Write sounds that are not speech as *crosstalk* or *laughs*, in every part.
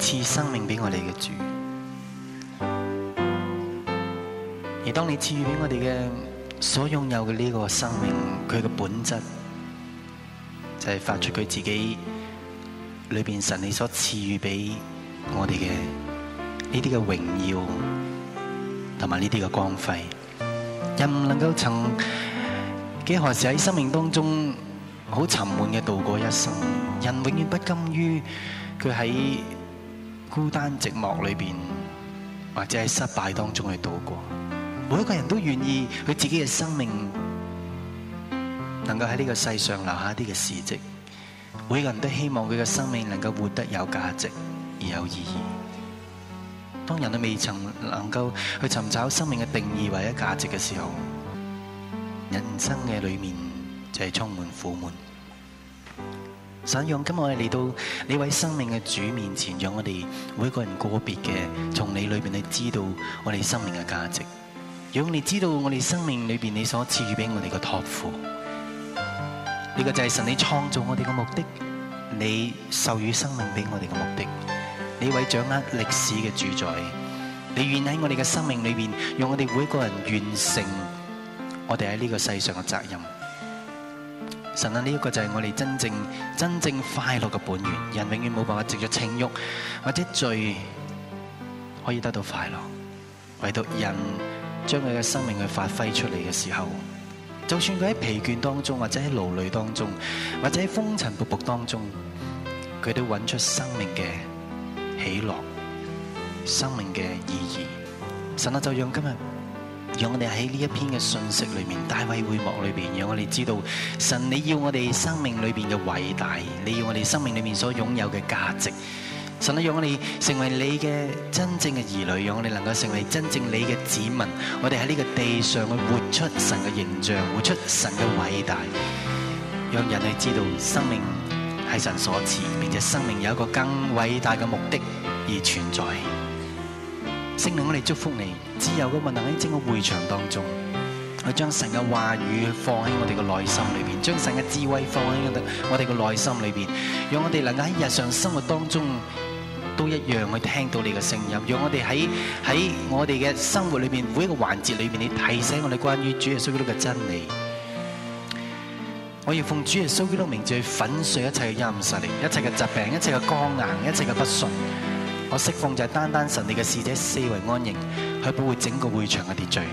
賜生命俾我哋嘅主，而當你賜予俾我哋嘅所擁有嘅呢個生命，佢嘅本質就係發出佢自己裏邊神你所賜予俾我哋嘅呢啲嘅榮耀，同埋呢啲嘅光輝。人唔能夠曾幾何時喺生命當中好沉悶嘅度過一生，人永遠不甘於佢喺孤單寂寞裏邊，或者喺失敗當中去度過，每一個人都願意佢自己嘅生命能夠喺呢個世上留下一啲嘅事跡。每個人都希望佢嘅生命能夠活得有價值而有意義。當人都未曾能夠去尋找生命嘅定義或者價值嘅時候，人生嘅裏面就係充滿苦悶。想用今日我哋嚟到呢位生命嘅主面前，讓我哋每一個人個別嘅從你裏邊去知道我哋生命嘅價值，讓你知道我哋生命裏邊你所賜予俾我哋嘅託付，呢個就係神你創造我哋嘅目的，你授予生命俾我哋嘅目的，你為掌握歷史嘅主宰，你願喺我哋嘅生命裏邊，讓我哋每一個人完成我哋喺呢個世上嘅責任。神啊，呢一個就係我哋真正真正快樂嘅本源。人永遠冇辦法藉住情慾或者罪可以得到快樂，唯獨人將佢嘅生命去發揮出嚟嘅時候，就算佢喺疲倦當中，或者喺勞累當中，或者喺風塵僕僕當中，佢都揾出生命嘅喜樂、生命嘅意義。神啊，就讓今日。讓我哋喺呢一篇嘅信息裏面，大衛會幕裏邊，讓我哋知道神你要我哋生命裏邊嘅偉大，你要我哋生命裏面所擁有嘅價值。神都讓我哋成為你嘅真正嘅兒女，讓我哋能夠成為真正你嘅子民。我哋喺呢個地上去活出神嘅形象，活出神嘅偉大，讓人哋知道生命係神所賜，並且生命有一個更偉大嘅目的而存在。聖靈，我哋祝福你，自由嘅問答喺整個會場當中，去將神嘅話語放喺我哋嘅內心裏邊，將神嘅智慧放喺我哋我哋嘅內心裏邊，讓我哋能夠喺日常生活當中都一樣去聽到你嘅聲音，讓我哋喺喺我哋嘅生活裏邊每一個環節裏邊，你提醒我哋關於主耶穌基督嘅真理。我要奉主耶穌基督名字去粉碎一切嘅陰暗勢力，一切嘅疾病，一切嘅光暗，一切嘅不順。我釋放就係單單神你嘅使者四圍安營，去保護整個會場嘅秩序，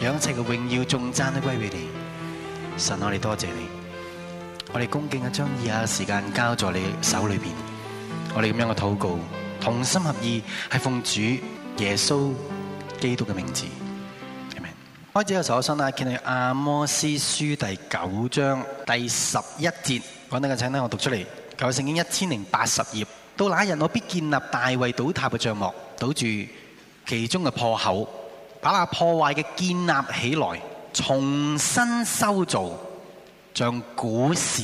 讓一切嘅榮耀仲讚得歸畀你。神，我哋多謝，謝你，我哋恭敬啊，將以下時間交在你手裏邊。我哋咁樣嘅禱告，同心合意，係奉主耶穌基督嘅名字。阿門，開始嘅時候，我想啊，見喺阿摩司書第九章第十一節講得嘅，請呢我讀出嚟。舊聖經一千零八十頁。到那日，我必建立大衛倒塌嘅帳幕，堵住其中嘅破口，把那破壞嘅建立起來，重新修造，像古時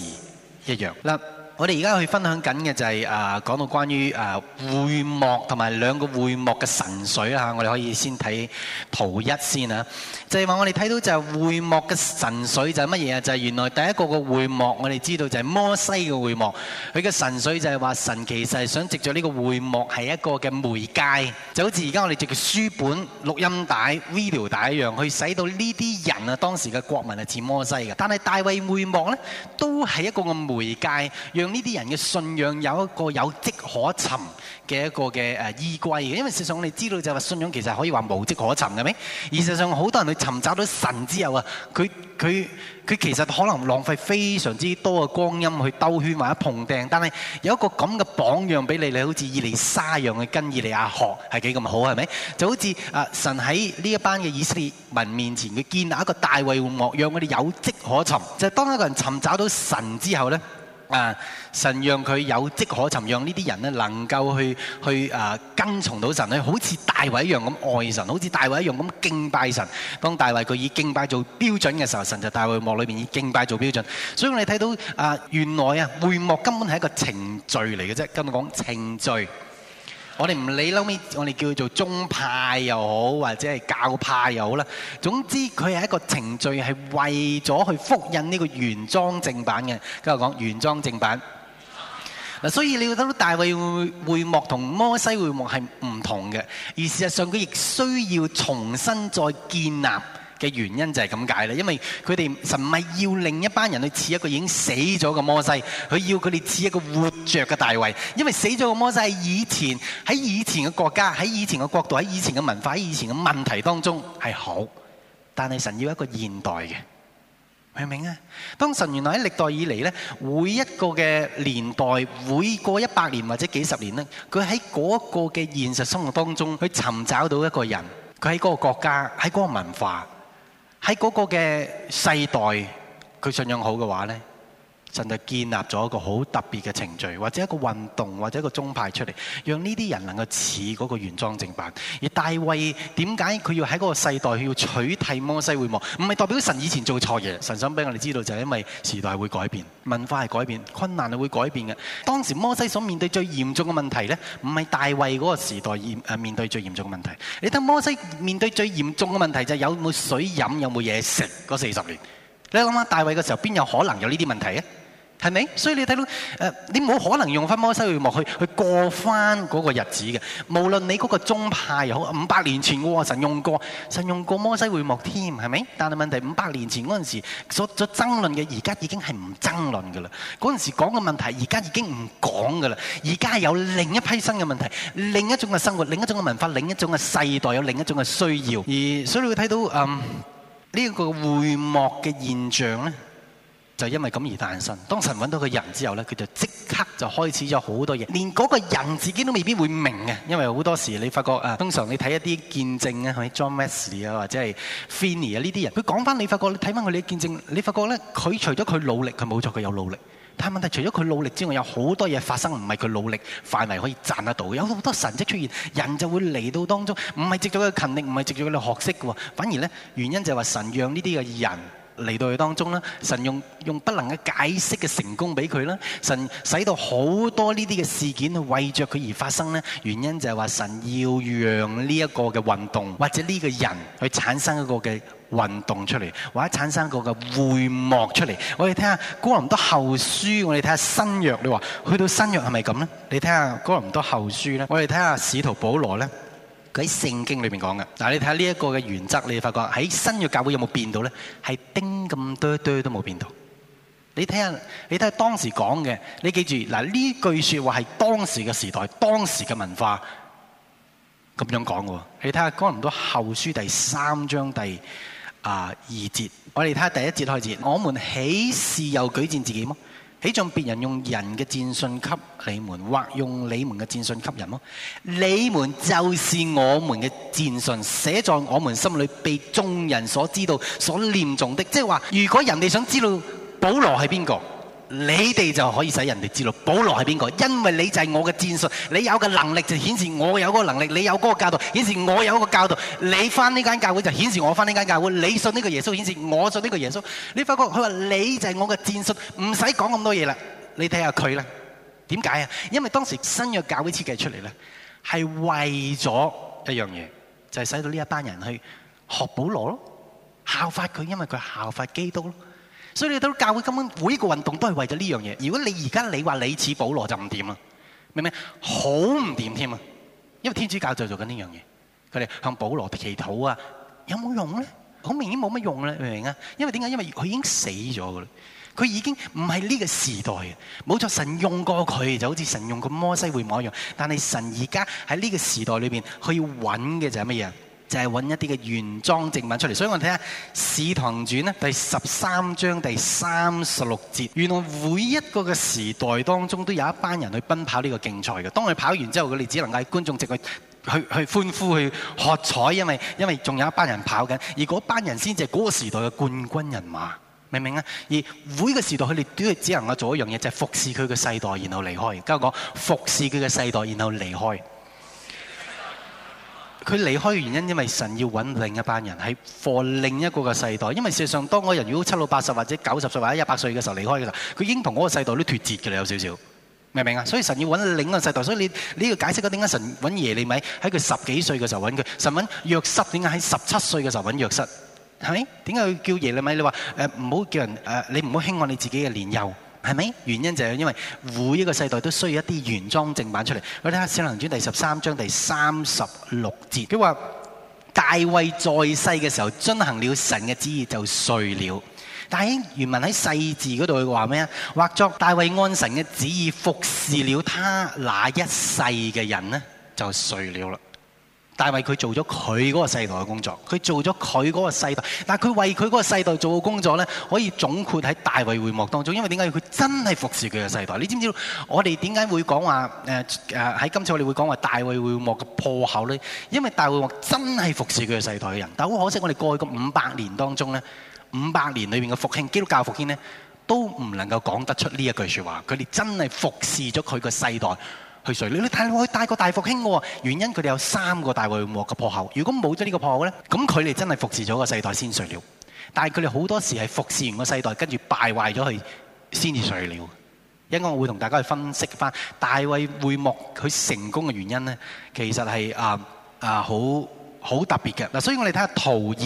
一樣。我哋而家去分享緊嘅就係啊，講到關於啊會幕同埋兩個會幕嘅神髓啊，我哋可以先睇圖一先啊。就係話我哋睇到就係會幕嘅神髓就係乜嘢啊？就係原來第一個嘅會幕我哋知道就係摩西嘅會幕，佢嘅神髓就係話神其實係想藉著呢個會幕係一個嘅媒介，就好似而家我哋藉住書本、錄音帶、video 帶一樣，去使到呢啲人啊當時嘅國民係似摩西嘅。但係大衛會幕咧，都係一個嘅媒介。讓呢啲人嘅信仰有一個有跡可尋嘅一個嘅誒依歸嘅，因為事實上我哋知道就係話信仰其實可以話無跡可尋嘅咩？事實上好多人去尋找到神之後啊，佢佢佢其實可能浪費非常之多嘅光陰去兜圈或者碰釘，但係有一個咁嘅榜樣俾你，你好似以利沙樣去跟以利亞學係幾咁好係咪？就好似啊神喺呢一班嘅以色列民面前，佢建立一個大衛幕，讓我哋有跡可尋。就係、是、當一個人尋找到神之後咧。啊！神讓佢有跡可尋，讓呢啲人咧能夠去去啊跟從到神咧，好似大衛一樣咁愛神，好似大衛一樣咁敬拜神。當大衛佢以敬拜做標準嘅時候，神就大衛幕裏面以敬拜做標準。所以我哋睇到啊，原來啊會幕根本係一個程序嚟嘅啫，今日講程序。我哋唔理撈尾，我哋叫佢做宗派又好，或者係教派又好啦。總之佢係一個程序，係為咗去複印呢個原裝正版嘅。今日講原裝正版，所以你睇到大衛會幕同摩西會幕係唔同嘅，而事實上佢亦需要重新再建立。嘅原因就係咁解啦，因為佢哋神唔係要另一班人去似一個已經死咗嘅摩西，佢要佢哋似一個活著嘅大衛。因為死咗嘅摩西喺以前，喺以前嘅國家，喺以前嘅國度，喺以前嘅文化，喺以前嘅問題當中係好，但係神要一個現代嘅，明唔明啊？當神原來喺歷代以嚟咧，每一個嘅年代，每過一百年或者幾十年咧，佢喺嗰個嘅現實生活當中，佢尋找到一個人，佢喺嗰個國家，喺嗰個文化。喺嗰個嘅世代，佢信仰好嘅話咧。神就建立咗一個好特別嘅程序，或者一個運動，或者一個宗派出嚟，讓呢啲人能夠似嗰個原裝正版。而大衛點解佢要喺嗰個世代佢要取替摩西會幕？唔係代表神以前做錯嘢，神想俾我哋知道就係因為時代會改變，文化係改變，困難係會改變嘅。當時摩西所面對最嚴重嘅問題呢，唔係大衛嗰個時代面、呃、面對最嚴重嘅問題。你睇摩西面對最嚴重嘅問題就係有冇水飲，有冇嘢食嗰四十年。你諗下大衛嘅時候邊有可能有呢啲問題？係咪？所以你睇到誒、呃，你冇可能用翻摩西會幕去去過翻嗰個日子嘅。無論你嗰個宗派又好，五百年前喎神用過，神用過摩西會幕添，係咪？但係問題五百年前嗰陣時所所爭論嘅，而家已經係唔爭論㗎喇。嗰陣時講嘅問題，而家已經唔講㗎喇。而家有另一批新嘅問題，另一種嘅生活，另一種嘅文化，另一種嘅世代，有另一種嘅需要。而所以你會睇到呢、呃這個會幕嘅現象咧？就因為咁而誕生。當神揾到佢人之後咧，佢就即刻就開始咗好多嘢，連嗰個人自己都未必會明嘅。因為好多時候你發覺啊，通常你睇一啲見證啊，係咪 John Wesley 啊，或者係 Phinny 啊呢啲人，佢講翻你發覺，你睇翻佢哋嘅見證，你發覺咧佢除咗佢努力，佢冇錯，佢有努力。但係問題除咗佢努力之外，有好多嘢發生，唔係佢努力範圍可以賺得到。有好多神跡出現，人就會嚟到當中，唔係藉咗佢勤力，唔係藉咗佢哋學識嘅喎。反而咧，原因就係話神讓呢啲嘅人。嚟到佢當中啦，神用用不能嘅解釋嘅成功俾佢啦，神使到好多呢啲嘅事件去為著佢而發生咧，原因就係話神要讓呢一個嘅運動或者呢個人去產生一個嘅運動出嚟，或者產生一個嘅會幕出嚟。我哋睇下哥林多後書，我哋睇下新約，你話去到新約係咪咁咧？你睇下哥林多後書咧，我哋睇下使徒保羅咧。佢喺聖經裏面講嘅，嗱，你睇下呢一個嘅原則，你哋發覺喺新約教會有冇有變到呢？係丁咁堆堆都冇變到。你睇下，你睇下當時講嘅，你記住嗱，呢句說話係當時嘅時代、當時嘅文化咁樣講嘅喎。你睇下《哥林多後書》第三章第二節，我哋睇下第一節開始，我們豈是又舉薦自己嗎？豈像別人用人嘅薦信給你們，或用你們嘅薦信給人麼？你們就是我們嘅薦信，寫在我們心裏，被眾人所知道、所念誦的。即係話，如果人哋想知道保羅係邊個？你哋就可以使人哋知道保羅係邊個，因為你就係我嘅戰術，你有嘅能力就顯示我有嗰個能力，你有嗰個教導顯示我有個教導，你翻呢間教會就顯示我翻呢間教會，你信呢個耶穌顯示我信呢個耶穌，你發覺佢話你就係我嘅戰術，唔使講咁多嘢啦，你睇下佢啦，點解啊？因為當時新約教會設計出嚟呢，係為咗一樣嘢，就係使到呢一班人去學保羅咯，效法佢，因為佢效法基督咯。所以你都教會根本每一個運動都係為咗呢樣嘢。如果你而家你話你似保羅就唔掂啦，明唔明？好唔掂添啊！因為天主教就做緊呢樣嘢，佢哋向保羅祈禱啊，有冇用咧？好明顯冇乜用啦，明唔明啊？因為點解？因為佢已經死咗噶啦，佢已經唔係呢個時代嘅。冇錯，神用過佢，就好似神用過摩西會幕一樣，但係神而家喺呢個時代裏邊，佢要揾嘅就係乜嘢？就係揾一啲嘅原裝正品出嚟，所以我睇下《使徒傳》咧，第十三章第三十六節，原來每一個嘅時代當中都有一班人去奔跑呢個競賽嘅。當佢跑完之後，佢哋只能夠係觀眾席去去去歡呼、去喝彩，因為因為仲有一班人跑緊，而嗰班人先至係嗰個時代嘅冠軍人馬，明唔明啊？而每一個時代，佢哋都係只能夠做一樣嘢，就係、是、服侍佢嘅世代，然後離開。而家我講，服侍佢嘅世代，然後離開。佢離開嘅原因，因為神要揾另一班人喺 for 另一個嘅世代，因為事實上，當個人如果七老八十或者九十歲或者一百歲嘅時候離開嘅時候，佢已經同嗰個世代都脫節嘅啦，有少少明唔明啊？所以神要揾另一個世代，所以你你要解釋嗰點解神揾耶利米喺佢十幾歲嘅時候揾佢，神揾約瑟點解喺十七歲嘅時候揾約瑟？係咪？點解佢叫耶利米？你話誒唔好叫人誒，你唔好輕看你自己嘅年幼。係咪原因就係因為每一個世代都需要一啲原裝正版出嚟？我睇下《使徒行傳》第十三章第三十六節，佢話大衛在世嘅時候，遵行了神嘅旨意就睡了。但係原文喺細字嗰度話咩啊？或作大衛按神嘅旨意服侍了他那一世嘅人呢，就睡了啦。大衛佢做咗佢嗰個世代嘅工作，佢做咗佢嗰個世代。但係佢為佢嗰個世代做嘅工作咧，可以總括喺大衛會幕當中。因為點解？佢真係服侍佢嘅世代。你知唔知？我哋點解會講話？誒誒，喺今次我哋會講話大衛會幕嘅破口咧？因為大衛真係服侍佢嘅世代嘅人。但係好可惜，我哋過去嗰五百年當中咧，五百年裏面嘅復興，基督教復興咧，都唔能夠講得出呢一句說話。佢哋真係服侍咗佢個世代。去睡了，你睇佢大過大復興嘅原因，佢哋有三個大衛會幕嘅破口。如果冇咗呢個破口咧，咁佢哋真係服侍咗個世代先睡了。但係佢哋好多時係服侍完個世代，跟住敗壞咗佢先至睡了。應該我會同大家去分析翻大衛會幕佢成功嘅原因咧，其實係啊啊好好特別嘅嗱。所以我哋睇下圖二，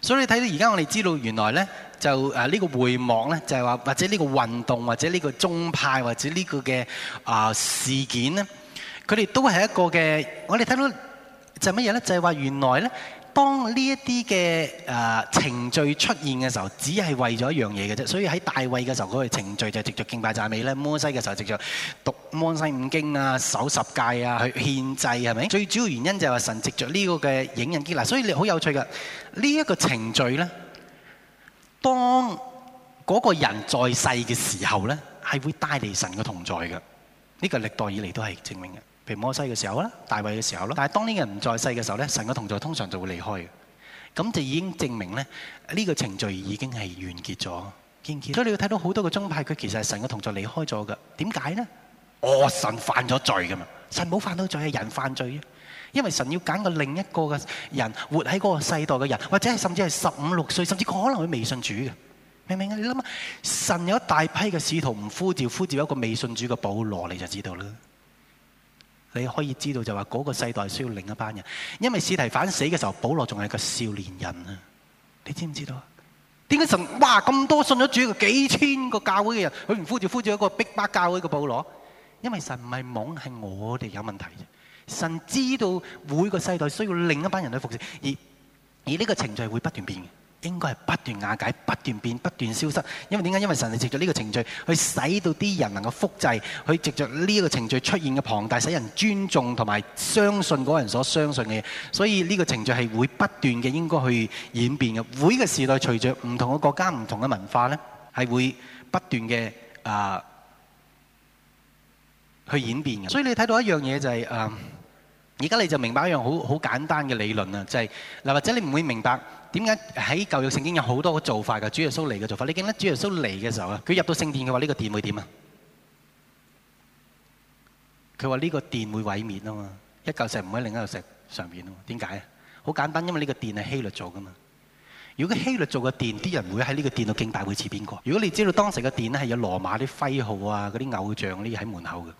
所以你睇到而家我哋知道原來咧。就誒呢、啊這個回望咧，就係、是、話或者呢個運動，或者呢個宗派，或者呢個嘅啊、呃、事件咧，佢哋都係一個嘅。我哋睇到就係乜嘢咧？就係、是、話原來咧，當呢一啲嘅誒程序出現嘅時候，只係為咗一樣嘢嘅啫。所以喺大衛嘅時候嗰個程序就係直著敬拜讚美咧。摩西嘅時候直著讀摩西五經啊，守十戒啊，去獻祭係咪？最主要原因就係話神直著呢個嘅引人驚訝。所以你好有趣噶，呢、這、一個程序咧。當嗰個人在世嘅時候呢，係會帶嚟神嘅同在嘅，呢個歷代以嚟都係證明嘅。譬如摩西嘅時候啦，大衛嘅時候啦，但係當呢個人唔在世嘅時候呢，神嘅同在通常就會離開嘅。咁就已經證明呢，呢個程序已經係完結咗。完結。所以你要睇到好多個宗派，佢其實係神嘅同在離開咗嘅。點解呢？哦，神犯咗罪噶嘛？神冇犯到罪係，人犯罪啊。因為神要揀個另一個嘅人活喺嗰個世代嘅人，或者係甚至係十五六歲，甚至佢可能會未信主嘅，明唔明啊？你諗啊，神有一大批嘅使徒唔呼召，呼召一個未信主嘅保羅，你就知道啦。你可以知道就話嗰個世代需要另一班人，因為司提反死嘅時候，保羅仲係個少年人啊。你知唔知道？點解神哇咁多信咗主嘅幾千個教會嘅人，佢唔呼召，呼召一個逼迫教會嘅保羅？因為神唔係懵，係我哋有問題啫。神知道每個世代需要另一班人去服侍，而而呢個程序會不斷變嘅，應該係不斷瓦解、不斷變、不斷消失。因為點解？因為神係藉著呢個程序去使到啲人能夠複製，去藉著呢個程序出現嘅龐大，使人尊重同埋相信嗰個人所相信嘅嘢。所以呢個程序係會不斷嘅，應該去演變嘅。每個時代隨著唔同嘅國家、唔同嘅文化咧，係會不斷嘅啊去演變嘅。所以你睇到一樣嘢就係誒。而家你就明白一樣好好簡單嘅理論啊，就係、是、嗱，或者你唔會明白點解喺舊約聖經有好多嘅做法嘅，主耶穌嚟嘅做法。你記得主耶穌嚟嘅時候啊，佢入到聖殿嘅話，呢個殿會點啊？佢話呢個殿會毀滅啊嘛，一舊石唔喺另一舊石上面啊嘛。點解？好簡單，因為呢個殿係希律做嘅嘛。如果希律做嘅殿，啲人會喺呢個殿度敬拜，會似邊個？如果你知道當時嘅殿是係有羅馬啲徽號啊、嗰啲偶像呢喺門口嘅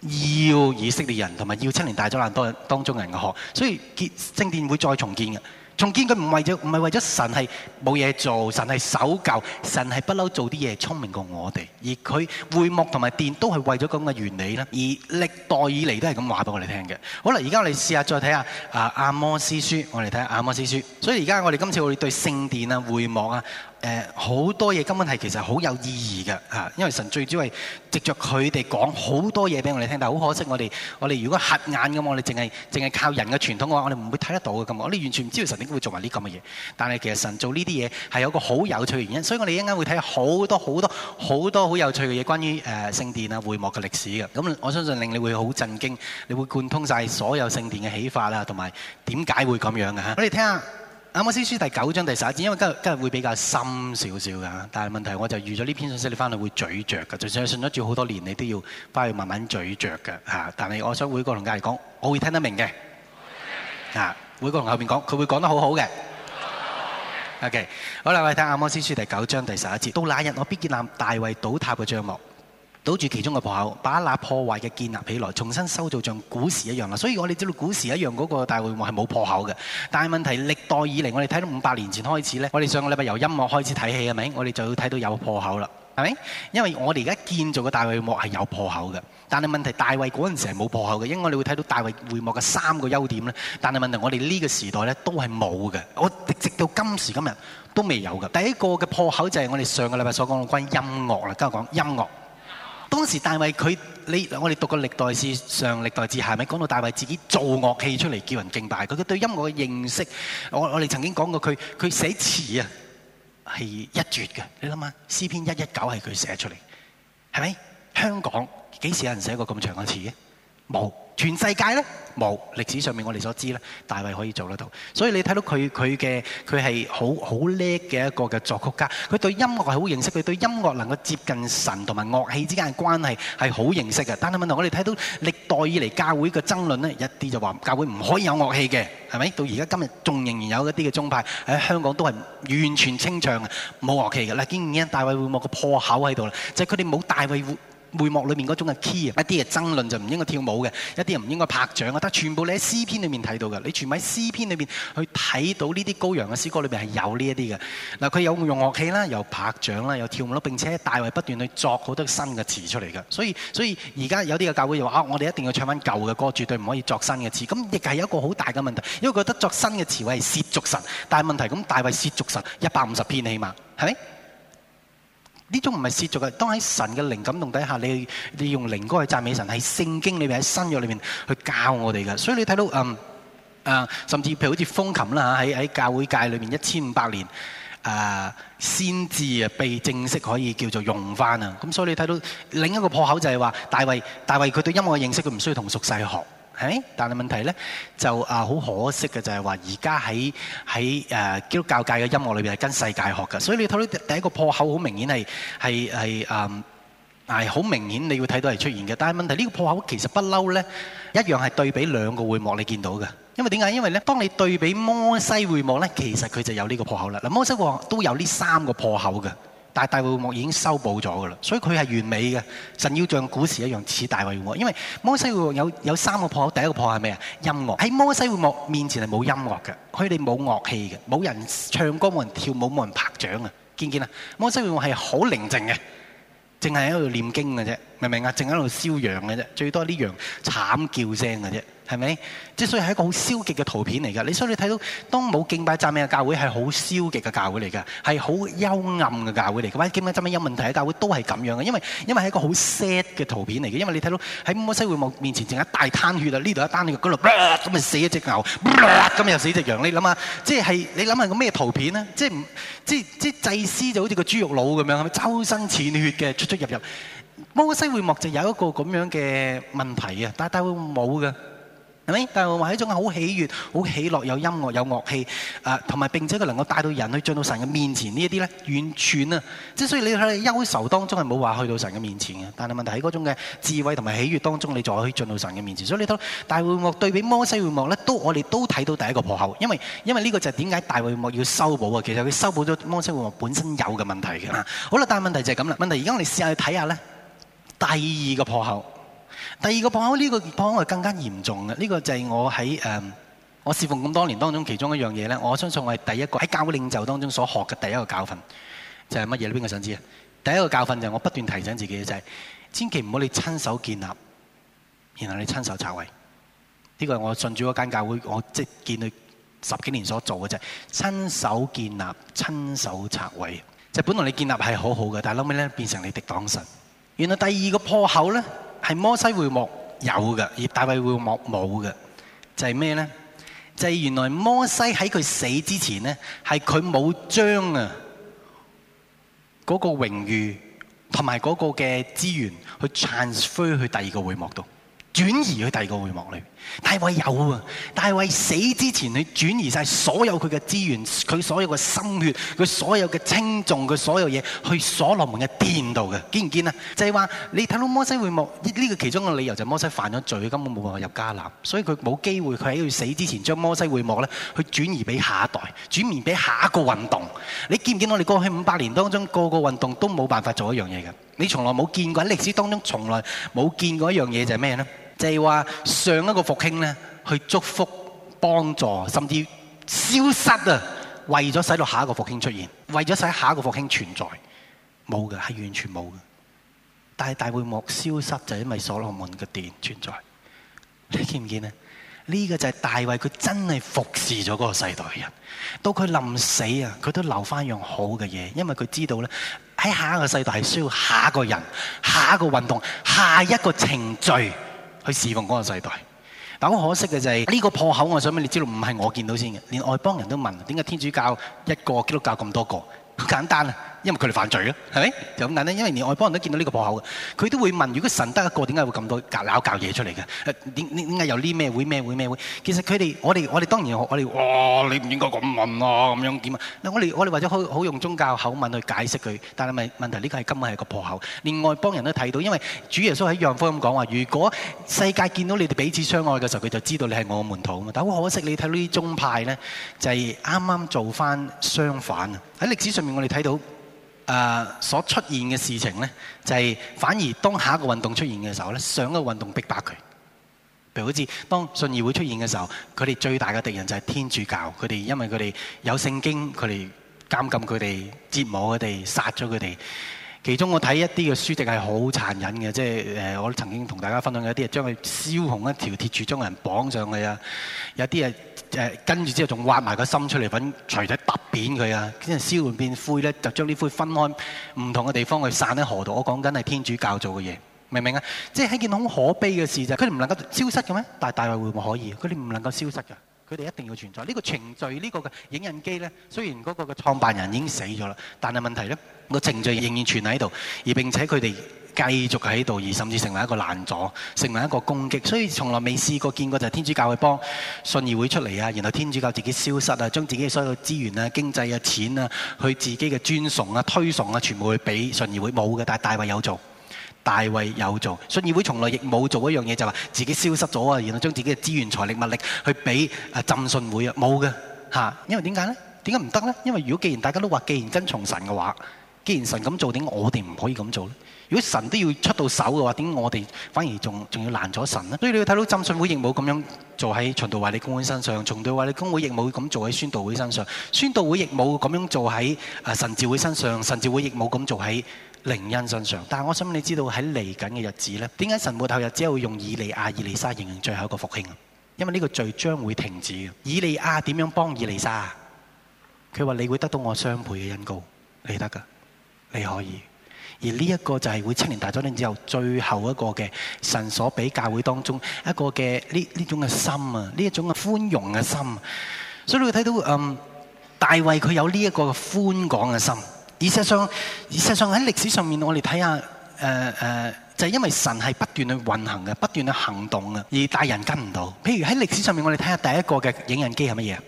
要以色列人同埋要七年大災難當當中人嘅學，所以建聖殿會再重建嘅，重建佢唔為咗唔係為咗神係冇嘢做神係守舊神係不嬲做啲嘢聰明過我哋，而佢會幕同埋殿都係為咗咁嘅原理啦。而歷代以嚟都係咁話俾我哋聽嘅。好啦，而家我哋試下再睇下啊阿摩司書，我哋睇下阿摩司書。所以而家我哋今次我哋對聖殿啊會幕啊。誒好多嘢根本係其實好有意義嘅嚇，因為神最主要係藉着佢哋講好多嘢俾我哋聽，但係好可惜我哋我哋如果合眼咁，我哋淨係淨係靠人嘅傳統嘅話，我哋唔會睇得到嘅咁，我哋完全唔知道神點會做埋呢咁嘅嘢。但係其實神做呢啲嘢係有個好有趣嘅原因，所以我哋一陣會睇好多好多好多好有趣嘅嘢，關於誒聖殿啊會幕嘅歷史嘅。咁我相信令你會好震驚，你會貫通晒所有聖殿嘅起化啦，同埋點解會咁樣嘅嚇。我哋聽下。《阿摩司書》第九章第十一節，因為今日今日會比較深少少㗎，但係問題是我就預咗呢篇信息你翻嚟會咀嚼㗎，就算係信咗住好多年，你都要翻去慢慢咀嚼㗎嚇。但係我想每個同隔籬講，我會聽得明。會明嘅嚇。每個同後面講，佢會講得很好好嘅。OK，好啦，我哋睇《阿摩司書》第九章第十一節，到那日我必建立大衛倒塌嘅帳幕。堵住其中的破口，把那破壞嘅建立起來，重新修造像古時一樣了。所以我哋知道古時一樣嗰個大會幕係冇破口嘅，但係問題歷代以嚟，我哋睇到五百年前開始呢，我哋上個禮拜由音樂開始睇戲係咪？我哋就要睇到有破口啦，係咪？因為我哋而家建造嘅大會幕係有破口嘅，但係問題大衛嗰陣時係冇破口嘅，因為我哋會睇到大衛會幕嘅三個優點呢。但係問題我哋呢個時代呢，都係冇嘅。我直到今時今日都未有嘅。第一個嘅破口就係我哋上個禮拜所講到關於音樂啦，今日講音樂。當時大衞佢你我哋讀過歷代志上、歷代志下，係咪講到大衛自己做樂器出嚟叫人敬拜佢？佢對音樂嘅認識，我我哋曾經講過佢佢寫詞啊，係一絕嘅，你諗下詩篇一一九係佢寫出嚟，係咪香港幾時有人寫過咁長嘅詞嘅？冇。全世界呢，冇歷史上面我哋所知呢，大衛可以做得到。所以你睇到佢佢嘅佢係好好叻嘅一個嘅作曲家，佢對音樂係好認識，佢對音樂能夠接近神同埋樂器之間嘅關係係好認識嘅。但係問題，我哋睇到歷代以嚟教會嘅爭論呢，一啲就話教會唔可以有樂器嘅，係咪？到而家今日仲仍然有一啲嘅宗派喺香港都係完全清唱嘅，冇樂器嘅。嗱，竟然大衛會冇個破口喺度啦，就係佢哋冇大衛會。會幕裏面嗰種嘅 key，一啲嘅爭論就唔應該跳舞嘅，一啲又唔應該拍掌啊！得全部你喺詩篇裏面睇到嘅，你全部喺詩篇裏面去睇到呢啲高揚嘅詩歌裏面係有呢一啲嘅。嗱，佢有用樂器啦，又拍掌啦，又跳舞啦，並且大衛不斷去作好多新嘅詞出嚟嘅。所以，所以而家有啲嘅教會就話啊、哦，我哋一定要唱翻舊嘅歌，絕對唔可以作新嘅詞。咁亦係一個好大嘅問題，因為覺得作新嘅詞係褻瀆神。但係問題咁，大衛褻瀆神一百五十篇起碼，係咪？呢種唔係涉俗嘅，當喺神嘅靈感動底下，你你用靈歌去讚美神，喺聖經裏面、喺新約裏面去教我哋嘅。所以你睇到嗯啊，甚至譬如好似風琴啦嚇，喺喺教會界裏面一千五百年啊，先至啊被正式可以叫做用返啊。咁所以你睇到另一個破口就係話，大衛大衛佢對音樂嘅認識，佢唔需要同俗世去學。誒，但係問題咧，就啊好可惜嘅就係話，而家喺喺誒基督教界嘅音樂裏邊係跟世界學嘅，所以你睇到第一個破口好明顯係係係誒係好明顯你會睇到係出現嘅。但係問題呢個破口其實不嬲咧，一樣係對比兩個會幕你見到嘅，因為點解？因為咧，當你對比摩西會幕咧，其實佢就有呢個破口啦。嗱，摩西會幕都有呢三個破口嘅。大衛會幕已經修補咗噶啦，所以佢係完美嘅。神要像古時一樣似大衛會幕，因為摩西會幕有有三個破口，第一個破係咩啊？音樂，喺摩西會幕面前係冇音樂嘅，佢哋冇樂器嘅，冇人唱歌，冇人跳舞，冇人拍掌啊！見唔見啊？摩西會幕係好寧靜嘅，淨係喺度念經嘅啫。明唔明啊？淨喺度燒羊嘅啫，最多啲羊慘叫聲嘅啫，係咪？即所以係一個好消極嘅圖片嚟噶。你所以你睇到，當冇敬拜讚美嘅教會係好消極嘅教會嚟噶，係好幽暗嘅教會嚟嘅。喂，敬拜讚美有問題嘅教會都係咁樣嘅，因為因為係一個好 sad 嘅圖片嚟嘅。因為你睇到喺摩西會幕面前，淨係一大攤血啦。呢度一攤肉，嗰度咁咪死一隻牛，咁又死一隻羊。你諗下，即係你諗下，個咩圖片呢？即唔即即祭司就好似個豬肉佬咁樣係咪，周身濺血嘅，出出入入？摩西會幕就有一個咁樣嘅問題啊，但係大會幕冇㗎，係咪？大會幕係一種好喜悅、好喜樂，有音樂、有樂器，誒、呃，同埋並且能夠帶到人去進到神嘅面前呢啲呢些啲完全啊！即係所以你喺憂愁當中係冇話去到神嘅面前嘅，但係問題喺嗰種嘅智慧同埋喜悅當中，你就可以進到神嘅面前。所以你睇大會幕對比摩西會幕呢，都我哋都睇到第一個破口，因為因為呢個就係點解大會幕要修補啊？其實佢修補咗摩西會幕本身有嘅問題嘅、啊、好啦但係問題就係咁啦。問題而家我哋試下去睇下呢。第二個破口，第二個破口呢個破口係更加嚴重嘅。呢個就係我喺我侍奉咁多年當中其中一樣嘢咧。我相信我係第一個喺教會領袖當中所學嘅第一個教訓就係乜嘢？呢邊個想知啊。第一個教訓就係我不斷提醒自己，就係千祈唔好你親手建立，然後你親手拆毀。呢個係我信主嗰間教會，我即見到十幾年所做嘅就係親手建立、親手拆毀。就係本來你建立係好好嘅，但係後尾咧變成你敵擋神。原來第二個破口呢，係摩西會幕有嘅，而大衛會幕冇嘅，就係咩呢？就係原來摩西喺佢死之前咧，係佢冇將啊嗰個榮譽同埋嗰個嘅資源去 transfer 去第二個會幕度。轉移去第二個會幕裏，大衛有啊！大衛死之前，你轉移晒所有佢嘅資源，佢所有嘅心血，佢所有嘅青睞，佢所有嘢去所羅門嘅殿度嘅，見唔見啊？就係話你睇到摩西會幕呢個其中嘅理由，就係摩西犯咗罪，根本冇辦法入迦南，所以佢冇機會，佢喺佢死之前將摩西會幕咧去轉移俾下一代，轉移俾下一個運動。你見唔見我哋過去五百年當中個個運動都冇辦法做一樣嘢嘅？你從來冇見過喺歷史當中從來冇見過一樣嘢就係咩呢？就係話上一個復興咧，去祝福、幫助，甚至消失啊！為咗使到下一個復興出現，為咗使下一個復興存在，冇嘅，係完全冇嘅。但係大會幕消失，就係因為所羅門嘅殿存在。你見唔見呢？呢、這個就係大衛，佢真係服侍咗嗰個世代嘅人，到佢臨死啊，佢都留翻樣好嘅嘢，因為佢知道咧，喺下一個世代係需要下一個人、下一個運動、下一個程序。去侍奉嗰個世代，但好可惜嘅就係呢個破口，我想問你知道唔係我見到先嘅，連外邦人都問，點解天主教一個基督教咁多個？好簡單。因為佢哋犯罪咧，係咪？就咁解咧。因為連外邦人都見到呢個破口嘅，佢都會問：如果神得一個，點解會咁多格攪攪嘢出嚟嘅？點點解又呢咩會咩會咩會？其實佢哋我哋我哋當然我哋哇！你唔應該咁問啊！咁樣點啊？我哋我哋或者好好用宗教口吻去解釋佢，但係咪問題是？呢、這個係根本係個破口。連外邦人都睇到，因為主耶穌喺約翰福音講話：如果世界見到你哋彼此相愛嘅時候，佢就知道你係我嘅門徒啊嘛。但係好可惜，你睇到啲宗派咧，就係啱啱做翻相反啊！喺歷史上面，我哋睇到。誒，所出現嘅事情呢，就係反而當下一個運動出現嘅時候呢，上一個運動逼迫佢。譬如好似當信義會出現嘅時候，佢哋最大嘅敵人就係天主教。佢哋因為佢哋有聖經，佢哋監禁佢哋、折磨佢哋、殺咗佢哋。其中我睇一啲嘅書籍係好殘忍嘅，即係我曾經同大家分享嘅一啲，將佢燒紅一條鐵柱，將人綁上去啊！有啲嘢。呃、跟住之後仲挖埋個心出嚟揾鎚仔揼扁佢啊！之後燒完變灰咧，就將啲灰分開唔同嘅地方去散喺河度。我講緊係天主教做嘅嘢，明唔明啊？即係係一件好可悲嘅事就係佢哋唔能夠消失嘅咩？但係大衛會唔可以？佢哋唔能夠消失嘅，佢哋一定要存在。呢、呢個程序呢、呢個嘅影印機咧，雖然嗰個嘅創辦人已經死咗啦，但係問題咧、呢個程序仍然存喺度，而並且佢哋，繼續喺度，而甚至成為一個攔阻，成為一個攻擊。所以從來未試過見過，就係天主教去幫信義會出嚟啊。然後天主教自己消失啊，將自己嘅所有資源啊、經濟嘅錢啊，去自己嘅尊崇啊、推崇啊，全部去俾信義會冇嘅。但係大衛有做，大衛有做。信義會從來亦冇做一樣嘢，就話、是、自己消失咗啊。然後將自己嘅資源、財力、物力去俾浸信會啊，冇嘅嚇。因為點解呢？點解唔得呢？因為如果既然大家都話，既然真從神嘅話，既然神咁做，點我哋唔可以咁做咧？如果神都要出到手嘅話，點我哋反而仲仲要攔咗神咧？所以你要睇到浸信會亦冇咁樣做喺循道衛理公會身上，循道衛理公會亦冇咁做喺宣道會身上，宣道會亦冇咁樣做喺啊神召會身上，神召會亦冇咁做喺靈恩身上。但係我想你知道喺嚟緊嘅日子咧，點解神末後日只會用以利亞、以利沙形容最後一個復興啊？因為呢個罪將會停止。以利亞點樣幫以利沙？佢話：你會得到我雙倍嘅恩膏，你得㗎。你可以，而呢一個就係會七年大災年之後最後一個嘅神所俾教會當中一個嘅呢種種嘅心啊，呢一種嘅寬容嘅心。所以你會睇到嗯、呃，大衛佢有呢一個寬廣嘅心。而實際上，而實際上喺歷史上面看看，我哋睇下就係、是、因為神係不斷去運行嘅，不斷去行動嘅，而大人跟唔到。譬如喺歷史上面，我哋睇下第一個嘅影印機係乜嘢？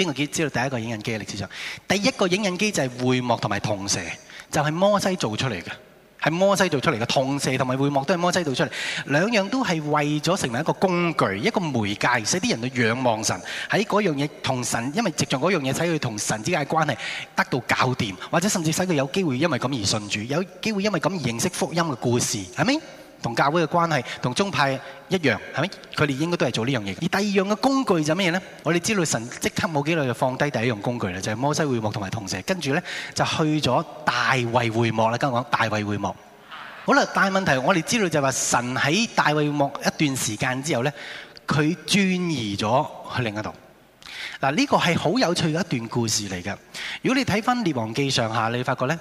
邊個知，知道第一個影印機嘅歷史上，第一個影印機就係會幕同埋銅蛇，就係摩西做出嚟嘅，係摩西做出嚟嘅。銅蛇同埋會幕都係摩西做出嚟，兩樣都係為咗成為一個工具、一個媒介，使啲人去仰望神，喺嗰樣嘢同神，因為藉著嗰樣嘢，使佢同神之間嘅關係得到搞掂，或者甚至使佢有機會因為咁而信主，有機會因為咁認識福音嘅故事，係咪？同教會嘅關係，同宗派一樣，係咪？佢哋應該都係做呢樣嘢。而第二樣嘅工具就乜嘢呢？我哋知道神即刻冇幾耐就放低第一樣工具啦，就係摩西會幕同埋銅蛇。跟住呢，就去咗大衛會幕啦。跟我講大衛會幕。好啦，但係問題我哋知道就係話神喺大衛會幕一段時間之後呢，佢轉移咗去另一度。嗱，呢個係好有趣嘅一段故事嚟嘅。如果你睇翻列王記上下，你發覺呢。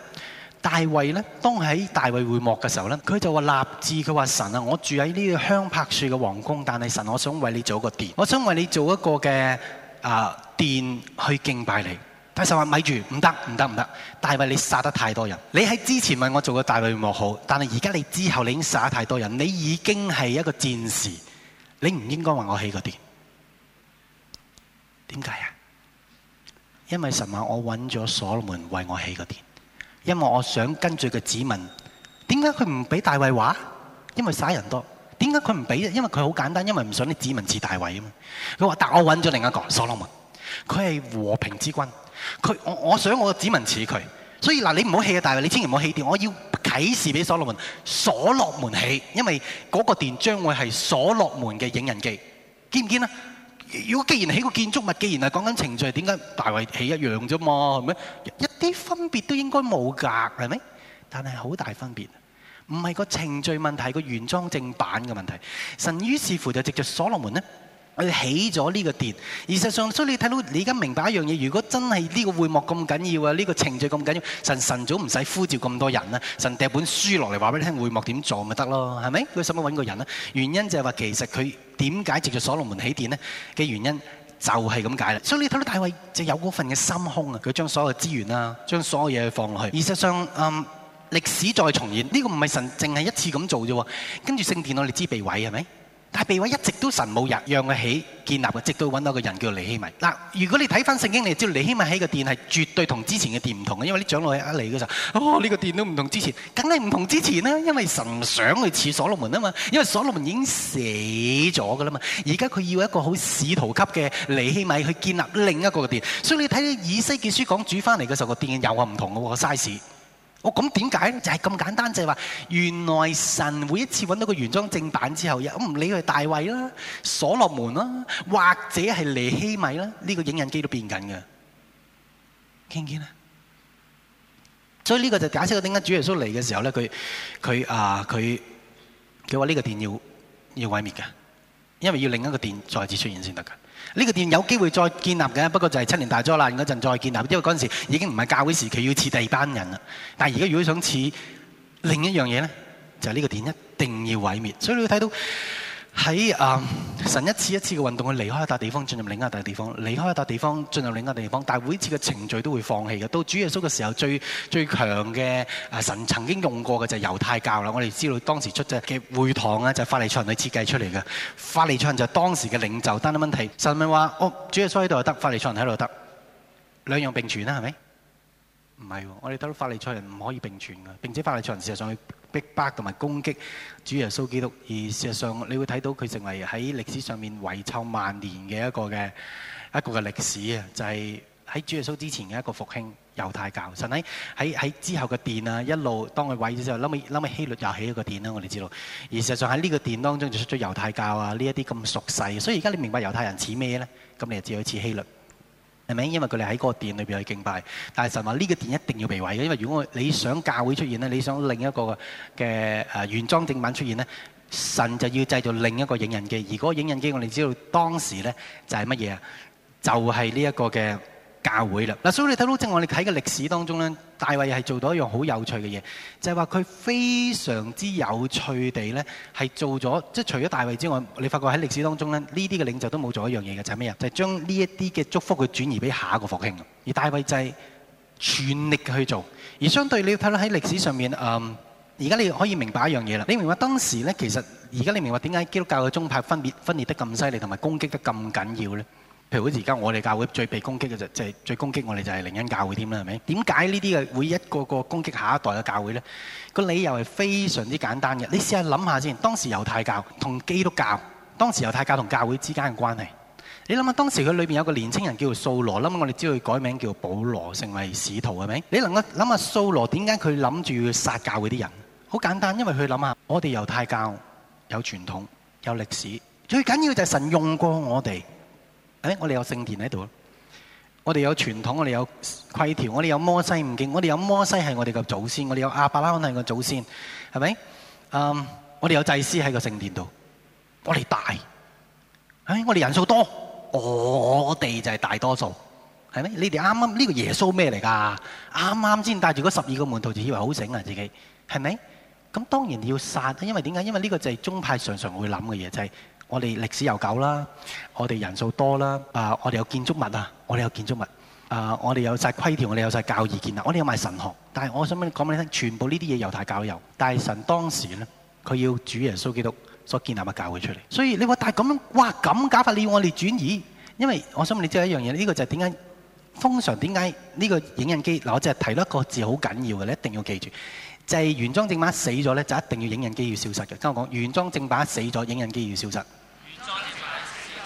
大衛呢，當喺大衛會幕嘅時候呢，佢就話立志，佢話神啊，我住喺呢個香柏樹嘅皇宮，但係神、啊，我想為你做一個殿，我想為你做一個嘅啊殿去敬拜你。但係神話、啊，咪住，唔得，唔得，唔得！大衛，你殺得太多人，你喺之前為我做過大衛會幕好，但係而家你之後你已經殺得太多人，你已經係一個戰士，你唔應該為我起個殿。點解啊？因為神話、啊，我揾咗所羅門為我起個殿。因為我想跟住個子民，點解佢唔俾大衛話？因為殺人多。點解佢唔俾？因為佢好簡單，因為唔想啲子民似大衛啊。佢話，但我揾咗另一個所羅門，佢係和平之君。佢我我想我子民似佢，所以嗱，你唔好氣啊大衛，你千祈唔好氣電，我要啟示俾所羅門，所羅門起，因為嗰個電將會係所羅門嘅影印機，見唔見啊？如果既然起個建築物，既然係講緊程序，點解大衛起一樣啫嘛？係咪一啲分別都應該冇㗎？係咪？但係好大分別，唔係個程序問題，個原裝正版嘅問題。神於是乎就直接所羅門咧。佢起咗呢個殿，事實上，所以你睇到你而家明白一樣嘢，如果真係呢個會幕咁緊要啊，呢、這個程序咁緊要，神神早唔使呼召咁多人啦，神掟本書落嚟話俾你聽，會幕點做咪得咯，係咪？佢使乜使揾個人咧？原因就係、是、話其實佢點解直接所羅門起殿呢？嘅原因就係咁解啦。所以你睇到大衛就有嗰份嘅心胸啊，佢將所有嘅資源啦，將所有嘢放落去。事實上，歷、嗯、史再重演，呢、這個唔係神淨係一次咁做啫。跟住聖殿我哋知被毀係咪？是但係被委一直都神冇日讓佢起建立嘅，直到揾到一個人叫做尼希米。嗱，如果你睇翻聖經，你就知道尼希米起個殿係絕對同之前嘅殿唔同嘅，因為啲長老一嚟嘅時候哦，呢個殿都唔同之前，梗係唔同之前啦，因為神想去似所羅門啊嘛，因為所羅門已經死咗㗎啦嘛，而家佢要一個好使徒級嘅尼希米去建立另一個嘅殿，所以你睇以西結書講主翻嚟嘅時候，個殿又係唔同嘅喎，size。我咁點解咧？就係、是、咁簡單，就係、是、話原來神每一次揾到個原裝正版之後，又唔理佢大衛啦、所羅門啦，或者係尼希米啦，呢、這個影印機都變緊㗎。見唔見咧？所以呢個就解釋咗點解主耶穌嚟嘅時候呢，佢佢佢佢話呢個殿要要毀滅㗎，因為要另一個殿再次出現先得㗎。呢個殿有機會再建立嘅，不過就係七年大災難嗰陣再建立，因為嗰陣時已經唔係教會時期，要似第二班人啦。但係而家如果想似另一樣嘢咧，就係呢個殿一定要毀滅。所以你要睇到。喺啊、呃、神一次一次嘅運動，佢離開一笪地方，進入另一笪地方；離開一笪地方，進入另一笪地方。但係每次嘅程序都會放棄嘅。到主耶穌嘅時候，最最強嘅啊、呃、神曾經用過嘅就係猶太教啦。我哋知道當時出席嘅會堂啊，就係、是、法利賽人去設計出嚟嘅。法利賽人就係當時嘅領袖，但一問題神咪係話哦，主耶穌喺度又得，法利賽人喺度得，兩樣並存啦，係咪？唔係，我哋睇到法利賽人唔可以並存嘅，並且法利賽人事實上。逼迫逼同埋攻擊主耶穌基督，而事實上你會睇到佢成為喺歷史上面遺臭萬年嘅一個嘅一個嘅歷史啊！就係、是、喺主耶穌之前嘅一個復興猶太教，神喺喺喺之後嘅殿啊，一路當佢毀咗之後，臨尾臨尾希律又起一個殿啦，我哋知道，而事實上喺呢個殿當中就出咗猶太教啊呢一啲咁屬世，所以而家你明白猶太人似咩咧？咁你就只好似希律。係咪？因為佢哋喺嗰個殿裏邊係敬拜，但係神話呢個殿一定要被毀嘅，因為如果你想教會出現咧，你想另一個嘅嘅原裝正版出現咧，神就要製造另一個影印機。而嗰個影印機，我哋知道當時咧就係乜嘢啊？就係呢一個嘅。教會啦，嗱，所以你睇到正如我哋睇嘅歷史當中咧，大衛係做到一樣好有趣嘅嘢，就係話佢非常之有趣地咧係做咗，即係除咗大衛之外，你發覺喺歷史當中咧，呢啲嘅領袖都冇做一樣嘢嘅，就係咩呀？就係將呢一啲嘅祝福去轉移俾下一個復興，而大衛就係全力去做，而相對你要睇到喺歷史上面，嗯、呃，而家你可以明白一樣嘢啦。你明白當時咧，其實而家你明白點解基督教嘅宗派分別分裂得咁犀利，同埋攻擊得咁緊要咧？譬如好似而家我哋教會最被攻擊嘅就即係最攻擊我哋就係靈恩教會添啦，係咪？點解呢啲嘅會一個個攻擊下一代嘅教會咧？個理由係非常之簡單嘅。你試下諗下先，當時猶太教同基督教，當時猶太教同教會之間嘅關係，你諗下當時佢裏邊有個年青人叫做掃羅，咁我哋知道佢改名叫保羅，成為使徒係咪？你能夠諗下掃羅點解佢諗住要殺教會嗰啲人？好簡單，因為佢諗下我哋猶太教有傳統、有歷史，最緊要就係神用過我哋。誒，我哋有聖殿喺度，我哋有傳統，我哋有規條，我哋有摩西五經，我哋有摩西係我哋嘅祖先，我哋有亞伯拉罕係個祖先，係咪？誒，我哋有祭司喺個聖殿度，我哋大，誒，我哋人數多，我哋就係大多數，係咪？你哋啱啱呢個耶穌咩嚟㗎？啱啱先帶住嗰十二個門徒就以為好醒啊自己，係咪？咁當然要殺，因為點解？因為呢個就係宗派常常會諗嘅嘢，就係。我哋歷史悠久啦，我哋人數多啦，啊、呃，我哋有建築物啊，我哋有建築物，啊、呃，我哋有晒規條，我哋有晒教義建立，我哋有埋神學，但係我想問講俾你聽，全部呢啲嘢猶太教有，但係神當時咧，佢要主耶穌基督所建立嘅教會出嚟，所以你話但係咁樣，哇咁搞法你要我哋轉移？因為我想問你即係一樣嘢，呢、這個就係點解通常點解呢個影印機嗱，我就係提到一個字好緊要嘅，你一定要記住，就係、是、原裝正版死咗咧，就一定要影印機要消失嘅。跟我講，原裝正版死咗，影印機要消失。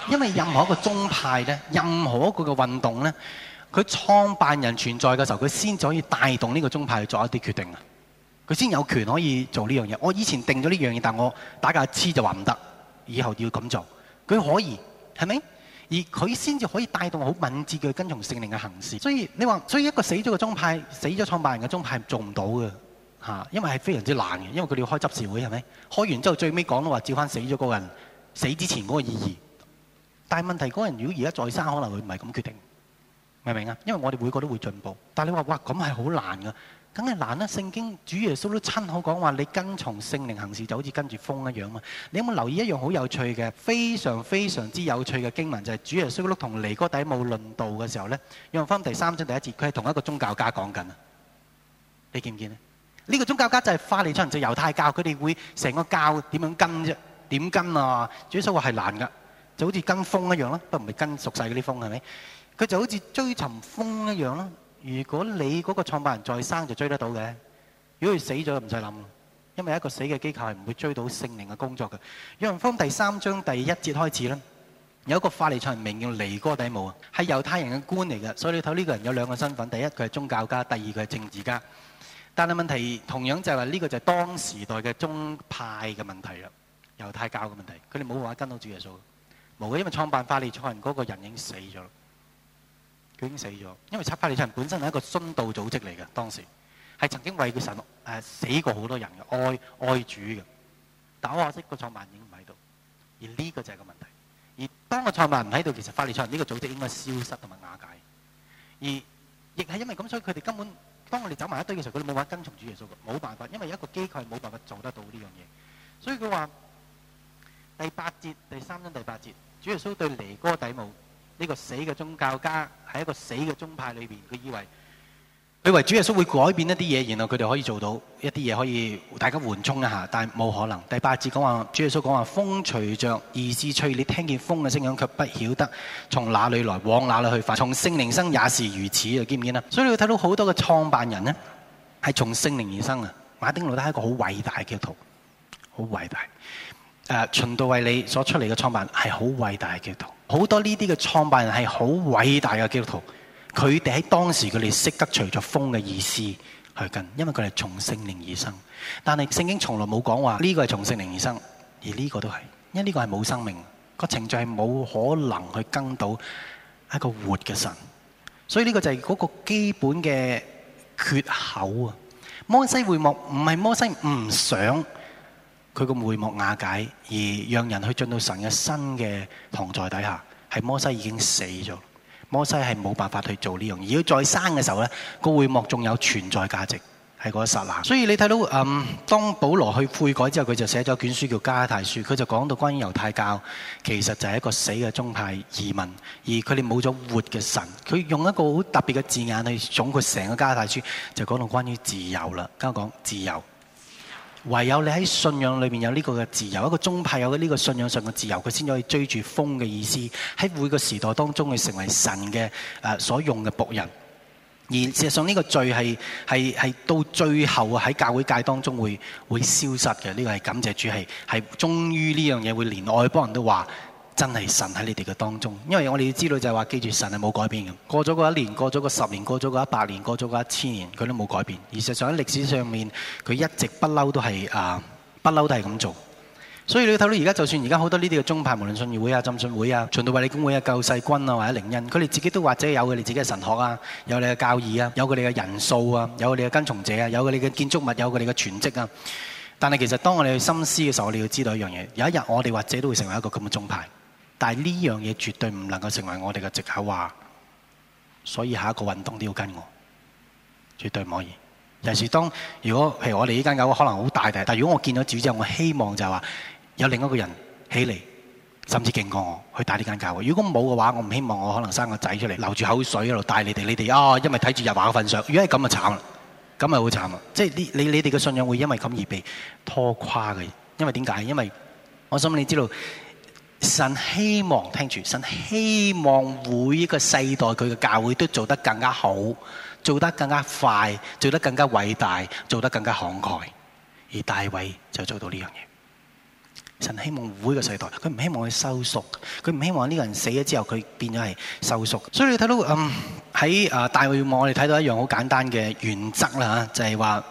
因為任何一個宗派咧，任何一個嘅運動咧，佢創辦人存在嘅時候，佢先至可以帶動呢個宗派去做一啲決定啊！佢先有權可以做呢樣嘢。我以前定咗呢樣嘢，但我打個黐就話唔得，以後要咁做。佢可以係咪？而佢先至可以帶動好敏捷嘅跟從聖靈嘅行事。所以你話，所以一個死咗嘅宗派、死咗創辦人嘅宗派係做唔到嘅嚇，因為係非常之難嘅。因為佢哋要開執事會係咪？開完之後最尾講到話，照翻死咗嗰個人死之前嗰個意義。但係問題，嗰個人如果而家再生，可能佢唔係咁決定，明唔明啊？因為我哋每個都會進步。但係你話哇，咁係好難噶，梗係難啦！聖經主耶穌都親口講話，你跟從聖靈行事，就好似跟住風一樣嘛。你有冇留意一樣好有趣嘅、非常非常之有趣嘅經文？就係主耶穌同尼哥底母論道嘅時候咧，用翻第三章第一節，佢係同一個宗教家講緊啊！你見唔見咧？呢個宗教家就係法利賽人，就猶太教，佢哋會成個教點樣跟啫？點跟啊？主耶穌話係難噶。就好似跟風一樣啦，不唔係跟熟晒嗰啲風係咪？佢就好似追尋風一樣啦。如果你嗰個創辦人再生就追得到嘅，如果佢死咗唔使諗，因為一個死嘅機構係唔會追到聖靈嘅工作嘅。約翰福音第三章第一節開始啦，有一個法利賽人名叫尼哥底母啊，係猶太人嘅官嚟嘅，所以你睇呢個人有兩個身份：第一佢係宗教家，第二佢係政治家。但係問題同樣就係話呢個就係當時代嘅宗派嘅問題啦，猶太教嘅問題，佢哋冇話跟到主耶穌。冇嘅，因為創辦法利賽人嗰個人已經死咗，佢已經死咗。因為拆法利賽人本身係一個殉道組織嚟嘅，當時係曾經為佢神誒死過好多人嘅，愛愛主嘅。但係我話識個創辦已經唔喺度，而呢個就係個問題。而當個創辦人唔喺度，其實法利賽人呢個組織應該消失同埋瓦解。而亦係因為咁，所以佢哋根本當我哋走埋一堆嘅時候，佢哋冇話跟從主耶穌，冇辦法，因為有一個機構係冇辦法做得到呢樣嘢。所以佢話第八節第三章第八節。主耶穌對尼哥底母呢個死嘅宗教家，喺一個死嘅宗派裏邊，佢以為佢以為主耶穌會改變一啲嘢，然後佢哋可以做到一啲嘢，可以大家緩衝一下，但係冇可能。第八節講話，主耶穌講話風隨着而至，吹。你聽見風嘅聲音卻曉，卻不曉得從哪裡來，往哪裡去。凡從聖靈生也是如此，又見唔見啊？所以你會睇到好多嘅創辦人呢，係從聖靈而生啊。馬丁路德係一個好偉大嘅腳圖，好偉大。誒，循道會你所出嚟嘅創辦人係好偉大嘅基督徒，好多呢啲嘅創辦人係好偉大嘅基督徒，佢哋喺當時佢哋識得隨着風嘅意思去跟，因為佢哋從聖靈而生。但係聖經從來冇講話呢個係從聖靈而生，而呢個都係，因為呢個係冇生命，個程序係冇可能去跟到一個活嘅神。所以呢個就係嗰個基本嘅缺口啊！摩西回目唔係摩西唔想。佢個會幕瓦解，而讓人去進到神嘅新嘅同在底下。係摩西已經死咗，摩西係冇辦法去做呢樣。而佢在生嘅時候呢個會幕仲有存在價值喺嗰一刹那。所以你睇到嗯，當保羅去悔改之後，佢就寫咗卷書叫加太書，佢就講到關於猶太教其實就係一個死嘅宗派移民，而佢哋冇咗活嘅神。佢用一個好特別嘅字眼去總括成個加太書，就講到關於自由了。跟我講自由。唯有你喺信仰裏面有呢個自由，一個宗派有呢個信仰上嘅自由，佢先可以追住風嘅意思，喺每個時代當中去成為神嘅所用嘅僕人。而事實上呢個罪係到最後喺教會界當中會，會消失嘅，呢、這個係感謝主係終終於呢樣嘢會連愛幫人都話。真係神喺你哋嘅當中，因為我哋要知道就係話記住神係冇改變嘅。過咗嗰一年，過咗個十年，過咗個一百年，過咗個一,一千年，佢都冇改變。而且事實上，在歷史上，喺歷史上面，佢一直不嬲都係啊，不嬲都係咁做。所以你要睇到而家，就算而家好多呢啲嘅宗派，無論信義會啊、浸信會啊、循道衛理公會啊、救世軍啊或者靈恩，佢哋自己都或者有佢哋自己嘅神學啊，有佢哋嘅教義啊，有佢哋嘅人數啊，有佢哋嘅跟從者啊，有佢哋嘅建築物啊，有佢哋嘅全職啊。但係其實當我哋去深思嘅時候，我哋要知道一樣嘢：有一日我哋或者都會成為一個咁嘅宗派。但係呢樣嘢絕對唔能夠成為我哋嘅藉口話，所以下一個運動都要跟我，絕對唔可以。尤其是當譬如果係我哋呢間教會可能好大嘅，但係如果我見到主之後，我希望就係話有另一個人起嚟，甚至勁過我，去帶呢間教會。如果冇嘅話，我唔希望我可能生個仔出嚟，流住口水喺度帶你哋，你哋啊、哦，因為睇住日華嘅份上。如果係咁就慘啦，咁咪好慘啦。即係你你哋嘅信仰會因為咁而被拖垮嘅。因為點解？因為我想你知道。神希望聽住，神希望每一個世代佢嘅教會都做得更加好，做得更加快，做得更加偉大，做得更加慷慨。而大衛就做到呢樣嘢。神希望每個世代，佢唔希望佢收縮，佢唔希望呢個人死咗之後佢變咗係收縮。所以你睇到嗯喺啊大衛網我哋睇到一樣好簡單嘅原則啦，就係話。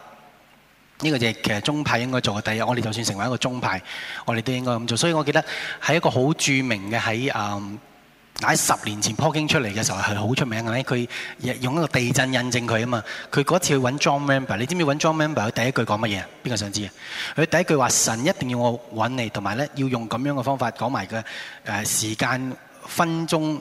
呢個就係其實宗派應該做嘅。第一，我哋就算成為一個宗派，我哋都應該咁做。所以我記得喺一個好著名嘅喺誒，喺、呃、十年前普京出嚟嘅時候係好出名嘅。佢用一個地震印證佢啊嘛。佢嗰次去揾 John Member，你知唔知揾 John Member？佢第一句講乜嘢？邊個想知啊？佢第一句話：神一定要我揾你，同埋咧要用咁樣嘅方法講埋嘅誒時間分鐘。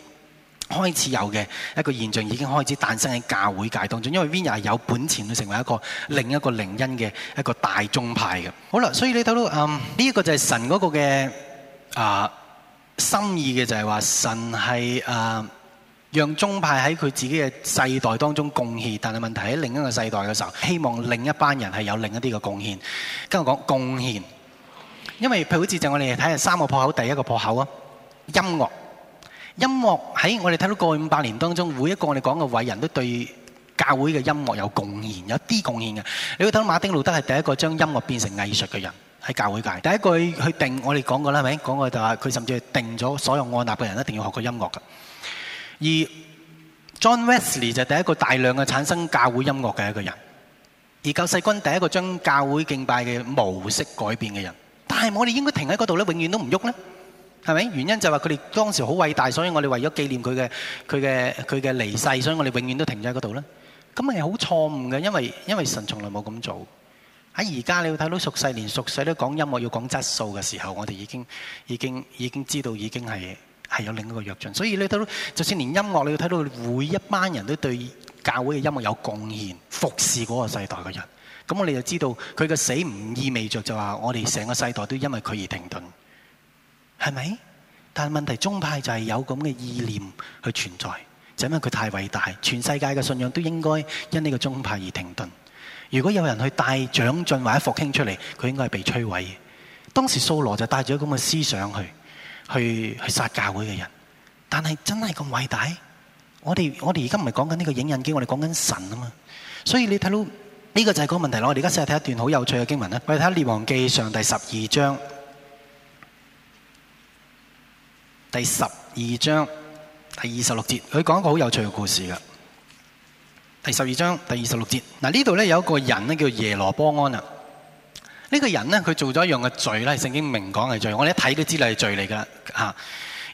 開始有嘅一個現象已經開始誕生喺教會界當中，因為 Vineyard 也係有本錢去成為一個另一個靈恩嘅一個大宗派嘅。好啦，所以你睇到呢一、嗯這個就係神嗰個嘅啊、呃、心意嘅就係話神係啊、呃、讓宗派喺佢自己嘅世代當中貢獻，但係問題喺另一個世代嘅時候，希望另一班人係有另一啲嘅貢獻。跟我講貢獻，因為譬如好似就我哋睇下三個破口，第一個破口啊，音樂。音樂喺我哋睇到過去五百年當中，每一個我哋講嘅偉人都對教會嘅音樂有貢獻，有啲貢獻嘅。你會睇到馬丁路德係第一個將音樂變成藝術嘅人喺教會界，第一個去定我哋講過啦，係咪？講過就話佢甚至係定咗所有按立嘅人一定要學佢音樂嘅。而 John Wesley 就係第一個大量嘅產生教會音樂嘅一個人，而救世軍第一個將教會敬拜嘅模式改變嘅人。但係我哋應該停喺嗰度咧，永遠都唔喐咧？係咪？原因就係話佢哋當時好偉大，所以我哋為咗紀念佢嘅佢嘅佢嘅離世，所以我哋永遠都停咗喺嗰度咧。咁係好錯誤嘅，因為因為神從來冇咁做。喺而家你要睇到熟世連熟世都講音樂要講質素嘅時候，我哋已經已經已經知道已經係係有另一個躍進。所以你睇到就算連音樂你要睇到每一班人都對教會嘅音樂有貢獻，服侍嗰個世代嘅人，咁我哋就知道佢嘅死唔意味着就話我哋成個世代都因為佢而停頓。係咪？但係問題，宗派就係有咁嘅意念去存在，就因為佢太偉大，全世界嘅信仰都應該因呢個宗派而停頓。如果有人去帶長進或者復興出嚟，佢應該係被摧毀嘅。當時掃羅就帶咗咁嘅思想去，去去殺教會嘅人。但係真係咁偉大？我哋我哋而家唔係講緊呢個影印機，我哋講緊神啊嘛。所以你睇到呢個就係嗰個問題咯。我哋而家試下睇一段好有趣嘅經文啦。我哋睇《列王記》上第十二章。第十二章第二十六節，佢講一個好有趣嘅故事噶。第十二章第二十六節，嗱，呢度咧，有一個人咧，叫做耶羅波安啊。呢個人咧，佢做咗一樣嘅罪咧，聖經明講係罪。我哋一睇都知係罪嚟噶吓。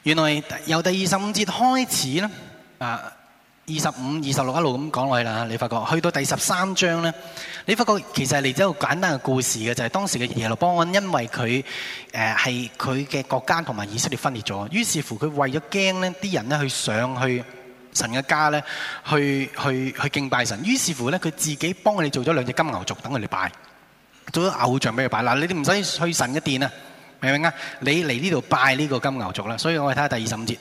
原來由第二十五節開始咧啊。二十五、二十六一路咁講落去啦，你發覺去到第十三章咧，你發覺其實係嚟咗一個簡單嘅故事嘅，就係當時嘅耶羅波安因為佢誒係佢嘅國家同埋以色列分裂咗，於是乎佢為咗驚咧啲人咧去上去神嘅家咧，去去去敬拜神，於是乎咧佢自己幫佢哋做咗兩隻金牛犢等佢哋拜，做咗偶像俾佢拜。嗱，你哋唔使去神嘅殿啊，明唔明啊？你嚟呢度拜呢個金牛犢啦。所以我哋睇下第二十五節。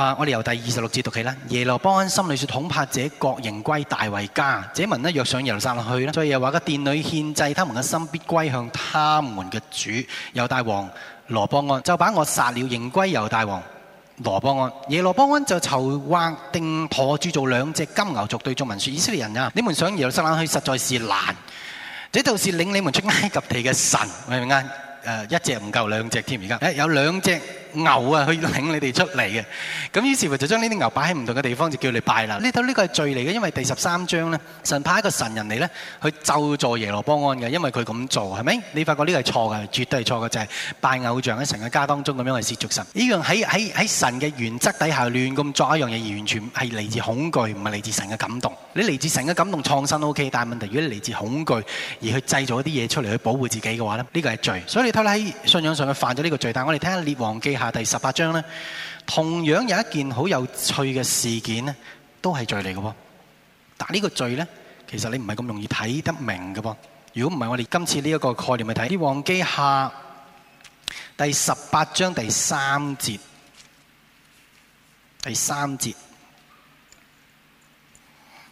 啊！我哋由第二十六節讀起啦。耶羅波安心裏說：恐怕者各仍歸大衛家。者民呢若上耶路撒冷去啦，所以又話：個殿裏獻祭，他們嘅心必歸向他們嘅主。猶大王羅波安就把我殺了，仍歸猶大王羅波安。耶羅波安就籌劃定妥，鑄造兩隻金牛犢對眾民說：以色列人啊，你們上耶路撒冷去，實在是難。這就是領你們出埃及地嘅神，明唔明啊？誒，一隻唔夠兩隻添，而家誒有兩隻。牛啊，去領你哋出嚟嘅，咁於是乎就將呢啲牛擺喺唔同嘅地方，就叫你拜啦。呢度呢個係罪嚟嘅，因為第十三章咧，神派一個神人嚟咧，去咒詛耶羅波安嘅，因為佢咁做係咪？你發覺呢個係錯嘅，絕對係錯嘅，就係、是、拜偶像喺神嘅家當中咁樣去褻瀆神。呢樣喺喺喺神嘅原則底下亂咁作一樣嘢，而完全係嚟自恐懼，唔係嚟自神嘅感動。你嚟自神嘅感動創新 O K，但係問題，如果你嚟自恐懼而去製造一啲嘢出嚟去保護自己嘅話咧，呢個係罪。所以你睇睇喺信仰上佢犯咗呢個罪。但係我哋睇下列王記。下第十八章呢，同樣有一件好有趣嘅事件呢，都係罪嚟嘅喎。但係呢個罪呢，其實你唔係咁容易睇得明嘅噃。如果唔係，不我哋今次呢一個概念咪睇啲王紀下第十八章第三節，第三節。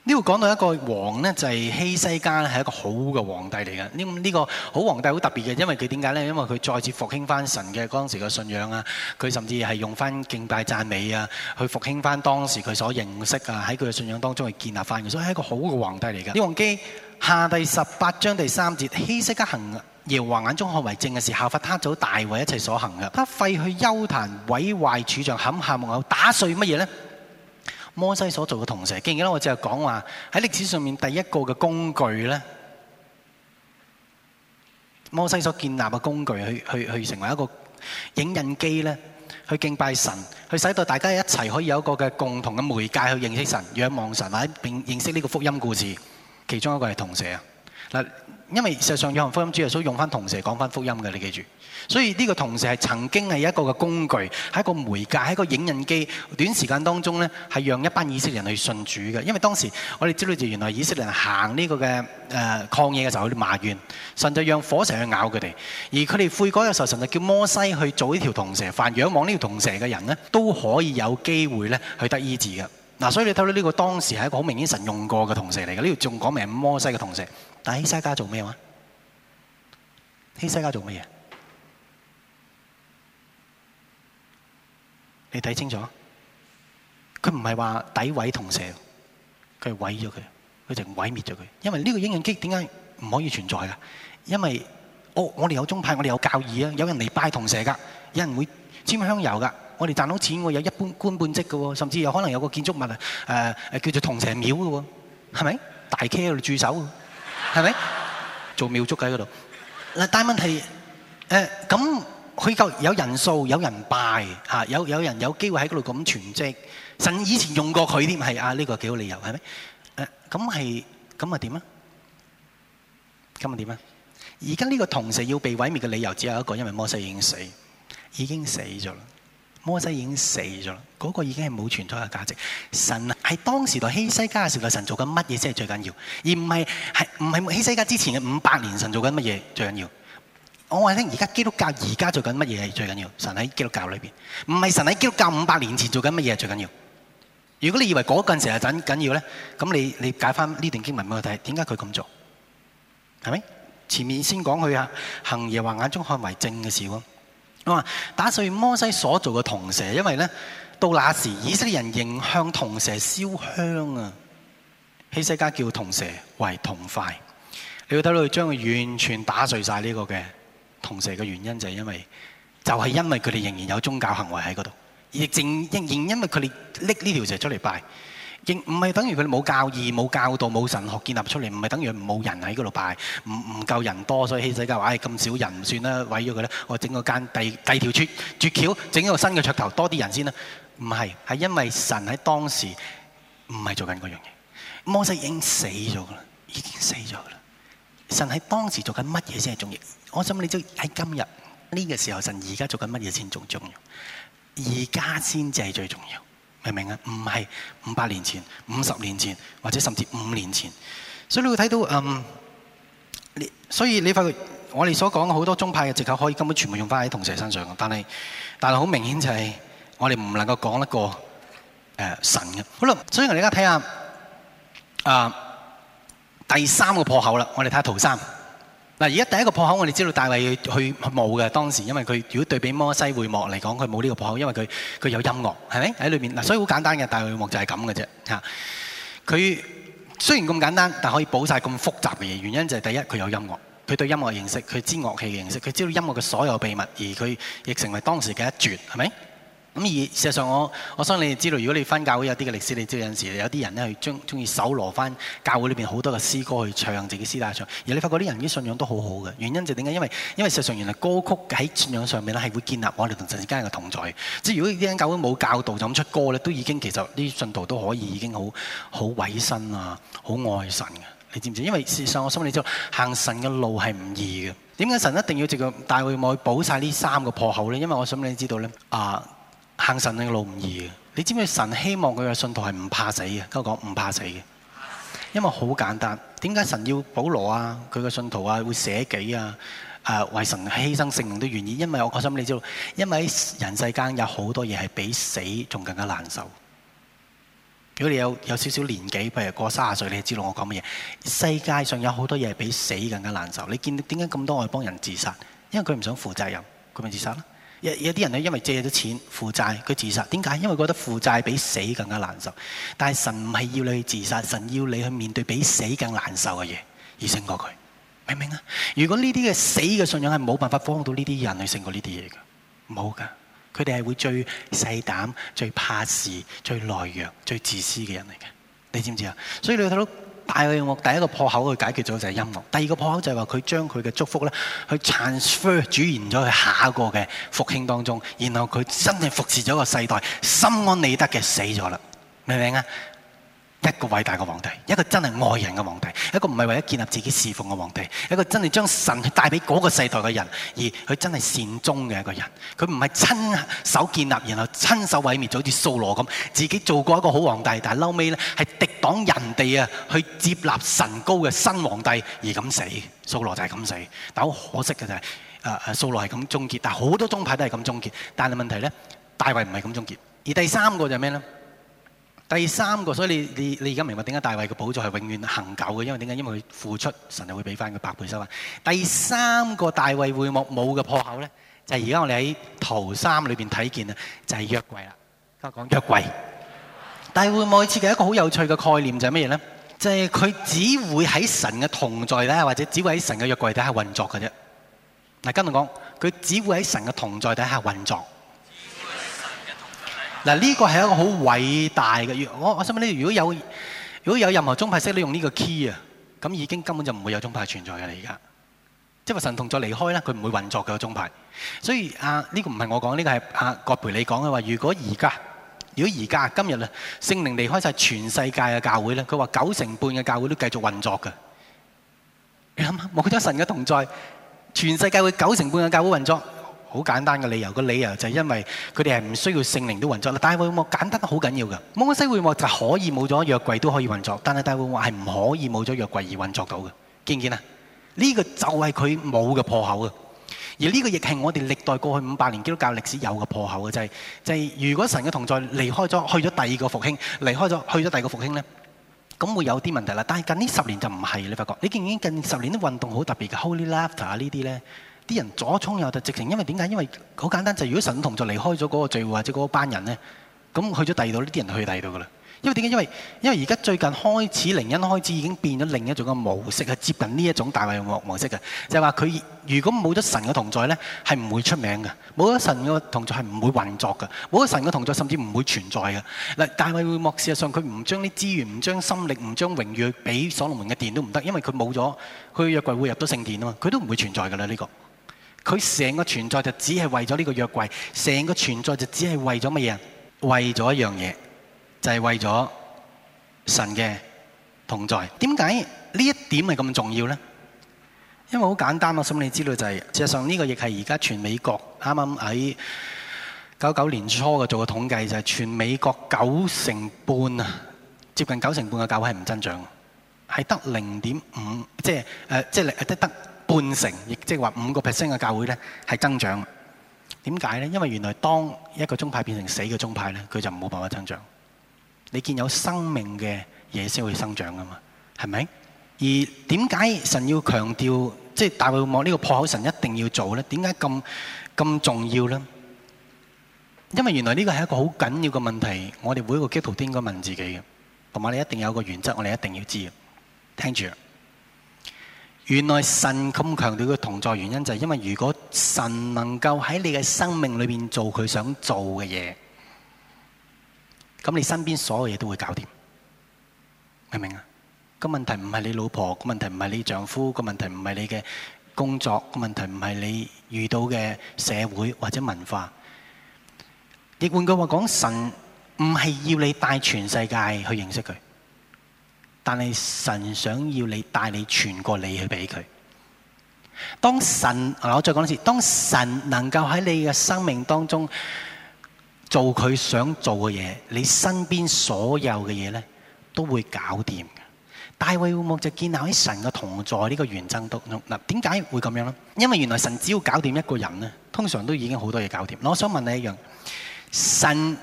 呢度講到一個王呢，就係希西家係一個好嘅皇帝嚟嘅。呢呢個好皇帝好特別嘅，因為佢點解呢？因為佢再次復興翻神嘅當時嘅信仰啊！佢甚至係用翻敬拜讚美啊，去復興翻當時佢所認識啊，喺佢嘅信仰當中去建立翻。所以係一個好嘅皇帝嚟嘅。這基《列王記下》第十八章第三節：希西家行耶和華眼中看為正嘅事，效法他祖大衛一切所行嘅。他廢去邱壇毀壞柱像，砍下門口打碎乜嘢呢？摩西所做嘅銅蛇，記唔記得我淨係講話喺歷史上面第一個嘅工具呢，摩西所建立嘅工具去去成為一個影印機呢，去敬拜神，去使到大家一齊可以有一個共同嘅媒介去認識神，仰望神，或者並認識呢個福音故事。其中一個係銅蛇，因為事實上，約翰福音主要用翻銅蛇講翻福音嘅，你記住。所以呢個銅蛇係曾經係一個工具，係一個媒介，係一個影印機。短時間當中咧，係讓一班以色列人去信主嘅。因為當時我哋知道原來以色列人行呢、這個嘅、呃、曠野嘅時候，佢哋埋怨甚至讓火蛇去咬佢哋，而佢哋悔改嘅時候，甚至叫摩西去做呢條銅蛇。凡仰望呢條銅蛇嘅人呢，都可以有機會去得醫治嘅。嗱，所以你睇到呢個當時係一個好明顯神用過嘅銅蛇嚟嘅。呢仲講明摩西嘅銅蛇，但係希西家做咩話？希西家做咩？你睇清楚，佢唔係話詆毀銅蛇，佢係毀咗佢，佢就毀滅咗佢。因為呢個影印機點解唔可以存在噶？因為我我哋有宗派，我哋有教義啊，有人嚟拜銅蛇噶，有人會簽香油噶。我哋賺到錢，我有一般官半職噶，甚至有可能有個建築物啊，誒，叫做銅蛇廟噶，係咪？大茄喺度駐守，係咪？做廟祝喺嗰度。但問題，誒咁。佢夠有人數，有人拜吓，有有人有機會喺嗰度咁全職。神以前用過佢添，係啊呢、這個幾好理由係咩？誒，咁係咁啊點啊？咁啊點啊？而家呢個同時要被毀滅嘅理由只有一個，因為摩西已經死，已經死咗啦。摩西已經死咗啦，嗰、那個已經係冇存在嘅價值。神係當時代希西家時代，神做緊乜嘢先係最緊要？而唔係係唔係希西家之前嘅五百年，神做緊乜嘢最緊要？我話你聽，而家基督教而家做緊乜嘢係最緊要？神喺基督教裏邊，唔係神喺基督教五百年前做緊乜嘢係最緊要？如果你以為嗰陣時係緊緊要咧，咁你你解翻呢段經文俾我睇，點解佢咁做？係咪？前面先講佢啊，行耶和華眼中看為正嘅事咯。佢話打碎摩西所做嘅銅蛇，因為咧到那時以色列人仍向銅蛇燒香啊。希西家叫銅蛇為銅塊，你要睇到佢將佢完全打碎晒呢個嘅。同蛇嘅原因就係因為，就係因為佢哋仍然有宗教行為喺嗰度，亦正仍然因為佢哋拎呢條蛇出嚟拜，亦唔係等於佢哋冇教義、冇教導、冇神學建立出嚟，唔係等於冇人喺嗰度拜，唔唔夠人多，所以希西家話唉，咁少人唔算啦，毀咗佢啦。我整個間第第條絕絕橋，整一個新嘅噱頭，多啲人先啦。唔係，係因為神喺當時唔係做緊嗰樣嘢，摩西已經死咗啦，已經死咗啦。神喺當時做緊乜嘢先係重要？我想問你：就喺今日呢個時候，神而家做緊乜嘢先重要？而家先至最重要，明唔明啊？唔係五百年前，五十年前，或者甚至五年前。所以你會睇到嗯，所以你發覺我哋所講嘅好多宗派嘅藉口，可以根本全部用翻喺銅蛇身上。但係，但係好明顯就係我哋唔能夠講得過誒神嘅。好啦，所以我哋而家睇下啊第三個破口啦。我哋睇下圖三。而家第一個破口，我哋知道大衛去去冇嘅，當時因為佢如果對比摩西會幕嚟講，佢冇呢個破口，因為佢有音樂，係咪喺裏邊？所以好簡單嘅大衛會幕就係噉嘅啫。佢佢雖然咁簡單，但可以補晒咁複雜嘅原因就係第一，佢有音樂，佢對音樂認識，佢知樂器嘅認識，佢知道音樂嘅所有秘密，而佢亦成為當時嘅一絕，係咪？咁而事實上我，我我相信你哋知道，如果你翻教會有啲嘅歷史，你知道有陣時有啲人咧，係中中意搜羅翻教會裏邊好多嘅詩歌去唱自己私底下唱。而你發覺啲人啲信仰都很好好嘅，原因就點解？因為因為事實上原來歌曲喺信仰上面咧係會建立我哋同神之間嘅同在。即係如果啲人教會冇教導就咁出歌咧，都已經其實啲信徒都可以已經好好委身啊，好愛神啊。你知唔知？因為事實上我希望你知道行神嘅路係唔易嘅。點解神一定要藉著大衛會幕去補晒呢三個破口咧？因為我想你知道咧啊。行神嘅路唔易嘅，你知唔知神希望佢嘅信徒係唔怕死嘅？跟我講唔怕死嘅，因為好簡單。點解神要保羅啊，佢嘅信徒啊會捨己啊，誒、啊、為神犧牲性命都願意？因為我講心，你知道，因為人世間有好多嘢係比死仲更加難受。如果你有有少少年紀，譬如過卅歲，你就知道我講乜嘢？世界上有好多嘢係比死更加難受。你見點解咁多外邦人自殺？因為佢唔想負責任，佢咪自殺啦？有啲人咧，因為借咗錢負債，佢自殺。點解？因為覺得負債比死更加難受。但係神唔係要你去自殺，神要你去面對比死更難受嘅嘢而勝過佢，明唔明啊？如果呢啲嘅死嘅信仰係冇辦法幫到呢啲人去勝過呢啲嘢嘅，冇噶。佢哋係會最細膽、最怕事、最懦弱、最自私嘅人嚟嘅，你知唔知啊？所以你會睇到。大衛音樂第一個破口去解決咗就係音樂，第二個破口就係話佢將佢嘅祝福咧去 transfer 主言咗去下一個嘅復興當中，然後佢真正服侍咗一個世代，心安理得嘅死咗啦，明唔明啊？一個偉大嘅皇帝，一個真係愛人嘅皇帝，一個唔係為咗建立自己侍奉嘅皇帝，一個真係將神帶俾嗰個世代嘅人，而佢真係善終嘅一個人，佢唔係親手建立，然後親手毀滅，就好似掃羅咁，自己做過一個好皇帝，但係嬲尾咧係敵擋人哋啊，去接納神高嘅新皇帝而咁死，掃羅就係咁死，但好可惜嘅就係誒誒掃羅係咁終結，但係好多宗派都係咁終結，但係問題咧大衛唔係咁終結，而第三個就係咩咧？第三個，所以你你你而家明白點解大衛嘅寶座係永遠恒久嘅，因為點解？因為佢付出，神就會俾翻佢百倍收翻。第三個大衛會幕嘅破口呢，就係而家我哋喺圖三裏面睇見就係、是、約櫃啦。家講約櫃，大衛會幕設計一個好有趣嘅概念，就係乜嘢呢？就係、是、佢只會喺神嘅同在底下，或者只會喺神嘅約櫃底下運作嘅啫。嗱，跟住講，佢只會喺神嘅同在底下運作。嗱，呢個係一個好偉大嘅。我我想問你，如果有如果有任何宗派識得用呢個 key 啊，咁已經根本就唔會有宗派存在嘅啦。而家即係話神同在離開咧，佢唔會運作嘅、這個、宗派。所以阿呢、啊這個唔係我講，呢、這個係阿葛培理講嘅話。如果而家，如果而家今日啊，聖靈離開晒全世界嘅教會咧，佢話九成半嘅教會都繼續運作嘅。你諗下冇咗神嘅同在，全世界會九成半嘅教會運作？好簡單嘅理由，個理由就係因為佢哋係唔需要聖靈都運作啦。大會幕簡單得好緊要㗎，摩西會幕就可以冇咗約櫃都可以運作，但係大會幕係唔可以冇咗約櫃而運作到嘅。見唔見啊？呢個就係佢冇嘅破口啊！而呢個亦係我哋歷代過去五百年基督教歷史有嘅破口啊！就係就係如果神嘅同在離開咗，去咗第二個復興，離開咗去咗第二個復興咧，咁會有啲問題啦。但係近呢十年就唔係你發覺，你見唔見近十年啲運動好特別嘅 Holy Laughter 呢啲咧？啲人左衝右突，直情因為點解？因為好簡單，就係、如果神同在離開咗嗰個聚會或者嗰班人呢，咁去咗第二度，呢啲人去第二度噶啦。因為點解？因為因為而家最近開始，靈恩開始已經變咗另一種嘅模式，係接近呢一種大衛幕模式嘅，就係話佢如果冇咗神嘅同在呢，係唔會出名嘅；冇咗神嘅同在係唔會運作嘅；冇咗神嘅同在，甚至唔會存在嘅。嗱，大衛會幕事實上佢唔將啲資源、唔將心力、唔將榮譽俾所羅門嘅殿都唔得，因為佢冇咗佢約櫃會入咗聖殿啊嘛，佢都唔會存在噶啦呢個。佢成個存在就只係為咗呢個約櫃，成個存在就只係為咗乜嘢？為咗一樣嘢，就係、是、為咗神嘅同在。點解呢一點係咁重要呢？因為好簡單啊！我諗你知道就係、是，事實上呢個亦係而家全美國啱啱喺九九年初嘅做嘅統計就係、是，全美國九成半啊，接近九成半嘅教會係唔增長，係得零點五，即係誒，即係得得。半成，亦即係話五個 percent 嘅教會咧係增長，點解咧？因為原來當一個宗派變成死嘅宗派咧，佢就冇辦法增長。你見有生命嘅嘢先會生長噶嘛？係咪？而點解神要強調即係大衛望呢個破口神一定要做咧？點解咁咁重要咧？因為原來呢個係一個好緊要嘅問題，我哋每一個基督徒都應該問自己嘅，同埋你一定有個原則，我哋一定要知嘅。聽住。原來神咁強調佢同在，原因就係因為如果神能夠喺你嘅生命裏面做佢想做嘅嘢，咁你身邊所有嘢都會搞掂，明唔明啊？個問題唔係你老婆，個問題唔係你丈夫，個問題唔係你嘅工作，個問題唔係你遇到嘅社會或者文化。亦換句話講，神唔係要你帶全世界去認識佢。但係神想要你帶你全個你去俾佢。當神，我再講一次，當神能夠喺你嘅生命當中做佢想做嘅嘢，你身邊所有嘅嘢咧都會搞掂嘅。大衛會幕就建立喺神嘅同在呢個原則度。嗱，點解會咁樣呢？因為原來神只要搞掂一個人呢，通常都已經好多嘢搞掂。我想問你一樣，神，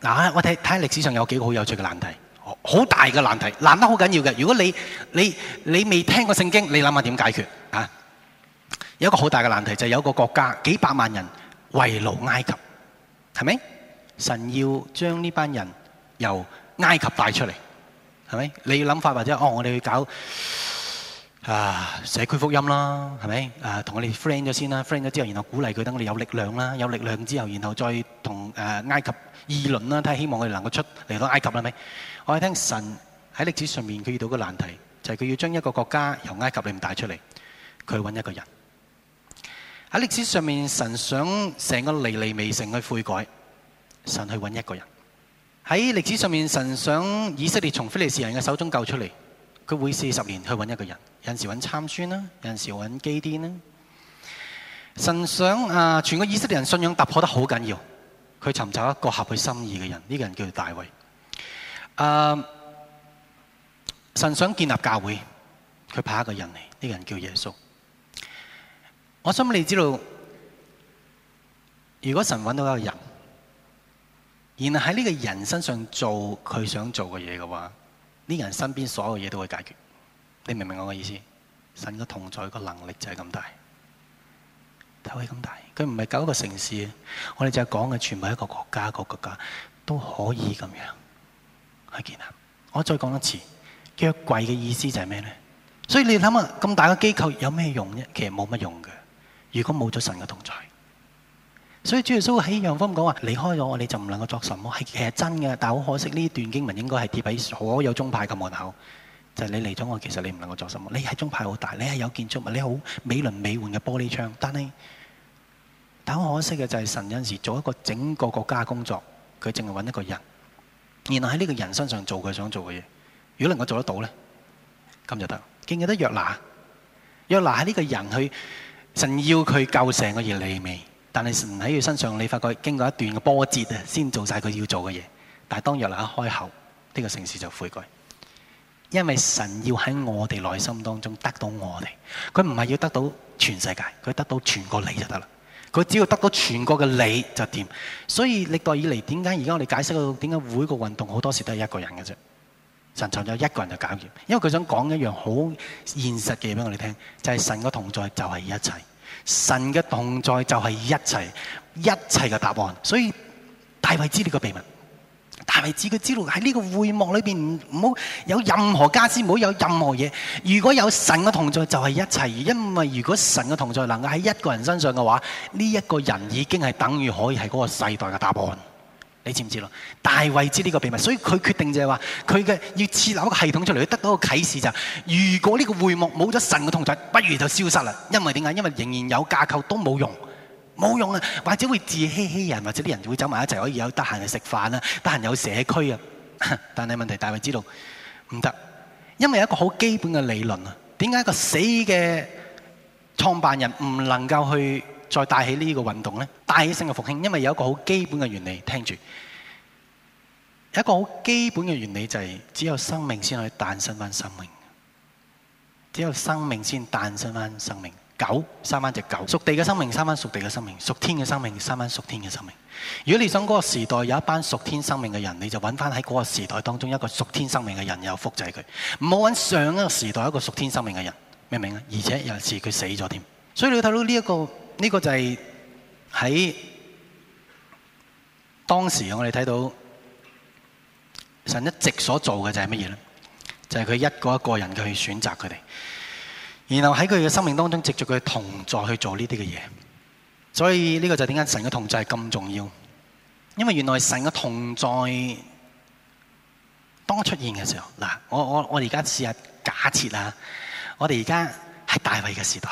嗱我睇睇歷史上有幾個好有趣嘅難題。好大嘅難題，難得好緊要嘅。如果你你你未聽過聖經，你諗下點解決啊？有一個好大嘅難題，就係有一個國家幾百萬人為奴埃及，係咪？神要將呢班人由埃及帶出嚟，係咪？你諗法，或者哦，我哋去搞啊社區福音啦，係咪？啊，同我哋 friend 咗先啦，friend 咗之後，然後鼓勵佢，等我哋有力量啦，有力量之後，然後再同誒埃及議論啦，睇下希望佢哋能夠出嚟到埃及啦，咪？我們聽神喺歷史上面佢遇到個難題，就係佢要將一個國家由埃及裏面帶出嚟，佢揾一個人。喺歷史上面，神想成個尼尼微城去悔改，神去揾一個人。喺歷史上面，神想以色列從非利士人嘅手中救出嚟，佢會四十年去揾一個人，有陣時揾參孫啦，有時揾基甸啦。神想啊，全個以色列人信仰突破得好緊要，佢尋找一個合佢心意嘅人，呢、這個人叫做大衛。啊！Uh, 神想建立教會，佢派一個人嚟，呢、這個人叫耶穌。我想你知道，如果神揾到一個人，然後喺呢個人身上做佢想做嘅嘢嘅話，呢、這個、人身邊所有嘢都會解決。你明唔明我嘅意思？神嘅同在嘅能力就係咁大，就係咁大。佢唔係搞一個城市，我哋就係講嘅全部係一個國家，一個國家都可以咁樣。去我再講一次，約櫃嘅意思就係咩呢？所以你諗下，咁大嘅機構有咩用呢？其實冇乜用嘅。如果冇咗神嘅同在，所以主耶穌喺楊鋒講話：離開咗我，你就唔能夠作什麼。係其實是真嘅，但係好可惜呢段經文應該係貼喺所有宗派嘅門口。就係、是、你嚟咗我，其實你唔能夠作什麼。你喺宗派好大，你係有建築物，你好美輪美奐嘅玻璃窗，但係但好可惜嘅就係神有陣時做一個整個國家工作，佢淨係揾一個人。然後喺呢個人身上做佢想做嘅嘢，如果能夠做得到呢，咁就得。記唔記得約拿？約拿喺呢個人去神要佢救成個尼尼微，但係神喺佢身上，你發覺經過一段嘅波折啊，先做晒佢要做嘅嘢。但係當約拿一開口，呢、這個城市就悔改，因為神要喺我哋內心當中得到我哋，佢唔係要得到全世界，佢得到全個你就得啦。佢只要得到全國嘅理就掂，所以歷代以嚟點解而家我哋解釋到點解每個運動好多時都係一個人嘅啫，神就有一個人就搞掂，因為佢想講一樣好現實嘅嘢俾我哋聽，就係神嘅同在就係一切，神嘅同在就係一切，一切一切嘅答案，所以大衛知呢個秘密。大衛知，佢知道喺呢個會幕裏面，唔好有任何家私，唔好有任何嘢。如果有神嘅同在就係一切。因為如果神嘅同在能夠喺一個人身上嘅話，呢、這、一個人已經係等於可以係嗰個世代嘅答案。你知唔知道？大衛知呢個秘密，所以佢決定就係話佢嘅要設立一個系統出嚟，得到一個啟示就是：如果呢個會幕冇咗神嘅同在，不如就消失啦。因為點解？因為仍然有架構都冇用。冇用啊，或者會自欺欺人，或者啲人就會走埋一齊，可以有得閒去食飯啊，得閒有社區啊。但係問題，大衞知道唔得，因為有一個好基本嘅理論啊。點解一個死嘅創辦人唔能夠去再帶起呢個運動咧？帶起聲嘅復興，因為有一個好基本嘅原理。聽住，有一個好基本嘅原理就係：只有生命先可以誕生翻生命，只有生命先誕生翻生命。狗生翻隻狗，屬地嘅生命生翻屬地嘅生命，屬天嘅生命，屬生命生翻屬天嘅生命。如果你想嗰個時代有一班屬天生命嘅人，你就搵翻喺嗰個時代當中一個屬天生命嘅人，又複製佢，唔好搵上一個時代一個屬天生命嘅人，明唔明啊？而且有時佢死咗添，所以你睇到呢、這、一個呢、這個就係喺當時我哋睇到神一直所做嘅就係乜嘢呢？就係、是、佢一個一個人去選擇佢哋。然後喺佢嘅生命當中，藉住佢嘅同在去做呢啲嘅嘢，所以呢個就係點解神嘅同在咁重要？因為原來神嘅同在當出現嘅時候，嗱，我我我而家試下假設啊，我哋而家係大衛嘅時代，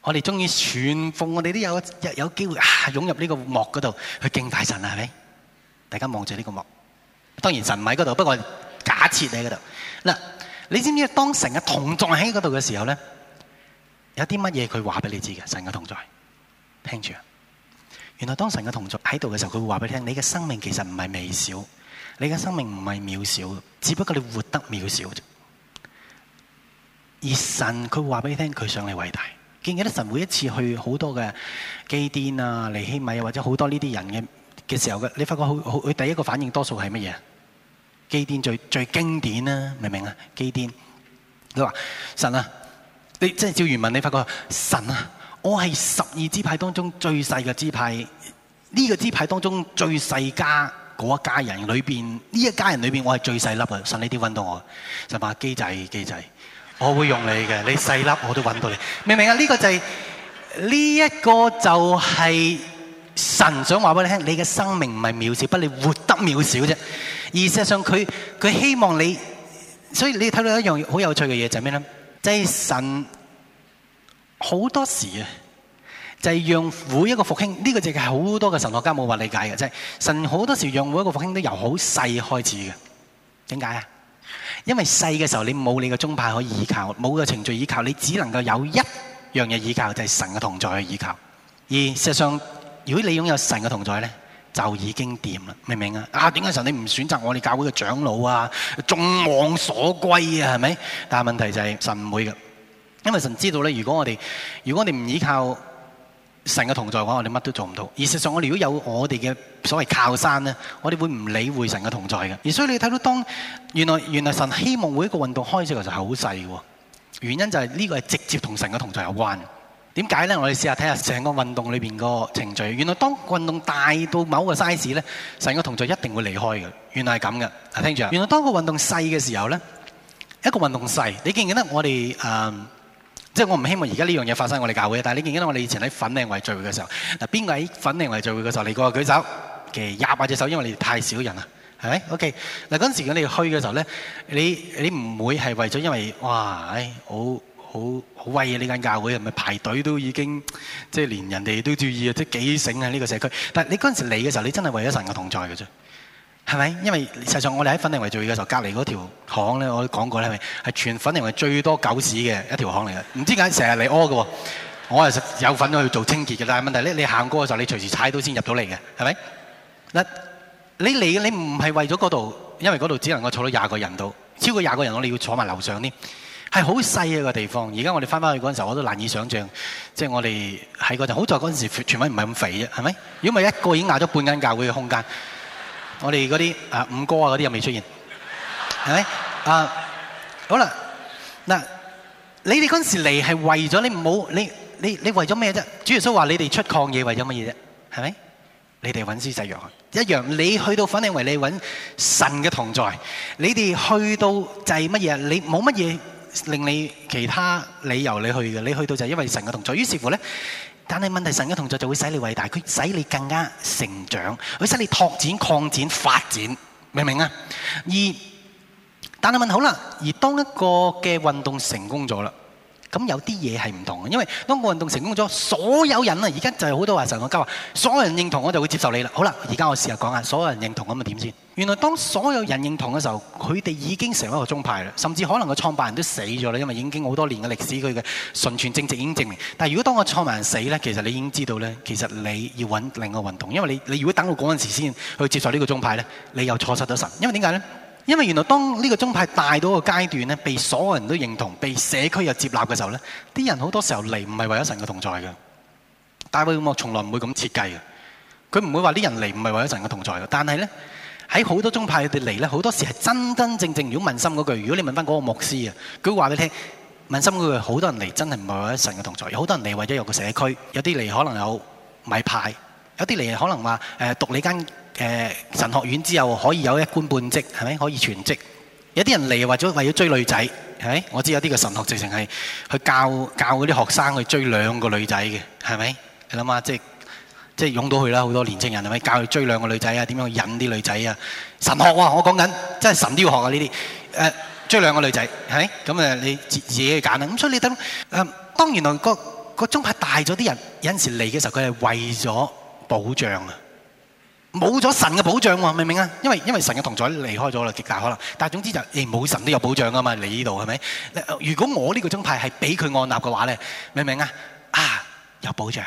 我哋終於全奉，我哋都有有有機會、啊、湧入呢個幕嗰度去敬拜神啊，係咪？大家望住呢個幕，當然神唔喺嗰度，不過假設你喺嗰度嗱。你知唔知當神嘅同在喺嗰度嘅時候咧，有啲乜嘢佢話俾你知嘅？神嘅同在，聽住！原來當神嘅同在喺度嘅時候，佢會話俾你聽：你嘅生命其實唔係微小，你嘅生命唔係渺小，只不過你活得渺小而，而神佢會話俾你聽，佢想你偉大。記唔記得神每一次去好多嘅基甸啊、尼希米、啊、或者好多呢啲人嘅，嘅時候你發覺佢，佢第一個反應多數係乜嘢？基甸最最經典啦，明唔明啊？基甸，佢話神啊，你即係照原文，你發覺神啊，我係十二支派當中最細嘅支派，呢、這個支派當中最細家嗰一家人裏邊，呢一家人裏邊我係最細粒啊。神呢啲揾到我，神話基仔基仔，我會用你嘅，你細粒我都揾到你，明唔明啊？呢、這個就係呢一個就係、是。神想話俾你聽，你嘅生命唔係渺小，不你活得渺小啫。而事實上，佢佢希望你，所以你睇到一樣好有趣嘅嘢就係咩咧？就係神好多時啊，就係讓每一個復興呢個就係好多嘅神學家冇法理解嘅，即係神好多時讓每一個復興都由好細開始嘅。點解啊？因為細嘅時候你冇你嘅宗派可以依靠，冇嘅程序依靠，你只能夠有一樣嘢依靠，就係神嘅同在去依靠。而事實上，如果你擁有神嘅同在呢就已經掂啦，明唔明啊？啊，點解神你唔選擇我哋教會嘅長老啊？眾望所歸啊，係咪？但係問題就係神唔會㗎，因為神知道呢如果我哋如果我哋唔依靠神嘅同在嘅話，我哋乜都做唔到。而事實上我哋如果有我哋嘅所謂靠山呢，我哋會唔理會神嘅同在嘅。而所以你睇到當原來原來神希望每一個運動開始就係好細嘅，原因就係呢個係直接同神嘅同在有關。點解咧？我哋試下睇下成個運動裏邊個程序。原來當運動大到某個 size 咧，成個程序一定會離開嘅。原來係咁嘅，聽住啊！原來當個運動細嘅時候咧，一個運動細，你記唔記得我哋誒？即係我唔希望而家呢樣嘢發生我哋教會。但係你記唔記得我哋以前喺粉嶺圍聚會嘅時候？嗱，邊個喺粉嶺圍聚會嘅時候嚟過舉手？其實廿八隻手，因為你太少人啦，係咪？OK。嗱，嗰陣時如果你去嘅時候咧，你你唔會係為咗因為哇，唉好。好好威啊！呢間教會，係咪排隊都已經即係連人哋都注意即啊！即係幾醒啊！呢個社區。但係你嗰陣時嚟嘅時候，你真係為咗神嘅同在嘅啫，係咪？因為實際上我哋喺粉定為聚嘢粉嶺圍聚會嘅時候，隔離嗰條巷咧，我講過咧，係咪係全粉嶺圍最多狗屎嘅一條巷嚟嘅？唔知點解成日嚟屙嘅喎。我係有份去做清潔嘅，但係問題咧，你行過嘅時候，你隨時踩到先入到嚟嘅，係咪？嗱，你嚟你唔係為咗嗰度，因為嗰度只能夠坐到廿個人度，超過廿個人我哋要坐埋樓上添。係好細啊個地方，而家我哋翻返去嗰陣時候，我都難以想象，即係我哋喺嗰陣好在嗰陣時傳傳聞唔係咁肥啫，係咪？如果唔係一個已經壓咗半間教會嘅空間，我哋嗰啲啊五哥啊嗰啲又未出現，係咪？啊好啦，嗱，你哋嗰陣時嚟係為咗你冇你你你為咗咩啫？主耶穌話你哋出曠野為咗乜嘢啫？係咪？你哋揾施洗約翰一樣，你去到粉嶺為你揾神嘅同在，你哋去到就係乜嘢？你冇乜嘢？令你其他理由你去嘅，你去到就係因為神嘅動作。於是乎咧，但係問題是神嘅動作就會使你偉大，佢使你更加成長，佢使你拓展、擴展、發展，明唔明啊？而但係問好啦，而當一個嘅運動成功咗啦。咁有啲嘢係唔同嘅，因為當個運動成功咗，所有人啊，而家就係好多話神同教話，所有人認同我就會接受你啦。好啦，而家我試下講下，所有人認同咁啊點先？原來當所有人認同嘅時候，佢哋已經成為一個宗派啦，甚至可能個創辦人都死咗啦，因為已經好多年嘅歷史，佢嘅純傳正直已經證明。但係如果當個創辦人死咧，其實你已經知道咧，其實你要搵另外一個運動，因為你你如果等到嗰陣時先去接受呢個宗派咧，你又錯失咗神，因為點解咧？因為原來當呢個宗派大到個階段咧，被所有人都認同，被社區又接納嘅時候咧，啲人好多時候嚟唔係為咗神嘅同在嘅。大衛會幕從來唔會咁設計嘅，佢唔會話啲人嚟唔係為咗神嘅同在嘅。但係咧，喺好多宗派佢哋嚟咧，好多時係真真正正。如果問心嗰句，如果你問翻嗰個牧師啊，佢會話你聽，問心嗰句好多人嚟真係唔係為咗神嘅同在，有好多人嚟為咗有個社區，有啲嚟可能有米派，有啲嚟可能話誒讀你間。誒、呃、神學院之後可以有一官半職，係咪可以全職？有啲人嚟為咗為要追女仔，係咪？我知有啲個神學直情係去教教嗰啲學生去追兩個女仔嘅，係咪？你諗下，即係即係擁到佢啦，好多年青人係咪？教佢追兩個女仔啊，點樣去引啲女仔啊？神學哇、啊，我講緊真係神都要學啊！呢啲誒追兩個女仔，係咁誒，你自自己去揀啦。咁所以你等誒、呃，當原來、那個個中派大咗啲人，有陣時嚟嘅時候，佢係為咗保障啊。冇咗神嘅保障喎，明唔明啊？因為因為神嘅同在離開咗啦，極大可能。但係總之就是，誒、哎、冇神都有保障㗎嘛，你呢度係咪？如果我呢個宗派係俾佢按立嘅話咧，明唔明啊？啊，有保障，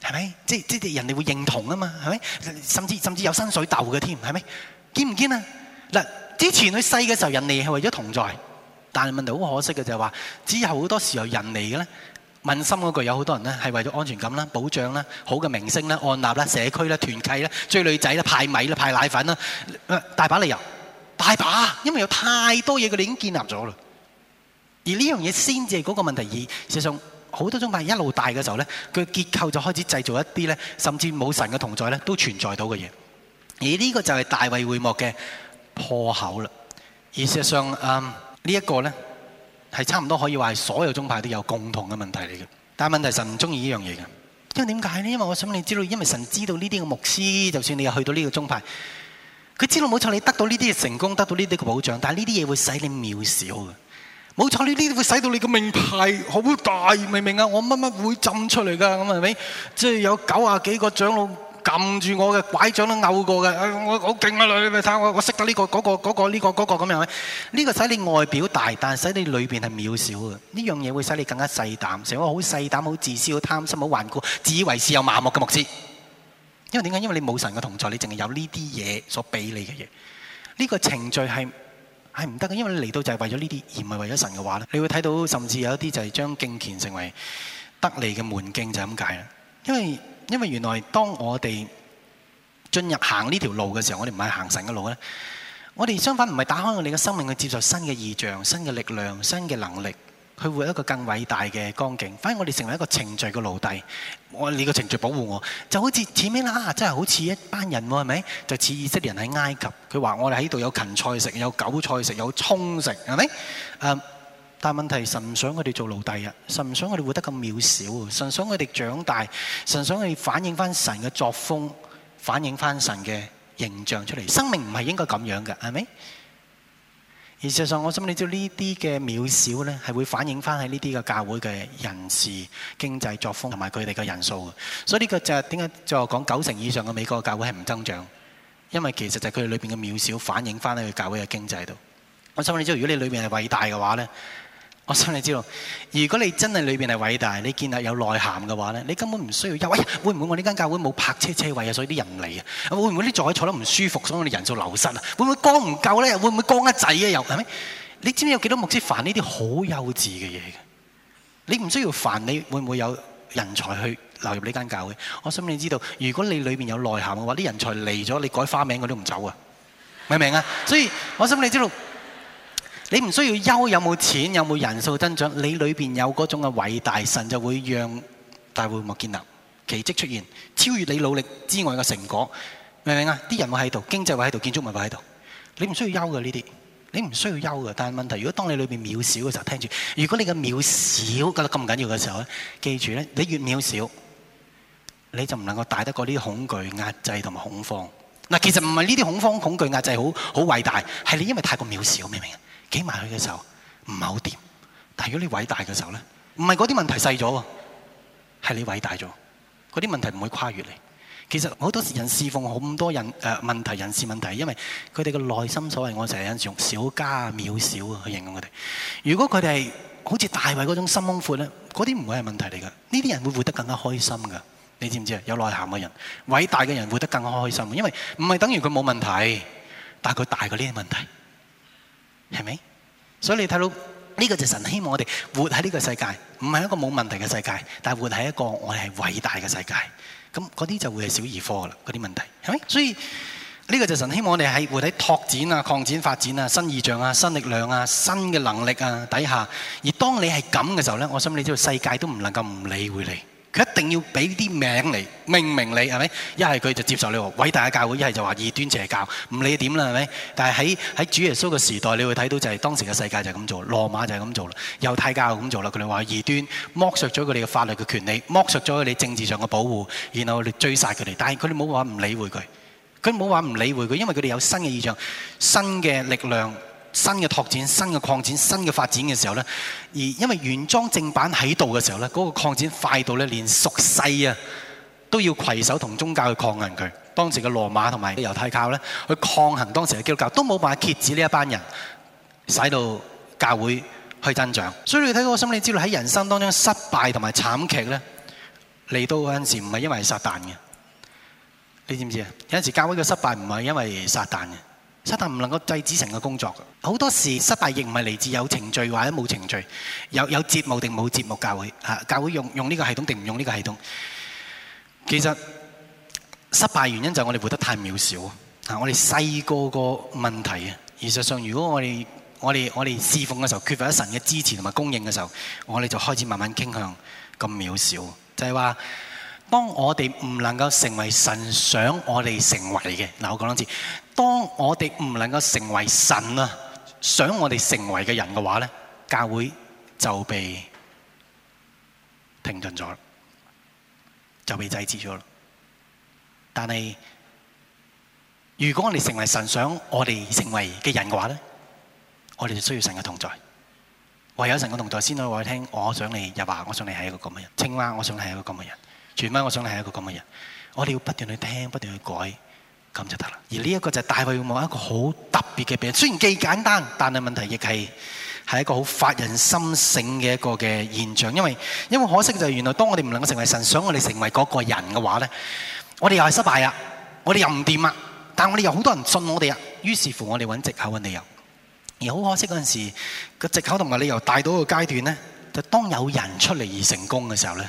係咪？即即係人哋會認同啊嘛，係咪？甚至甚至有薪水鬥嘅添，係咪？堅唔堅啊？嗱，之前佢細嘅時候，人哋係為咗同在，但係問題好可惜嘅就係話，之後好多時候人嚟嘅咧。問心嗰句有好多人呢，係為咗安全感啦、保障啦、好嘅明星啦、按納啦、社區啦、團契啦、追女仔啦、派米啦、派奶粉啦，大把理由，大把，因為有太多嘢佢哋已經建立咗啦。而呢樣嘢先至係嗰個問題二，事實上好多宗派一路大嘅時候咧，佢結構就開始製造一啲咧，甚至冇神嘅同在咧，都存在到嘅嘢。而呢個就係大衛會幕嘅破口啦。而事實上，嗯這個、呢一個咧。係差唔多可以話係所有宗派都有共同嘅問題嚟嘅，但係問題是神唔中意呢樣嘢嘅，因為點解呢？因為我想你知道，因為神知道呢啲嘅牧師，就算你去到呢個宗派，佢知道冇錯，你得到呢啲嘅成功，得到呢啲嘅保障，但係呢啲嘢會使你渺小嘅。冇錯，呢啲會使到你嘅命牌好大，明明啊？我乜乜會浸出嚟㗎咁係咪？即係、就是、有九十幾個長老。撳住我嘅拐杖都拗過嘅，哎，我好勁啊！你咪睇我，我識得呢、這個嗰、這個嗰、這個呢、這個嗰咁樣。呢、這個、這個這個，使你外表大，但使你裏邊係渺小嘅。呢樣嘢會使你更加細膽，成為好細膽、好自私、好貪心、好頑固、自以為是有麻木嘅牧師。因為點解？因為你冇神嘅同在，你淨係有呢啲嘢所俾你嘅嘢。呢、這個程序係係唔得嘅，因為嚟到就係為咗呢啲，而唔係為咗神嘅話咧。你會睇到，甚至有一啲就係將敬虔成為得利嘅門徑，就咁解啦。因為因為原來當我哋進入行呢條路嘅時候，我哋唔係行神嘅路咧，我哋相反唔係打開我哋嘅生命去接受新嘅意象、新嘅力量、新嘅能力，佢會有一個更偉大嘅光景。反而我哋成為一個程序嘅奴隸，我你個程序保護我，就好似前面啊，真係好似一班人喎，係咪？就似以色列人喺埃及，佢話我哋喺度有芹菜食、有韭菜食、有葱食，係咪？誒。Uh, 但係問題，神唔想佢哋做奴隸啊！神唔想佢哋活得咁渺小，神想佢哋長大，神想佢哋反映翻神嘅作風，反映翻神嘅形象出嚟。生命唔係應該咁樣嘅，係咪？而事實上，我想你知道，呢啲嘅渺小咧，係會反映翻喺呢啲嘅教會嘅人事、經濟作風同埋佢哋嘅人數。所以呢個就係點解就係講九成以上嘅美國嘅教會係唔增長，因為其實就係佢哋裏邊嘅渺小反映翻喺佢教會嘅經濟度。我想你知道，如果你裏邊係偉大嘅話咧。我想你知道，如果你真係裏邊係偉大，你建立有內涵嘅話咧，你根本唔需要憂。喂、哎，會唔會我呢間教會冇泊車車位啊？所以啲人唔嚟啊？會唔會啲座位坐得唔舒服，所以我哋人數流失啊？會唔會光唔夠咧？會唔會光一仔嘅又係咪？你知唔知有幾多牧師煩呢啲好幼稚嘅嘢嘅？你唔需要煩你，你會唔會有人才去流入呢間教會？我想你知道，如果你裏邊有內涵嘅話，啲人才嚟咗，你改花名我都唔走啊？明唔明啊？所以我想你知道。你唔需要憂有冇錢，有冇人數增長。你裏邊有嗰種嘅偉大，神就會讓大會幕建立奇蹟出現，超越你努力之外嘅成果。明唔明啊？啲人會喺度，經濟會喺度，建築物會喺度。你唔需要憂嘅呢啲，你唔需要憂嘅。但係問題是，如果當你裏邊渺小嘅時候，聽住。如果你嘅渺小覺得咁唔緊要嘅時候咧，記住咧，你越渺小，你就唔能夠大得過呢啲恐懼、壓制同埋恐慌。嗱，其實唔係呢啲恐慌、恐懼、壓制好好偉大，係你因為太過渺小，明唔明啊？企埋去嘅時候唔係好掂，但係如果你偉大嘅時候咧，唔係嗰啲問題細咗，係你偉大咗，嗰啲問題唔會跨越你。其實好多時人侍奉好多人誒、呃、問題、人事問題，因為佢哋嘅內心所謂我成日用小家渺小去形容佢哋。如果佢哋係好似大衛嗰種心胸闊咧，嗰啲唔會係問題嚟噶。呢啲人會活得更加開心噶，你知唔知啊？有內涵嘅人、偉大嘅人活得更加開心，因為唔係等於佢冇問題，但係佢大過呢啲問題。係咪？所以你睇到呢，這個就神希望我哋活喺呢個世界，唔係一個冇問題嘅世界，但係活喺一個我哋係偉大嘅世界。咁嗰啲就會係小兒科喇，啦，嗰啲問題係咪？所以呢，這個就神希望我哋喺活喺拓展啊、擴展發展啊、新意象啊、新力量啊、新嘅能力啊底下。而當你係咁嘅時候咧，我想你知道世界都唔能夠唔理會你。佢一定要俾啲名嚟命名你係咪？一係佢就接受你話偉大嘅教會，一係就話異端邪教，唔理點啦係咪？但係喺主耶穌嘅時代，你會睇到就係當時嘅世界就係咁做，羅馬就係咁做啦，猶太教就咁做啦，佢哋話異端，剝削咗佢哋嘅法律嘅權利，剝削咗佢哋政治上嘅保護，然後你追殺佢哋。但係佢哋冇話唔理會佢，佢冇話唔理會佢，因為佢哋有新嘅意象，新嘅力量。新嘅拓展、新嘅擴展、新嘅發展嘅時候呢，而因為原裝正版喺度嘅時候呢，嗰個擴展快到呢，連俗世啊都要攜手同宗教去抗衡佢。當時嘅羅馬同埋猶太教呢，去抗衡當時嘅基督教，都冇辦法遏止呢一班人，使到教會去增長，所以你睇到我心裡知道喺人生當中失敗同埋慘劇呢，嚟到嗰陣時唔係因為撒旦嘅，你知唔知啊？有陣時教會嘅失敗唔係因為撒旦嘅。但唔能夠制止成個工作。好多時失敗亦唔係嚟自有程序或者冇程序，有有節目定冇節目。教會嚇，教會用用呢個系統定唔用呢個系統。其實失敗原因就係我哋活得太渺小啊！我哋細個個問題啊。事實上，如果我哋我哋我哋侍奉嘅時候缺乏咗神嘅支持同埋供應嘅時候，我哋就開始慢慢傾向咁渺小。就係話。當我哋唔能夠成為神想我哋成為嘅，嗱我講多次，當我哋唔能夠成為神啊想我哋成為嘅人嘅話咧，教會就被停頓咗，就被制止咗啦。但係如果我哋成為神想我哋成為嘅人嘅話咧，我哋就需要神嘅同在，唯有神嘅同在先可以話俾你聽我想你入畫，我想你係一個咁嘅人，青蛙，我想係一個咁嘅人。全班我想你係一個咁嘅人，我哋要不斷去聽，不斷去改，咁就得啦。而呢一個就係大衛會幕一個好特別嘅病，雖然既簡單，但係問題亦係係一個好發人深省嘅一個嘅現象。因為因為可惜就係原來當我哋唔能夠成為神，想我哋成為嗰個人嘅話咧，我哋又係失敗啊，我哋又唔掂啊，但我哋有好多人信我哋啊。於是乎我哋揾藉口揾理由，而好可惜嗰陣時個藉口同埋理由帶到一個階段咧，就當有人出嚟而成功嘅時候咧。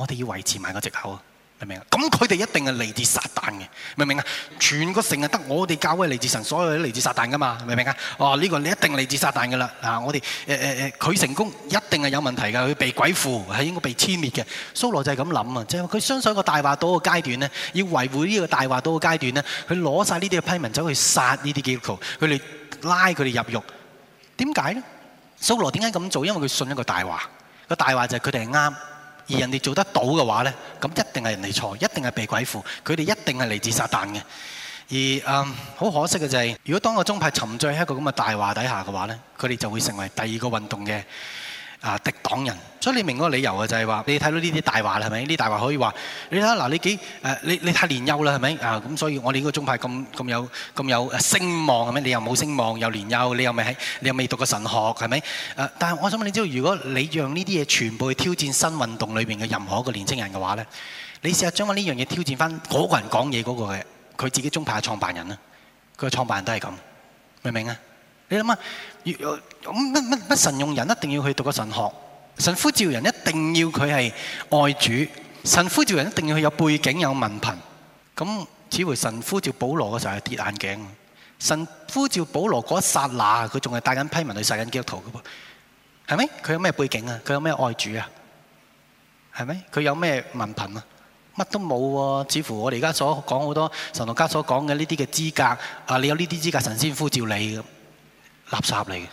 我哋要維持埋個借口，明唔明啊？咁佢哋一定係嚟自撒旦嘅，明唔明啊？全個城啊，得我哋教會嚟自神，所有都嚟自撒旦噶嘛，明唔明啊？哦，呢個你一定嚟自撒旦噶啦啊！我哋誒誒誒，佢成功一定係有問題嘅，佢被鬼附係應該被殲滅嘅。蘇羅就係咁諗啊，即係佢相信一個大話島嘅階段咧，要維護呢個大話島嘅階段咧，佢攞曬呢啲嘅批文走去殺呢啲基督徒，佢嚟拉佢哋入獄。點解咧？蘇羅點解咁做？因為佢信一個大話，個大話就係佢哋係啱。而人哋做得到嘅話咧，咁一定係人哋錯，一定係被鬼附，佢哋一定係嚟自撒旦嘅。而嗯，好可惜嘅就係，如果當個宗派沉醉喺一個咁嘅大話底下嘅話咧，佢哋就會成為第二個運動嘅啊敵黨人。所以你明嗰個理由啊，就係話你睇到呢啲大話係咪？呢啲大話可以話你睇下嗱，你幾誒？你你太年休年幼啦係咪啊？咁所以我哋呢個宗派咁咁有咁有聲望係咪？你又冇聲望，又年幼，你又未係你又未讀過神學係咪？誒，但係我想問你知道，如果你讓呢啲嘢全部去挑戰新運動裏邊嘅任何一個年青人嘅話咧，你試下將我呢樣嘢挑戰翻嗰個人講嘢嗰個嘅佢自己宗派嘅創辦人啊，佢嘅創辦人都係咁明唔明啊？你諗下？乜乜乜神用人一定要去讀過神學？神呼召人一定要佢係愛主，神呼召人一定要佢有背景有文憑。咁似乎神呼召保羅嘅時候係跌眼鏡。神呼召保羅嗰一剎那，佢仲係帶緊批文去殺緊基督徒嘅噃，係咪？佢有咩背景啊？佢有咩愛主啊？係咪？佢有咩文憑啊？乜都冇。啊、似乎我哋而家所講好多神同家所講嘅呢啲嘅資格，啊，你有呢啲資格神仙呼召你，垃圾嚟嘅，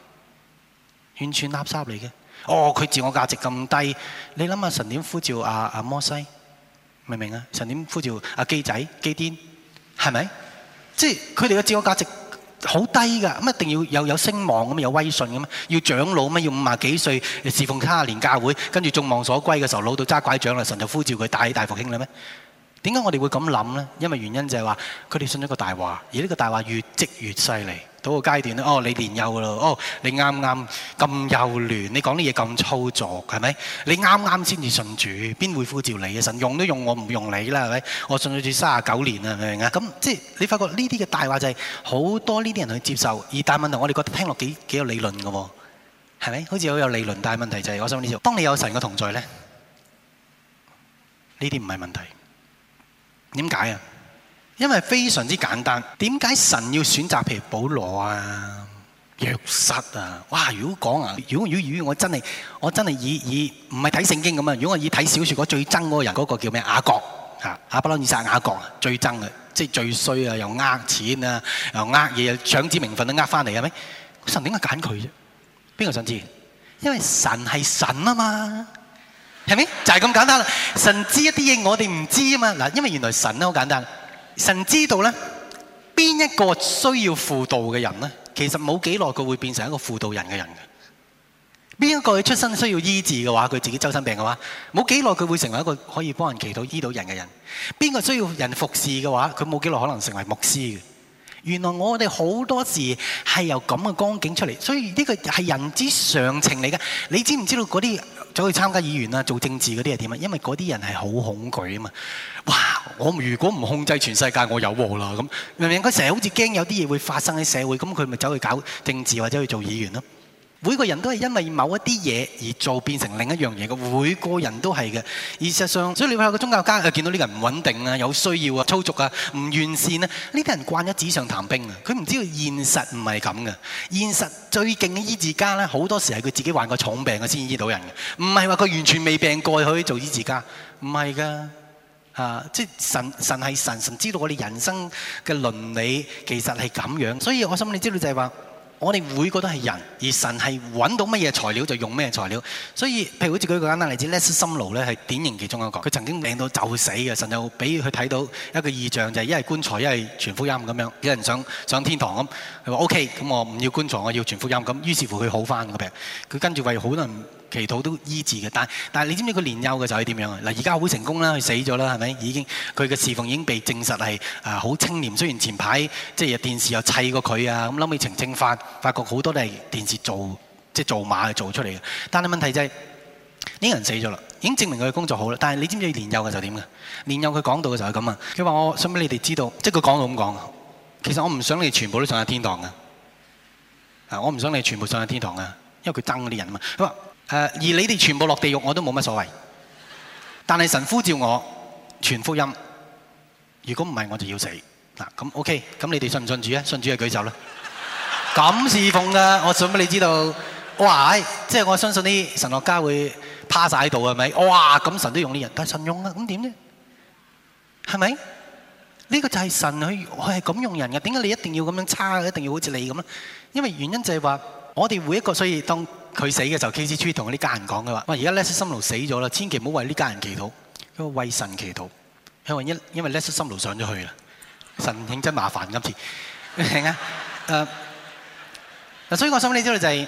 完全垃圾嚟嘅。哦，佢自我價值咁低，你諗下神點呼召阿、啊、阿、啊、摩西，明唔明啊？神點呼召阿基仔、基甸，係咪？即係佢哋嘅自我價值好低㗎，咁一定要有有聲望，咁有威信，咁要長老，咁要五廿幾歲侍奉卅年教會，跟住眾望所歸嘅時候，老到揸拐杖啦，神就呼召佢大大復興啦咩？點解我哋會咁諗咧？因為原因就係話佢哋信咗個大話，而呢個大話越積越犀利。嗰個階段咧，哦，你年幼咯，哦，你啱啱咁幼嫩，你講啲嘢咁粗俗，係咪？你啱啱先至信主，邊會呼召你啊？神用都用我，唔用你啦，係咪？我信咗住三啊九年啊，係咪啊？咁即係你發覺呢啲嘅大話就係好多呢啲人去接受，而大問題我哋覺得聽落幾幾有理論嘅喎，係咪？好似好有理論，但係問題就係我想問你條，當你有神嘅同在咧，呢啲唔係問題，點解啊？因為非常之簡單，點解神要選擇譬如保羅啊、約瑟啊？哇！如果講啊，如果如果如果我真係我真係以以唔係睇聖經咁啊，如果我以睇小說嗰最憎嗰個人嗰、嗰個叫咩雅各吓，亞伯拉罕以撒雅各最憎嘅，即係最衰啊，又呃錢啊又呃嘢，長子名分都呃翻嚟係咪？神點解揀佢啫？邊個想知？因為神係神啊嘛，係咪？就係、是、咁簡單啦！神知一啲嘢我哋唔知啊嘛，嗱，因為原來神都好簡單。神知道呢邊一個需要輔導嘅人呢，其實冇幾耐佢會變成一個輔導人嘅人嘅。邊一個出生需要醫治嘅話，佢自己周身病嘅話，冇幾耐佢會成為一個可以幫人祈禱醫到人嘅人。邊個需要人服侍嘅話，佢冇幾耐可能成為牧師的。原來我哋好多時係由咁嘅光景出嚟，所以呢個係人之常情嚟㗎。你知唔知道嗰啲走去參加議員呀、啊、做政治嗰啲係點啊？因為嗰啲人係好恐懼啊嘛。哇！我如果唔控制全世界，我有禍啦咁。明唔明？佢成日好似驚有啲嘢會發生喺社會，咁佢咪走去搞政治或者去做議員咯，啊？每個人都係因為某一啲嘢而做變成另一樣嘢嘅，每個人都係嘅。事實上，所以你話個宗教家啊，見到呢個人唔穩定啊，有需要啊，操俗啊，唔完善啊，呢啲人慣咗紙上談兵啊，佢唔知道現實唔係咁嘅。現實最勁嘅醫治家呢，好多時係佢自己患過重病才先醫到人嘅，唔係話佢完全未病過去做醫治家，唔係㗎嚇。即、啊就是、神神係神，神知道我哋人生嘅倫理其實係咁樣，所以我心裏知道就係話。我哋會覺得係人，而神係揾到乜嘢材料就用乜嘢材料。所以，譬如好似舉個簡單例子，less 心奴咧係典型其中一個。佢曾經病到就死嘅，神就俾佢睇到一個異象，就係一係棺材，一係全福音咁樣。有人上上天堂咁，佢話 OK，咁我唔要棺材，我要全福音。咁於是乎佢好返個病，佢跟住為好多人。祈禱都醫治嘅，但但係你知唔知佢年幼嘅時候係點樣啊？嗱，而家好成功啦，佢死咗啦，係咪已經佢嘅侍奉已經被證實係啊好青年。雖然前排即係電視又砌過佢啊，咁諗起澄清法，發覺好多都係電視做即係做馬做出嚟嘅。但係問題就係呢個人死咗啦，已經證明佢嘅工作好啦。但係你知唔知佢年幼嘅時候點嘅？年幼佢講到嘅時候係咁啊，佢話我想俾你哋知道，即係佢講到咁講啊。其實我唔想你哋全部都上咗天堂嘅啊，我唔想你哋全部上咗天堂嘅，因為佢憎嗰啲人啊嘛。佢話。而你哋全部落地獄我都冇乜所謂，但係神呼召我傳福音，如果唔係我就要死嗱。咁 OK，咁你哋信唔信主啊？信主就舉手啦。咁侍 *laughs* 奉啊！我想俾你知道，哇！即係我相信啲神學家會趴晒喺度係咪？哇！咁神都用呢人，但係神用啊，咁點呢？係咪？呢、這個就係神去，佢係咁用人嘅。點解你一定要咁樣差？一定要好似你咁因為原因就係話，我哋每一個所以當。佢死嘅時候 K. G t 同啲家人講嘅話：，喂，而家 Leslie 心死咗啦，千祈唔好為呢家人祈禱，因為神祈禱，因為因因 Leslie 心上咗去啦。神，慶真麻煩今次係啊。嗱、呃，所以我想你知道、就係，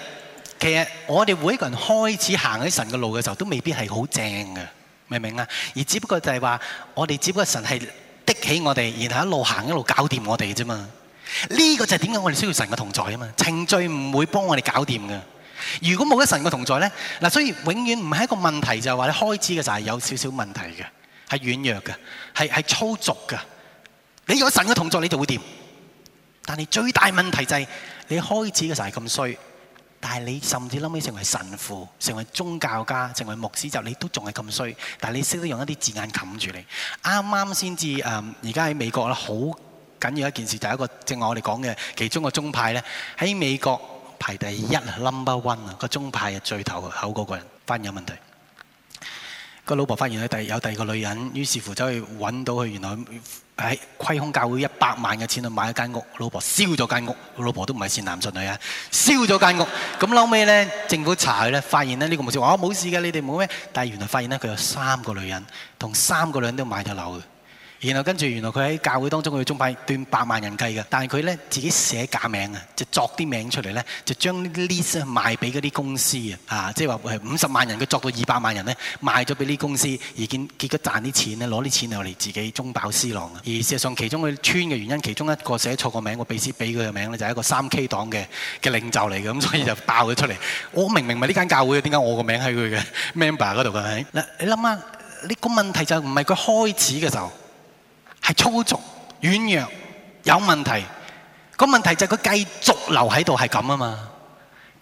就係其實我哋每一個人開始行喺神嘅路嘅時候，都未必係好正嘅，明唔明啊？而只不過就係話我哋只不過神係的起我哋，然後一路行一路搞掂我哋嘅啫嘛。呢、呢個就係點解我哋需要神嘅同在啊？嘛，程序唔會幫我哋搞掂嘅。如果冇咗神嘅同在咧，嗱，所以永遠唔係一個問題，就係話你開始嘅時候係有少少問題嘅，係軟弱嘅，係係粗俗嘅。你有神嘅同在，你就會掂。但係最大問題就係你開始嘅時候係咁衰。但係你甚至諗起成為神父、成為宗教家、成為牧師，就你都仲係咁衰。但係你識得用一啲字眼冚住你。啱啱先至誒，而家喺美國咧好緊要的一件事就係一個，正話我哋講嘅其中個宗派咧喺美國。排第一 number one 啊，個中派最頭口嗰個人，反而有問題。個老婆發現咧，第有第二個女人，於是乎走去搵到佢，原來喺虧空教會一百萬嘅錢去買一間屋。老婆燒咗間屋，老婆都唔係善男信女啊，燒咗間屋。咁後尾咧，政府查佢咧，發現咧呢個冇事，話我冇事嘅，你哋冇咩？但係原來發現咧，佢有三個女人，同三個女人都買咗樓嘅。然後跟住原來佢喺教會當中佢中派段百萬人計嘅，但係佢咧自己寫假名啊，就作啲名出嚟咧，就將呢啲 list 賣俾嗰啲公司啊，即係話五十萬人佢作到二百萬人咧，賣咗俾啲公司，而結結果賺啲錢咧，攞啲錢嚟自己中飽私囊啊！而事實上其中佢穿嘅原因，其中一個寫錯個名，個秘書俾佢嘅名咧就係一個三 K 黨嘅嘅領袖嚟嘅，咁所以就爆咗出嚟。 *laughs* 我明明唔係呢間教會，點解我個名喺佢嘅 member 嗰度嘅？嗱，你諗下，呢個問題就唔係佢開始嘅時候。係粗俗、軟弱、有問題。個問題就係佢繼續留喺度，係咁啊嘛。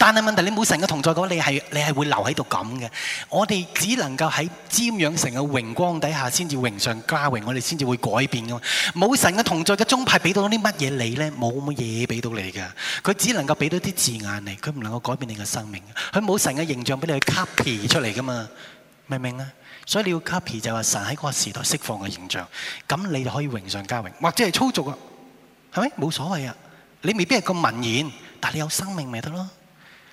但係問題是你冇神嘅同在嘅話，你係你係會留喺度咁嘅。我哋只能夠喺瞻仰神嘅榮光底下，先至榮上加榮。我哋先至會改變嘅。冇神嘅同在嘅宗派俾到啲乜嘢你咧？冇乜嘢俾到你嘅。佢只能夠俾到啲字眼嚟，佢唔能夠改變你嘅生命。佢冇神嘅形象俾你去 copy 出嚟嘅嘛，明唔明啊？所以你要 copy 就係話神喺嗰個時代釋放嘅形象，你就可以榮上加榮，或者係粗俗啊，係咪？冇所謂啊，你未必係咁文言，但你有生命咪得咯？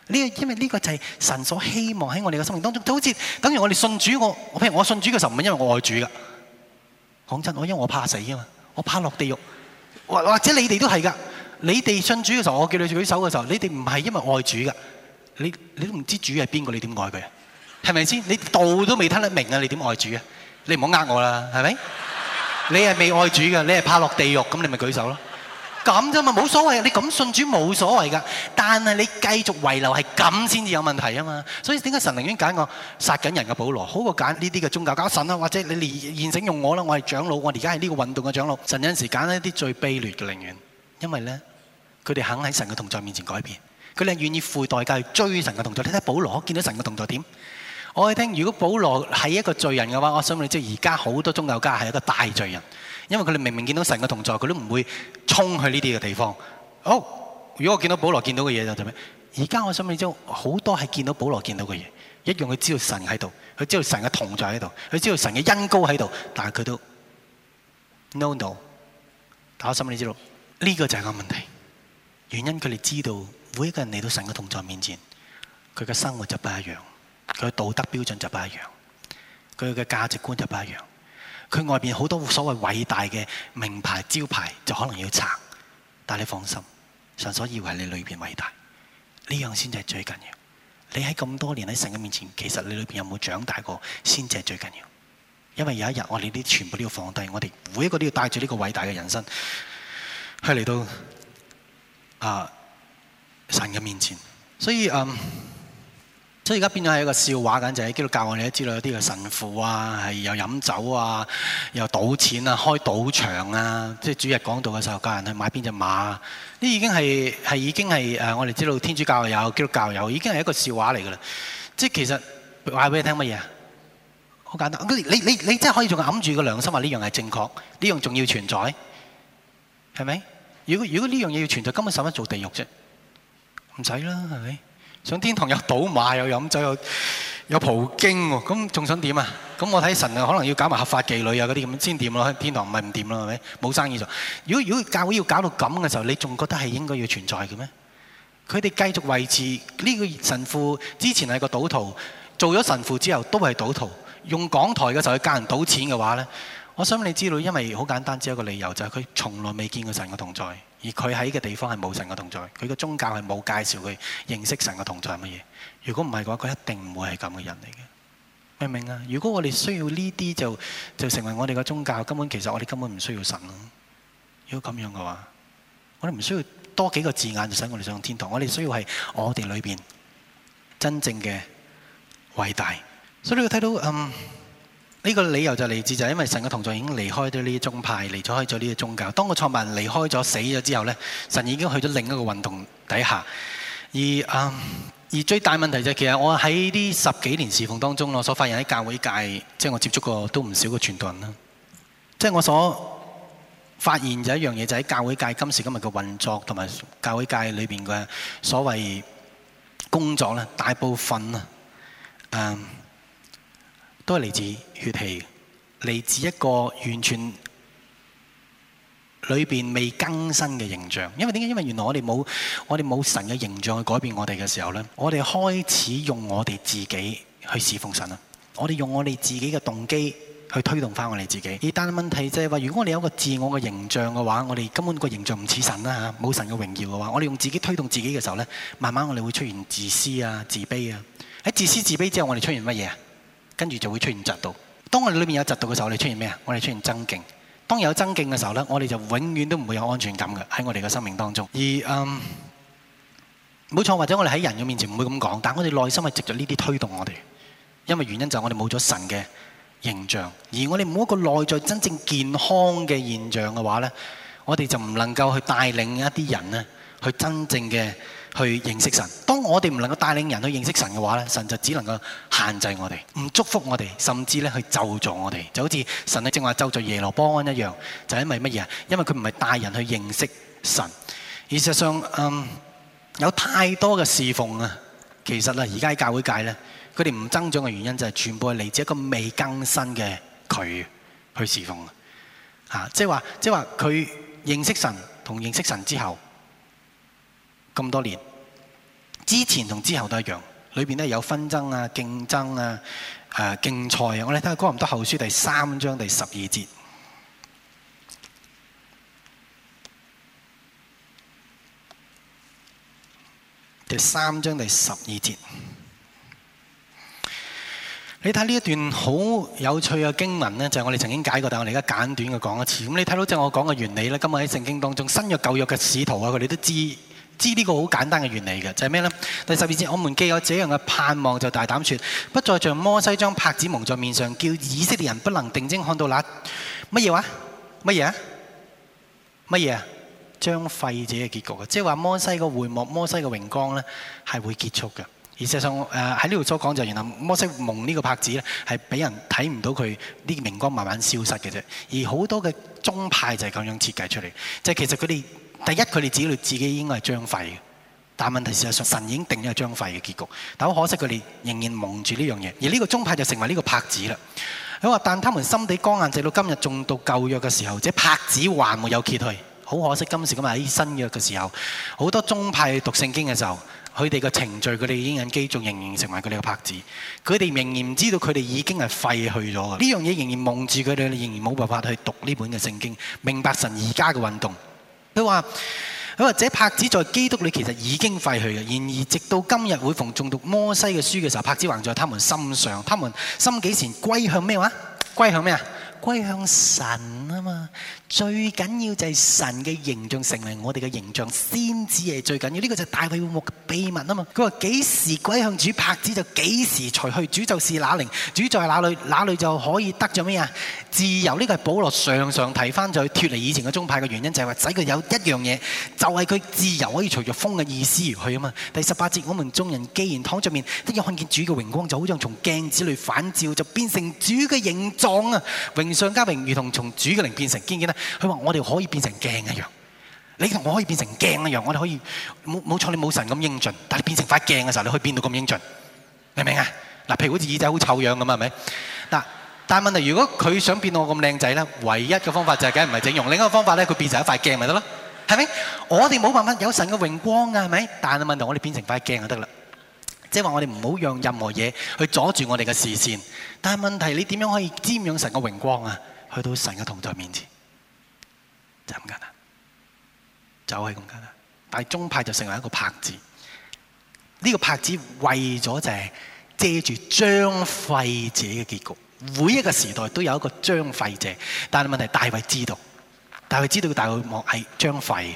呢，因為這個就係神所希望喺我哋嘅生命當中，就好似，等於我哋信主我，譬如我信主嘅時候唔係因為我愛主噶，講真我因為我怕死啊嘛，我怕落地獄，或者你哋都係噶，你哋信主嘅時候我叫你舉手嘅時候，你哋唔係因為愛主噶，你都唔知主係邊個，你點愛佢啊？係咪先？你道都未聽得明啊！你點愛主啊？你唔好呃我啦，係咪？你係未愛主噶？你係怕落地獄咁，你咪舉手咯。咁啫嘛，冇所謂。你咁信主冇所謂噶，但係你繼續遺留係咁先至有問題啊嘛。所以點解神寧願揀我殺緊人嘅保羅，好過揀呢啲嘅宗教家神啊？或者你哋現成用我啦，我係長老，我而家係呢個運動嘅長老。神有陣時揀一啲最卑劣嘅，寧願因為咧，佢哋肯喺神嘅同在面前改變，佢哋願意付代價去追神嘅同在。你睇保羅，見到神嘅同在點？我哋聽，如果保羅係一個罪人嘅話，我想問你知，知，而家好多宗教家係一個大罪人，因為佢哋明明見到神嘅同在，佢都唔會衝去呢啲嘅地方。好、oh,，如果我見到保羅見到嘅嘢就係咩？而家我想問你，好多係見到保羅見到嘅嘢，一樣佢知道神喺度，佢知道神嘅同在喺度，佢知道神嘅恩高喺度，但係佢都 no no。但我想問你知道呢、這個就係個問題，原因佢哋知道每一個人嚟到神嘅同在面前，佢嘅生活就不一樣。佢道德標準就不一樣，佢嘅價值觀就不一樣。佢外邊好多所謂偉大嘅名牌招牌就可能要拆。但係你放心，神所以係你裏邊偉大，呢樣先至係最緊要。你喺咁多年喺神嘅面前，其實你裏邊有冇長大過，先至係最緊要。因為有一日我哋啲全部都要放低，我哋每一個都要帶住呢個偉大嘅人生去嚟到啊神嘅面前。所以嗯。所以而家變咗係一個笑話，簡直係基督教我哋都知道有啲嘅神父啊，係又飲酒啊，又賭錢啊，開賭場啊，即係主日講道嘅時候，教人去買邊隻馬，呢已經係係已經係誒，我哋知道天主教又有基督教有，已經係一個笑話嚟噶啦。即係其實話俾你聽乜嘢啊？好簡單，你你你真係可以仲揞住個良心話呢樣係正確，呢樣仲要存在，係咪？如果如果呢樣嘢要存在，根本使乜做地獄啫，唔使啦，係咪？上天堂有賭馬，有飲酒，有有葡京喎，咁仲想點啊？咁我睇神啊，可能要搞埋合法妓女啊嗰啲咁先點咯。天堂唔係唔掂咯，係咪？冇生意做。如果如果教會要搞到咁嘅時候，你仲覺得係應該要存在嘅咩？佢哋繼續維持呢、這個神父之前係個賭徒，做咗神父之後都係賭徒，用港台嘅時候去教人賭錢嘅話咧，我想你知道，因為好簡單，只有一個理由，就係佢從來未見過神嘅同在。而佢喺嘅地方係冇神嘅同在，佢嘅宗教係冇介紹佢認識神嘅同在係乜嘢。如果唔係嘅話，佢一定唔會係咁嘅人嚟嘅，明唔明啊？如果我哋需要呢啲，就就成為我哋嘅宗教，根本其實我哋根本唔需要神咯。如果咁樣嘅話，我哋唔需要多幾個字眼就使我哋上天堂，我哋需要係我哋裏邊真正嘅偉大。所以你會睇到嗯。呢個理由就嚟自，就係因為神嘅同在已經離開咗呢啲宗派，離咗開咗呢啲宗教。當個創辦人離開咗、死咗之後，呢神已經去咗另一個運動底下。而啊、嗯，而最大問題就係、是、其實我喺呢十幾年侍奉當中，我所發現喺教會界，即、就、係、是、我接觸過都唔少嘅傳道人啦。即、就、係、是、我所發現就一樣嘢，就喺、是、教會界今時今日嘅運作同埋教會界裏邊嘅所謂工作咧，大部分啊，嗯都係嚟自血氣，嚟自一個完全裏邊未更新嘅形象。因為點解？因為原來我哋冇我哋冇神嘅形象去改變我哋嘅時候咧，我哋開始用我哋自己去侍奉神啦。我哋用我哋自己嘅動機去推動翻我哋自己。而但係問題就係話，如果我哋有個自我嘅形象嘅話，我哋根本個形象唔似神啦嚇，冇神嘅榮耀嘅話，我哋用自己推動自己嘅時候咧，慢慢我哋會出現自私啊、自卑啊。喺自私自卑之後，我哋出現乜嘢啊？跟住就會出現嫉妒。當我哋裏面有嫉妒嘅時候，我哋出現咩啊？我哋出現增勁。當有增勁嘅時候咧，我哋就永遠都唔會有安全感嘅喺我哋嘅生命當中。而嗯，冇錯，或者我哋喺人嘅面前唔會咁講，但係我哋內心係藉著呢啲推動我哋。因為原因就係我哋冇咗神嘅形象，而我哋冇一個內在真正健康嘅現象嘅話咧，我哋就唔能夠去帶領一啲人咧去真正嘅。去認識神。當我哋唔能夠帶領人去認識神嘅話咧，神就只能夠限制我哋，唔祝福我哋，甚至咧去咒詛我哋。就好似神啊正話咒詛耶羅波安一樣，就因為乜嘢啊？因為佢唔係帶人去認識神。事實上，嗯，有太多嘅侍奉啊，其實啊，而家喺教會界咧，佢哋唔增長嘅原因就係全部係嚟自一個未更新嘅佢去侍奉啊。即係話，即係話佢認識神同認識神之後。咁多年之前同之後都一樣，裏面都有紛爭啊、競爭啊、誒競賽啊。我哋睇下《哥林多後書》第三章第十二節，第三章第十二節。你睇呢一段好有趣嘅經文呢，就係我哋曾經解過，但係我哋而家簡短嘅講一次。咁你睇到即係我講嘅原理呢。今日喺聖經當中，新約舊約嘅使徒啊，佢哋都知。知呢個好簡單嘅原理嘅，就係、是、咩呢？第十二節，我們既有這樣嘅盼望，就大膽説，不再像摩西將帕子蒙在面上，叫以色列人不能定睛看到那乜嘢話？乜嘢啊？乜嘢啊？將廢、啊、者嘅結局嘅，即係話摩西嘅會幕，摩西嘅榮光呢係會結束嘅。而實際上誒喺呢度所講，就原來摩西蒙呢個帕子呢，係俾人睇唔到佢啲榮光慢慢消失嘅啫。而好多嘅宗派就係咁樣設計出嚟，即、就、係、是、其實佢哋。第一，佢哋自己自己應該係張廢嘅，但問題事實上神已經定咗係張廢嘅結局。但好可惜，佢哋仍然矇住呢樣嘢，而呢個宗派就成為呢個拍子啦。佢話，但他們心地剛硬，直到今日仲讀舊約嘅時候，這拍子還沒有揭去。好可惜，今時今日喺新約嘅時候，好多宗派讀聖經嘅時候，佢哋嘅程序、佢哋嘅引經機，仲仍然成為佢哋嘅拍子。佢哋仍然唔知道，佢哋已經係廢去咗嘅呢樣嘢，仍然矇住佢哋，仍然冇辦法去讀呢本嘅聖經，明白神而家嘅運動。佢話佢話，這柏子在基督裏其實已經廢去嘅，然而直到今日會逢誦讀摩西嘅書嘅時候，柏子還在他們心上，他們心幾時歸向咩話？歸向咩啊？歸向神啊嘛！最緊要就係神嘅形象成為我哋嘅形象，先至係最緊要。呢、這個就係大衛會幕嘅秘密啊嘛！佢話幾時鬼向主拍子，就幾時除去。主就是哪靈，主在哪裏，哪裏就可以得咗咩啊？自由呢、這個係保羅常常提翻就脫離以前嘅宗派嘅原因，就係話仔佢有一樣嘢，就係、是、佢自由可以隨著風嘅意思而去啊嘛。第十八節，我們眾人既然躺著面，一見看見主嘅榮光，就好像從鏡子裏反照，就變成主嘅形狀啊！榮上加榮，如同從主嘅靈變成。見唔見？佢話我哋可以變成鏡一樣，你同我可以變成鏡一樣。我哋可以冇冇錯，你冇神咁英俊，但係你變成一塊鏡嘅時候，你可以變到咁英俊，明唔明啊？嗱，譬如好似耳仔好醜樣咁啊，係咪嗱？但係問題，如果佢想變到我咁靚仔咧，唯一嘅方法就係梗唔係整容，另一個方法咧、就是，佢變成一塊鏡咪得咯？係咪？我哋冇辦法有神嘅榮光啊，係咪？但係問題，我哋變成塊鏡就得啦，即係話我哋唔好讓任何嘢去阻住我哋嘅視線。但係問題，你點樣可以瞻仰神嘅榮光啊？去到神嘅同在面前。就咁簡單，就係咁簡單。但係宗派就成為一個拍子，呢、這個拍子為咗就係借住張廢者嘅結局。每一個時代都有一個張廢者，但係問題，大衛知道，大衛知道大衛望係張費，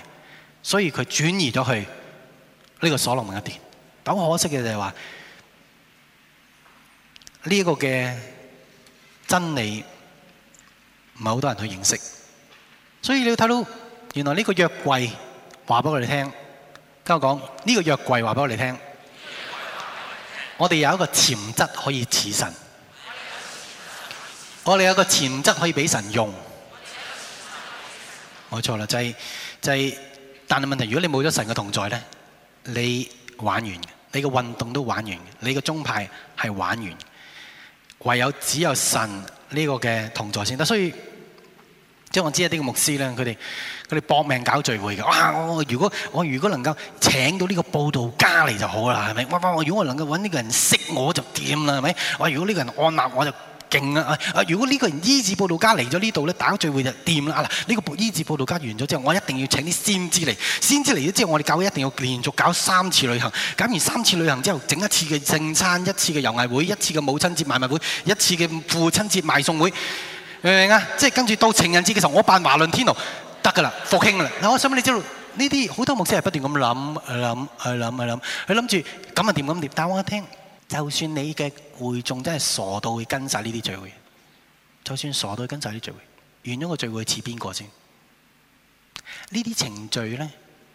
所以佢轉移咗去呢個所羅門嘅殿。但可惜嘅就係話呢個嘅真理唔係好多人去認識。所以你要睇到，原來呢個約櫃話俾我哋聽，聽，跟我講呢個約櫃話俾我哋聽，我哋有一個潛質可以似神，我哋有一個潛質可以俾神用。冇錯啦，就係就係，但係問題如果你冇咗神嘅同在呢，你玩完，你個運動都玩完，你個宗派係玩完，唯有只有神呢個嘅同在先得。所以。即係我知一啲嘅牧師啦，佢哋佢哋搏命搞聚會嘅。哇！我如果我如果能夠請到呢個佈道家嚟就好啦，係咪？哇哇！我如果我能夠搵呢個人識我就掂啦，係咪？哇！如果呢個，個，個人按納我就勁啦。啊啊！如果呢個人醫治佈道家嚟咗呢度咧，搞聚會就掂啦。嗱、啊，呢、這個醫治佈道家完咗之後，我一定要請啲先知嚟。先知嚟咗之後，我哋搞一定要連續搞三次旅行。搞完三次旅行之後，整一次嘅正餐，一次嘅遊藝會，一次嘅母親節賣物會，一次嘅父親節賣餸會。明唔明啊？即係跟住到情人節嘅時候，我扮華倫天奴得噶啦，復興啦。嗱，我想問你知道呢啲好多牧師係不斷咁諗、諗、諗、去諗，佢諗住咁啊點咁點？但我一聽，就算你嘅會眾真係傻到會跟晒呢啲聚會，就算傻到去跟晒呢啲聚會，完咗個聚會似邊個先？呢啲程序咧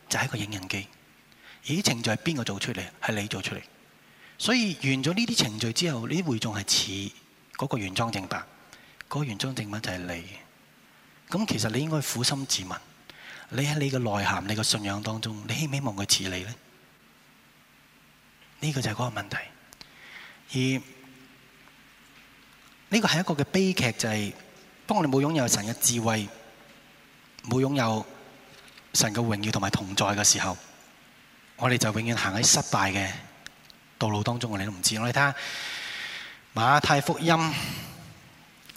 就係、是、一個影印機，而啲程序係邊個做出嚟？係你做出嚟。所以完咗呢啲程序之後，啲會眾係似嗰個原裝正版。嗰原裝正文就係你，咁其實你應該苦心自問，你喺你嘅內涵、你嘅信仰當中，你希唔希望佢似你呢？呢個就係嗰個問題，而呢個係一個嘅悲劇，就係當我哋冇擁有神嘅智慧，冇擁有神嘅榮耀同埋同在嘅時候，我哋就永遠行喺失敗嘅道路當中，我哋都唔知。我哋睇下馬太福音。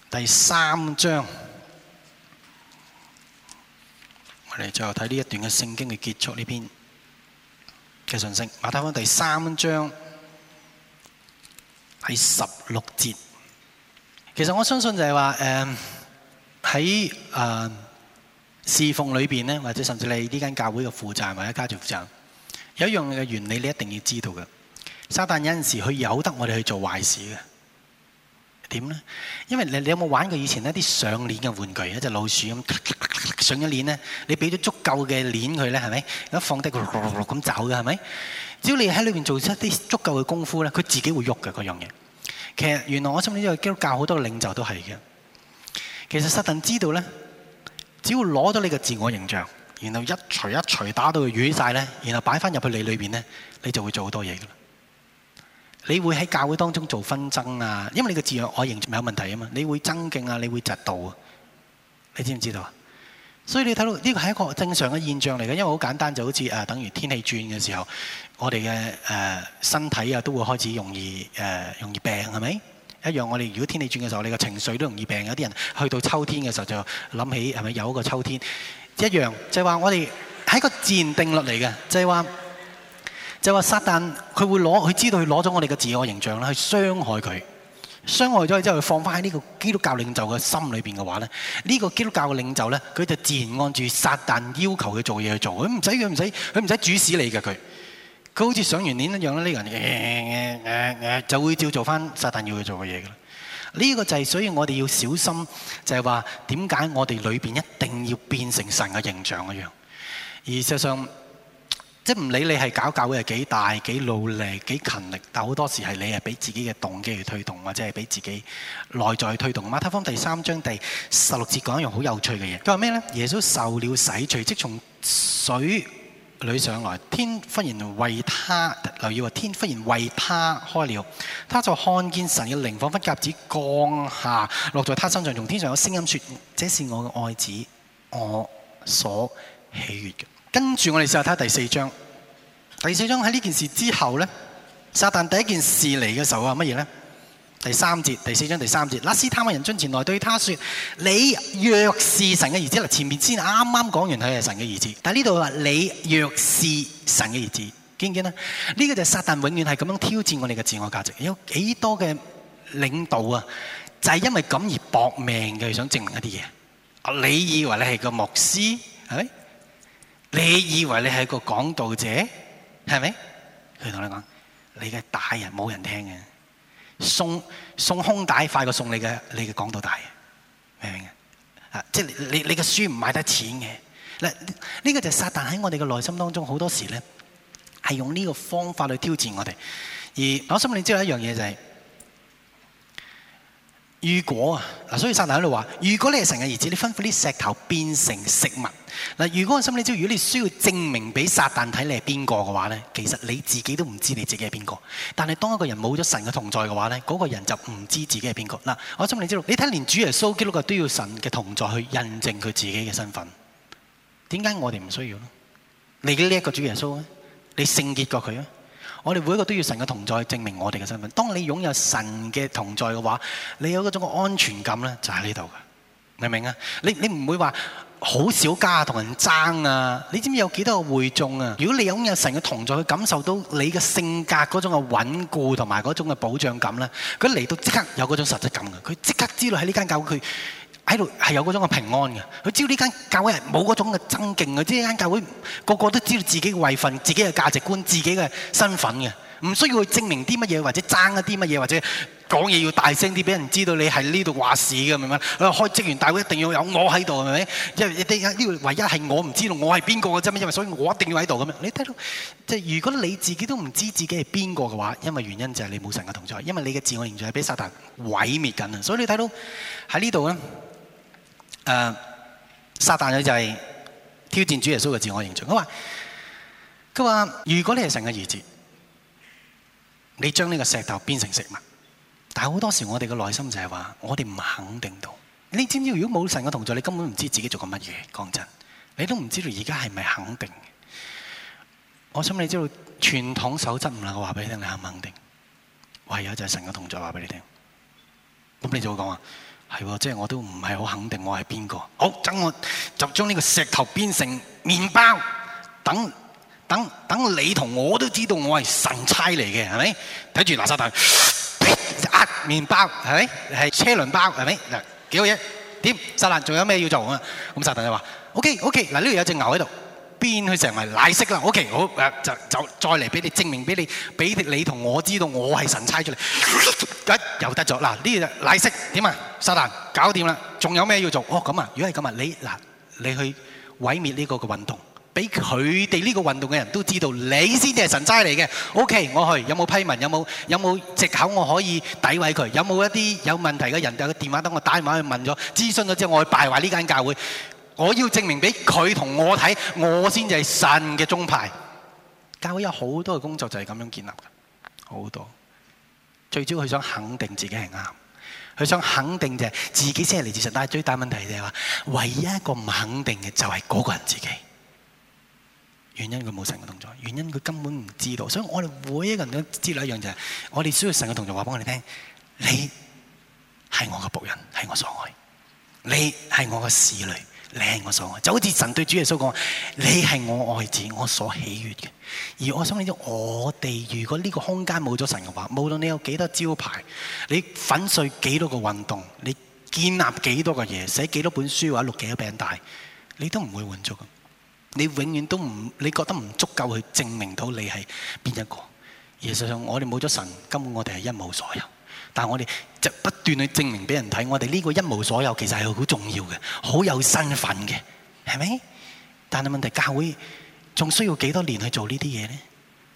第三章，我哋最後睇呢一段嘅聖經嘅結束呢篇嘅信息。馬太福音第三章喺十六節。其實我相信就係話、嗯、在喺、呃、侍奉裏面，或者甚至你呢間教會嘅負責或者家族負責，有一樣嘅原理你一定要知道嘅。撒但是有陣時佢有得我哋去做壞事的點咧？因為你你有冇玩過以前咧啲上鏈嘅玩具，一隻老鼠咁上咗鏈咧，你俾咗足夠嘅鏈佢咧，係咪咁放低咁走嘅係咪？只要你喺裏邊做出一啲足夠嘅功夫咧，佢自己會喐嘅嗰樣嘢。其實原來我心邊因為基督教好多的領袖都係嘅。其實實質知道咧，只要攞咗你嘅自我形象，然後一捶一捶打到佢瘀晒咧，然後擺翻入去你裏邊咧，你就會做好多嘢嘅啦。你會喺教會當中做紛爭啊，因為你個自若外形唔係有問題啊嘛，你會增勁啊，你會窒到啊，你知唔知道啊？所以你睇到呢個係一個正常嘅現象嚟嘅，因為好簡單，就好似誒、啊，等於天氣轉嘅時候，我哋嘅誒身體啊都會開始容易誒、呃、容易病係咪？一樣，我哋如果天氣轉嘅時候，你嘅情緒都容易病。有啲人去到秋天嘅時候就諗起係咪有一個秋天？一樣，就係、是、話我哋係一個自然定律嚟嘅，就係、是、話。就話撒旦，佢會攞佢知道佢攞咗我哋嘅自我形象啦，去傷害佢，傷害咗之後，佢放翻喺呢個基督教領袖嘅心裏邊嘅話咧，呢、呢個基督教嘅領袖咧，佢就自然按住撒旦要求佢做嘢去做，佢唔使佢唔使佢唔使主使你嘅佢，佢好似上完年一樣，呢個人就會照做翻撒旦要求佢做嘅嘢嘅啦。呢、呢個就係所以我哋要小心就，就係話點解我哋裏邊一定要變成神嘅形象一樣，而實際上。即唔理你係搞搞嘅係幾大幾努力幾勤力，但好多時係你係俾自己嘅動機去推動，或者係俾自己內在推動。馬太福音第三章第十六節講一樣好有趣嘅嘢，佢話咩呢？耶穌受了洗，隨即從水裏上來，天忽然為他留意，話天忽然為他開了，他就看見神嘅靈彷彿鴿子降下落在他身上，從天上有聲音說：「這是我嘅愛子，我所喜悅嘅。」跟住我哋試下睇下第四章。第四章喺呢件事之後咧，撒旦第一件事嚟嘅時候話乜嘢咧？第三節，第四章第三節，拉斯貪嘅人進前來對他說，你若是神嘅兒子嗱。前面先啱啱講完佢係神嘅兒子，但係呢度話你若是神嘅兒子，見唔見啊？呢、這個就係撒旦永遠係咁樣挑戰我哋嘅自我價值。有幾多嘅領導啊，就係、是、因為咁而搏命嘅想證明一啲嘢。你以為你係個牧師係咪？你以為你係個講道者，係咪？佢同你講，你嘅大人冇人聽嘅送送空帶快過送你嘅你嘅講道大，明唔明啊？啊，即係你嘅書唔賣得錢嘅。嗱，呢個就是撒旦喺我哋嘅內心當中好多時呢是用呢個方法去挑戰我哋，而我心你知道一樣嘢就係如果啊，所以撒但喺度話：如果你係神嘅兒子，你吩咐啲石頭變成食物。嗱，如果我心裏知道，如果你需要證明俾撒但睇你係邊個嘅話咧，其實你自己都唔知你自己係邊個。但係當一個人冇咗神嘅同在嘅話咧，嗰個人就唔知自己係邊個。嗱，我心裏知道，你睇連主耶穌基督都要神嘅同在去印證佢自己嘅身份。點解我哋唔需要咧？你呢一個主耶穌咧，你聖潔過佢啊？我哋每一個都要神嘅同在證明我哋嘅身份。當你擁有神嘅同在嘅話，你有嗰種嘅安全感呢，就喺呢度嘅，明唔明啊？你你唔會話好少家同人爭啊？你知唔知有幾多個會眾啊？如果你擁有神嘅同在，去感受到你嘅性格嗰種嘅穩固同埋嗰種嘅保障感呢，佢嚟到即刻有嗰種實質感嘅，佢即刻知道喺呢間教會。喺度係有嗰種嘅平安嘅。佢知道呢間教會係冇嗰種嘅增勁嘅。呢間教會個個都知道自己嘅位份、自己嘅價值觀、自己嘅身份嘅，唔需要去證明啲乜嘢，或者爭一啲乜嘢，或者講嘢要大聲啲，俾人知道你喺呢度話事嘅，明唔明？我開職員大會一定要有我喺度，係咪？因為呢個唯一係我唔知道我係邊個嘅啫。因為所以我一定要喺度咁樣。你睇到，即係如果你自己都唔知自己係邊個嘅話，因為原因就係你冇神嘅同在，因為你嘅自我形象係俾撒但毀滅緊啊。所以你睇到喺呢度咧。誒、啊，撒旦佢就係挑戰主耶穌嘅自我形象。佢話佢話，如果你係神嘅兒子，你將呢個石頭變成食物。但係好多時我哋嘅內心就係話，我哋唔肯定到。你知唔知如果冇神嘅同在，你根本唔知自己做緊乜嘢？講真，你都唔知道而家係咪肯定。我想問你知道傳統守則唔能夠話俾你聽，你肯唔肯定？唯有就係神嘅同在話俾你聽。咁你就會講話。係喎，即係、啊、我都唔係好肯定我係邊個。好，等我就將呢個石頭變成麵包，等等等你同我都知道我係神差嚟嘅，係咪？睇住嗱，撒但，呃麵包係咪？係車輪包係咪？嗱，幾好嘢？點？撒但仲有咩要做啊？咁撒但就話：O K O K，嗱呢度有隻牛喺度。邊去成嚟瀨色啦？OK，好誒，就就再嚟俾你證明，俾你俾你同我知道，我係神差出嚟，得又得咗嗱，呢啲就瀨色點啊？撒但搞掂啦，仲有咩要做？哦咁啊，如果係咁啊，你嗱你去毀滅呢個嘅運動，俾佢哋呢個運動嘅人都知道，你先至係神差嚟嘅。OK，我去，有冇批文？有冇有冇藉口我可以詆毀佢？有冇一啲有問題嘅人就個電話等我打電話去問咗、諮詢咗之後，我去敗壞呢間教會？我要證明俾佢同我睇，我先至係神嘅宗派。教會有好多嘅工作就係咁樣建立嘅，好多。最主要佢想肯定自己係啱，佢想肯定就係自己先係嚟自神。但係最大問題就係話，唯一一個唔肯定嘅就係嗰個人自己。原因佢冇神嘅動作，原因佢根本唔知道。所以我哋每一個人都知道一樣就係，我哋需要神嘅動作話俾我哋聽。你係我嘅僕人，係我所愛。你係我嘅使女。你係我所愛，就好似神對主耶穌講：你係我愛子，我所喜悅嘅。而我想呢我哋如果呢個空間冇咗神嘅話，無論你有幾多招牌，你粉碎幾多個運動，你建立幾多個嘢，寫幾多本書嘅話，錄幾多餅帶，你都唔會滿足。你永遠都唔，你覺得唔足夠去證明到你係邊一個。而實際上，我哋冇咗神，根本我哋係一無所有。但係我哋就不斷去證明俾人睇，我哋呢個一無所有其實係好重要嘅，好有身份嘅，係咪？但係問題教會仲需要幾多年去做呢啲嘢咧？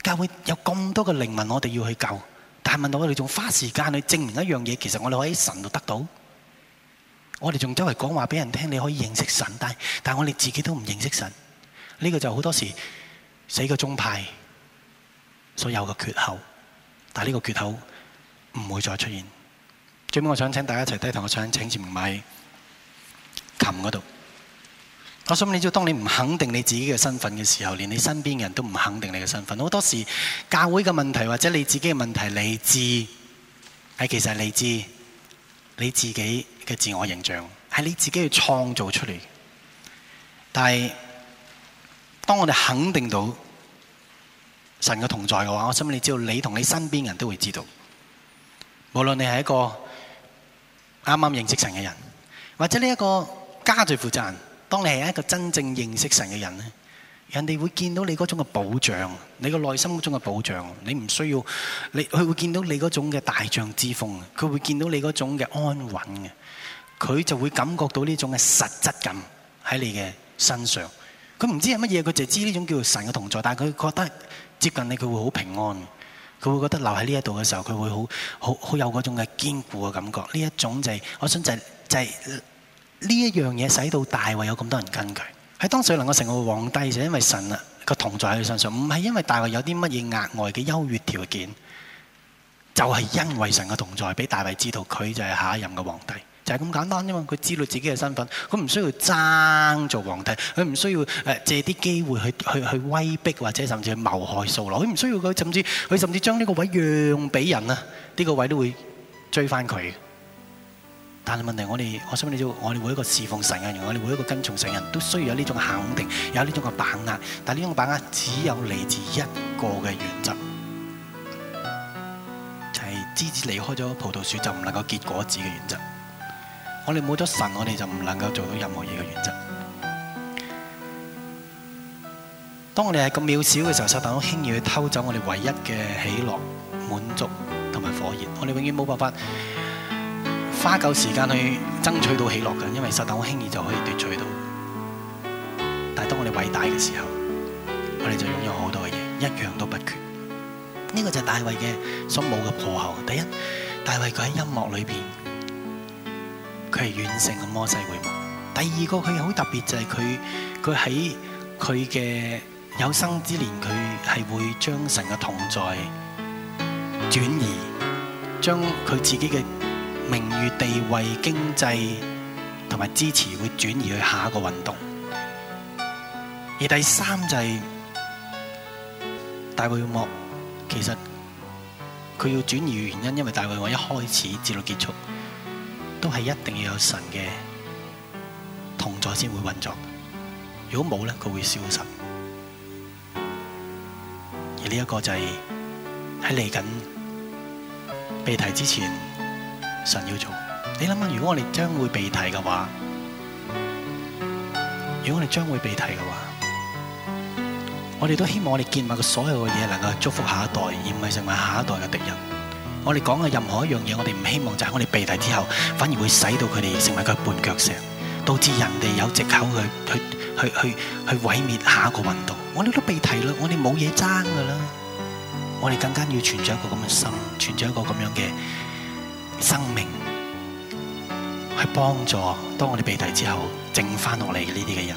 教會有咁多嘅靈魂，我哋要去救，但係問到我哋仲花時間去證明一樣嘢，其實我哋可以喺神度得到，我哋仲周圍講話俾人聽，你可以認識神，但係但我哋自己都唔認識神，呢個就好多時死個宗派所有嘅缺口，但係呢個缺口，唔會再出現。最尾，我想請大家一齊低頭。我想請前面埋琴嗰度。我想你知道，當你唔肯定你自己嘅身份嘅時候，連你身邊的人都唔肯定你嘅身份。好多時教會嘅問題或者你自己嘅問題，嚟自係其實嚟自你，你自己嘅自我形象，係你自己去創造出嚟。但係當我哋肯定到神嘅同在嘅話，我想你知道，你同你身邊人都會知道。無論你係一個啱啱認識神嘅人，或者呢一個家族負責人，當你係一個真正認識神嘅人咧，人哋會見到你嗰種嘅保障，你個內心嗰種嘅保障，你唔需要，你佢會見到你嗰種嘅大將之風，佢會見到你嗰種嘅安穩嘅，佢就會感覺到呢種嘅實質感喺你嘅身上。佢唔知係乜嘢，佢就知呢種叫做神嘅同在，但係佢覺得接近你，佢會好平安。佢會覺得留喺呢一度嘅時候，佢會好好好有嗰種嘅堅固嘅感覺。呢一種就係、是，我想就是、就係、是、呢一樣嘢使到大衛有咁多人跟佢。喺當時能夠成為皇帝，就是、因為神的個同在喺佢身上，唔係因為大衛有啲乜嘢額外嘅優越條件，就係、是、因為神的同在，俾大衛知道佢就係下一任嘅皇帝。就係咁簡單啫嘛！佢知道自己嘅身份，佢唔需要爭做皇帝，佢唔需要誒借啲機會去去去威逼或者甚至去謀害掃羅。佢唔需要佢甚至佢甚至將呢個位讓俾人啊！呢、呢個位都會追翻佢。但係問題我，我哋我哋我哋我哋每一個侍奉神嘅人，我哋每一個跟從神人都需要有呢種肯定，有呢種嘅把握。但係呢種把握只有嚟自一個嘅原則，就係枝子離開咗葡萄樹就唔能夠結果子嘅原則。我哋冇咗神，我哋就唔能夠做到任何嘢嘅原則。當我哋係咁渺小嘅時候，撒旦好輕易去偷走我哋唯一嘅喜樂、滿足同埋火焰。我哋永遠冇辦法花夠時間去爭取到喜樂嘅，因為撒旦好輕易就可以奪取到。但當我哋偉大嘅時候，我哋就擁有好多嘅嘢，一樣都不缺。呢個就係大衛嘅所有嘅破綻。第一，大衛佢喺音樂裏面。佢係遠勝嘅摩西會幕。第二個佢好特別就係佢，佢喺佢嘅有生之年，佢係會將神嘅同在轉移，將佢自己嘅名譽、地位、經濟同埋支持會轉移去下一個運動。而第三就係、是、大衛會幕，其實佢要轉移嘅原因，因為大衛會幕一開始至到結束。都係一定要有神嘅同在先會運作，如果冇咧，佢會消失。而呢一個就係喺嚟緊被提之前，神要做。你諗下，如果我哋將會被提嘅話，如果我哋將會被提嘅話，我哋都希望我哋建物嘅所有嘅嘢能夠祝福下一代，而唔係成為下一代嘅敵人。我哋講嘅任何一樣嘢，我哋唔希望就係我哋被提之後，反而會使到佢哋成為佢嘅絆腳石，導致人哋有藉口去去去去去毀滅下一個運動。我哋都被提啦，我哋冇嘢爭噶啦。我哋更加要存住一個咁嘅心，存住一個咁樣嘅生命，去幫助當我哋被提之後，剩翻落嚟嘅呢啲嘅人。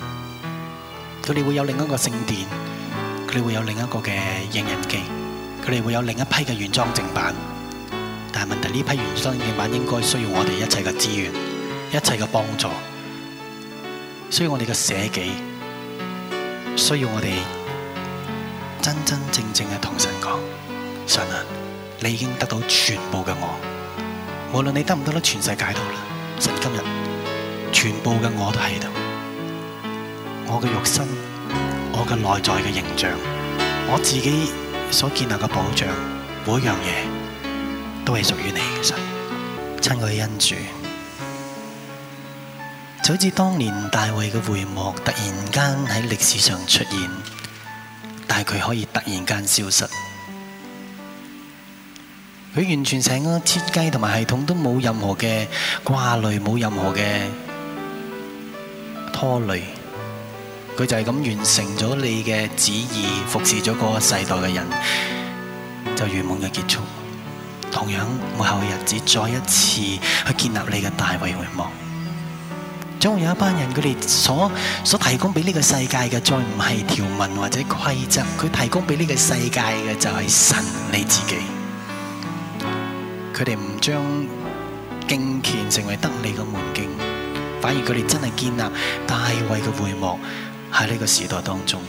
佢哋會有另一個聖殿，佢哋會有另一個嘅印人機，佢哋會有另一批嘅原裝正版。但係問題，呢批原生嘅板應該需要我哋一切嘅資源、一切嘅幫助，需要我哋嘅捨己，需要我哋真真正正嘅同神講：神啊，你已經得到全部嘅我，無論你得唔得到全世界都好啦！神今日全部嘅我都喺度，我嘅肉身、我嘅內在嘅形象、我自己所建立嘅保障，每樣嘢，都係屬於你嘅，親愛嘅恩主，就好似當年大衛嘅會幕，突然間喺歷史上出現，但係佢可以突然間消失，佢完全成個設計同埋系統都冇任何嘅掛慮，冇任何嘅拖累，佢就係咁完成咗你嘅旨意，服侍咗嗰個世代嘅人，就圓滿嘅結束。同樣幕後日子，再一次去建立你嘅大衛會幕。總會有一班人，佢哋所所提供俾呢個世界嘅，再唔係條文或者規則，佢提供俾呢個世界嘅就係神你自己。佢哋唔將敬虔成為得利嘅門徑，反而佢哋真係建立大衛嘅會幕喺呢個時代當中。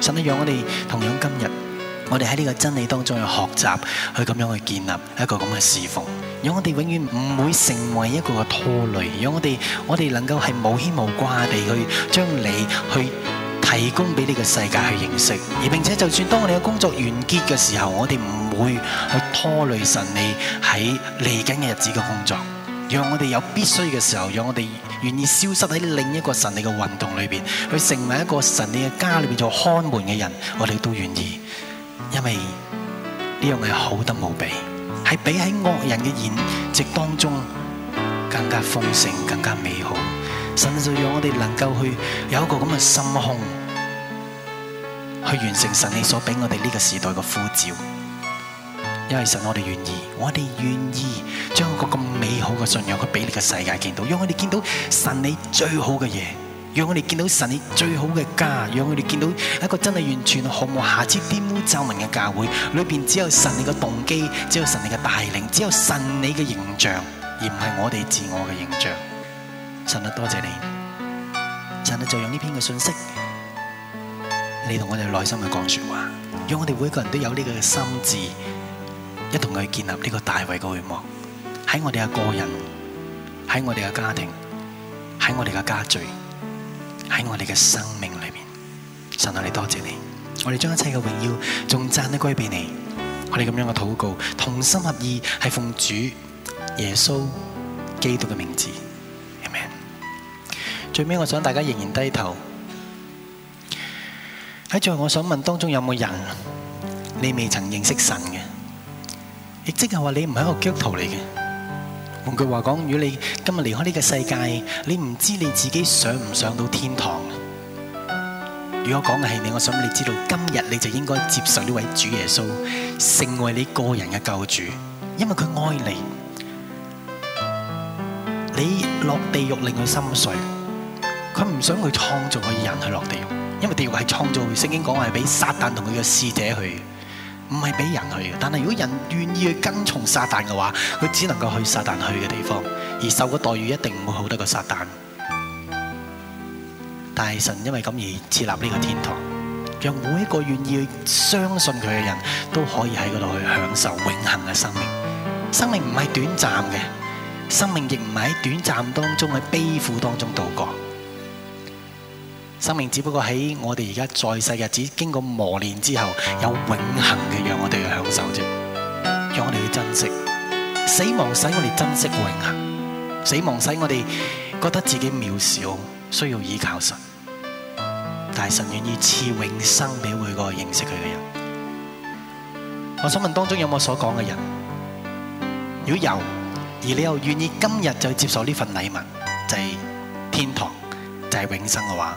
神一樣，你讓我哋同樣今日。我哋喺呢個真理當中去學習，去咁樣去建立一個咁嘅侍奉，讓我哋永遠唔會成為一個拖累。讓我哋，我哋能夠係無牽無掛地去將你去提供俾呢個世界去認識。而並且就算當我哋嘅工作完結嘅時候，我哋唔會去拖累神你喺嚟緊嘅日子嘅工作。讓我哋有必須嘅時候，讓我哋願意消失喺另一個神你嘅運動裏邊，去成為一個神你嘅家裏邊做看門嘅人，我哋都願意。因為呢樣嘢好得無比，係比喺惡人嘅宴席當中更加豐盛、更加美好。神就讓我哋能夠去有一個咁嘅心胸，去完成神你所俾我哋呢個時代嘅呼召。因為神，我哋願意，我哋願意將一個咁美好嘅信仰去俾呢個世界見到，讓我哋見到神你最好嘅嘢。讓我哋見到神你最好嘅家，讓我哋見到一個真係完全毫無瑕疵、玷污皺紋嘅教會，裏邊只有神你嘅動機，只有神你嘅帶領，只有神你嘅形象，而唔係我哋自我嘅形象。神啊，多謝你！神啊，就用呢篇嘅信息，你同我哋內心去講說話，讓我哋每一個人都有呢個心智，一同去建立呢個大衛嘅會幕。喺我哋嘅個人，喺我哋嘅家庭，喺我哋嘅家族。喺我哋嘅生命裏面，神啊，你多謝你，我哋將一切嘅榮耀仲讚得歸俾你，我哋咁樣嘅禱告，同心合意係奉主耶穌基督嘅名字，阿門。最尾我想大家仍然低頭，喺最後，我想問當中，有冇人你未曾認識神嘅？亦即係話你唔係一個基督徒嚟嘅。換句話講，如果你今日離開呢個世界，你唔知你自己上唔上到天堂。如果講嘅係你，我想你知道，今日你就應該接受呢位主耶穌成為你個人嘅救主，因為佢愛你。你落地獄令佢心碎，佢唔想去創造嘅人去落地獄，因為地獄係創造，聖經講話係俾撒旦同佢嘅使者去。唔係俾人去嘅，但係如果人願意去跟從撒旦嘅話，佢只能夠去撒旦去嘅地方，而受嘅待遇一定唔會好得過撒旦。但係神因為咁而設立呢個天堂，讓每一個願意去相信佢嘅人都可以喺嗰度去享受永恆嘅生命。生命唔係短暫嘅，生命亦唔係喺短暫當中喺悲苦當中度過。生命只不過喺我哋而家在世日子經過磨練之後，有永恆嘅，讓我哋去享受啫，讓我哋去珍惜。死亡使我哋珍惜永恆，死亡使我哋覺得自己渺小，需要依靠神。但係神願意賜永生俾每個認識佢嘅人。我想問當中有冇所講嘅人？如果有，而你又願意今日就接受呢份禮物，就係天堂，就係永生嘅話？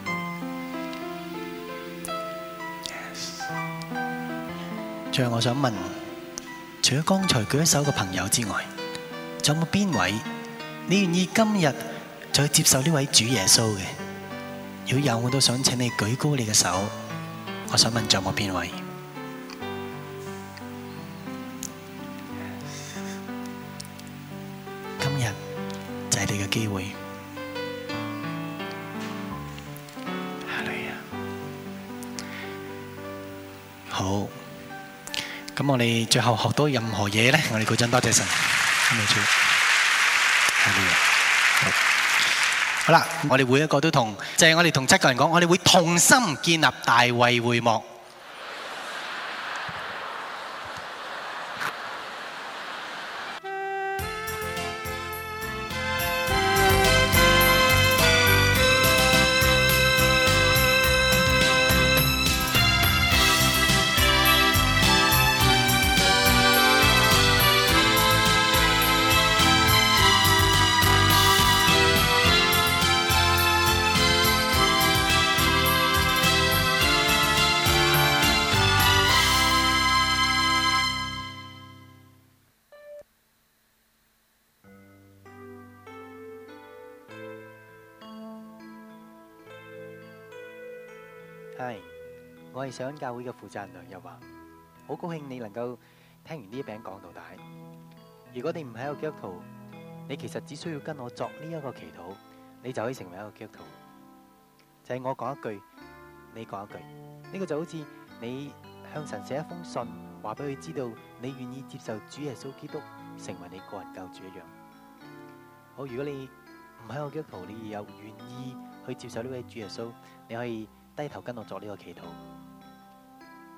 最後我想問，除咗剛才舉手嘅朋友之外，仲有冇邊位你願意今日再接受呢位主耶穌嘅？如果有，我都想請你舉高你嘅手。我想問，仲有冇邊位？今日就係你嘅機會。哈利呀，好。咁我哋最後學到任何嘢呢？我哋鼓掌多謝神，唔好笑。好啦，我哋每一個都同，就係、是、我哋同七個人講，我哋會同心建立大衛會幕。上教會嘅負責人又話：好高興你能夠聽完呢一篇講道。但係，如果你唔係個基督徒，你其實只需要跟我作呢一個祈禱，你就可以成為一個基督徒。就係我講一句，你講一句，呢個就好似你向神寫一封信，話俾佢知道你願意接受主耶穌基督成為你個人救主一樣。好，如果你唔係個基督徒，你又願意去接受呢位主耶穌，你可以低頭跟我作呢個祈禱。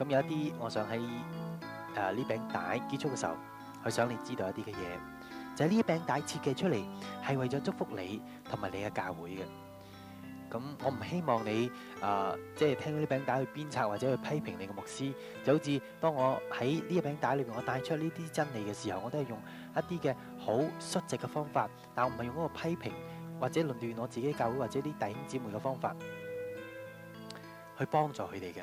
咁有一啲，我想喺誒呢餅帶結束嘅時候，去想你知道一啲嘅嘢，就係呢餅帶設計出嚟係為咗祝福你同埋你嘅教會嘅。咁我唔希望你誒即係聽到呢餅帶去鞭策或者去批評你嘅牧師，就好似當我喺呢一餅帶裏面，我帶出呢啲真理嘅時候，我都係用一啲嘅好率直嘅方法，但我唔係用嗰個批評或者論斷我自己教會或者啲弟兄姊妹嘅方法去幫助佢哋嘅。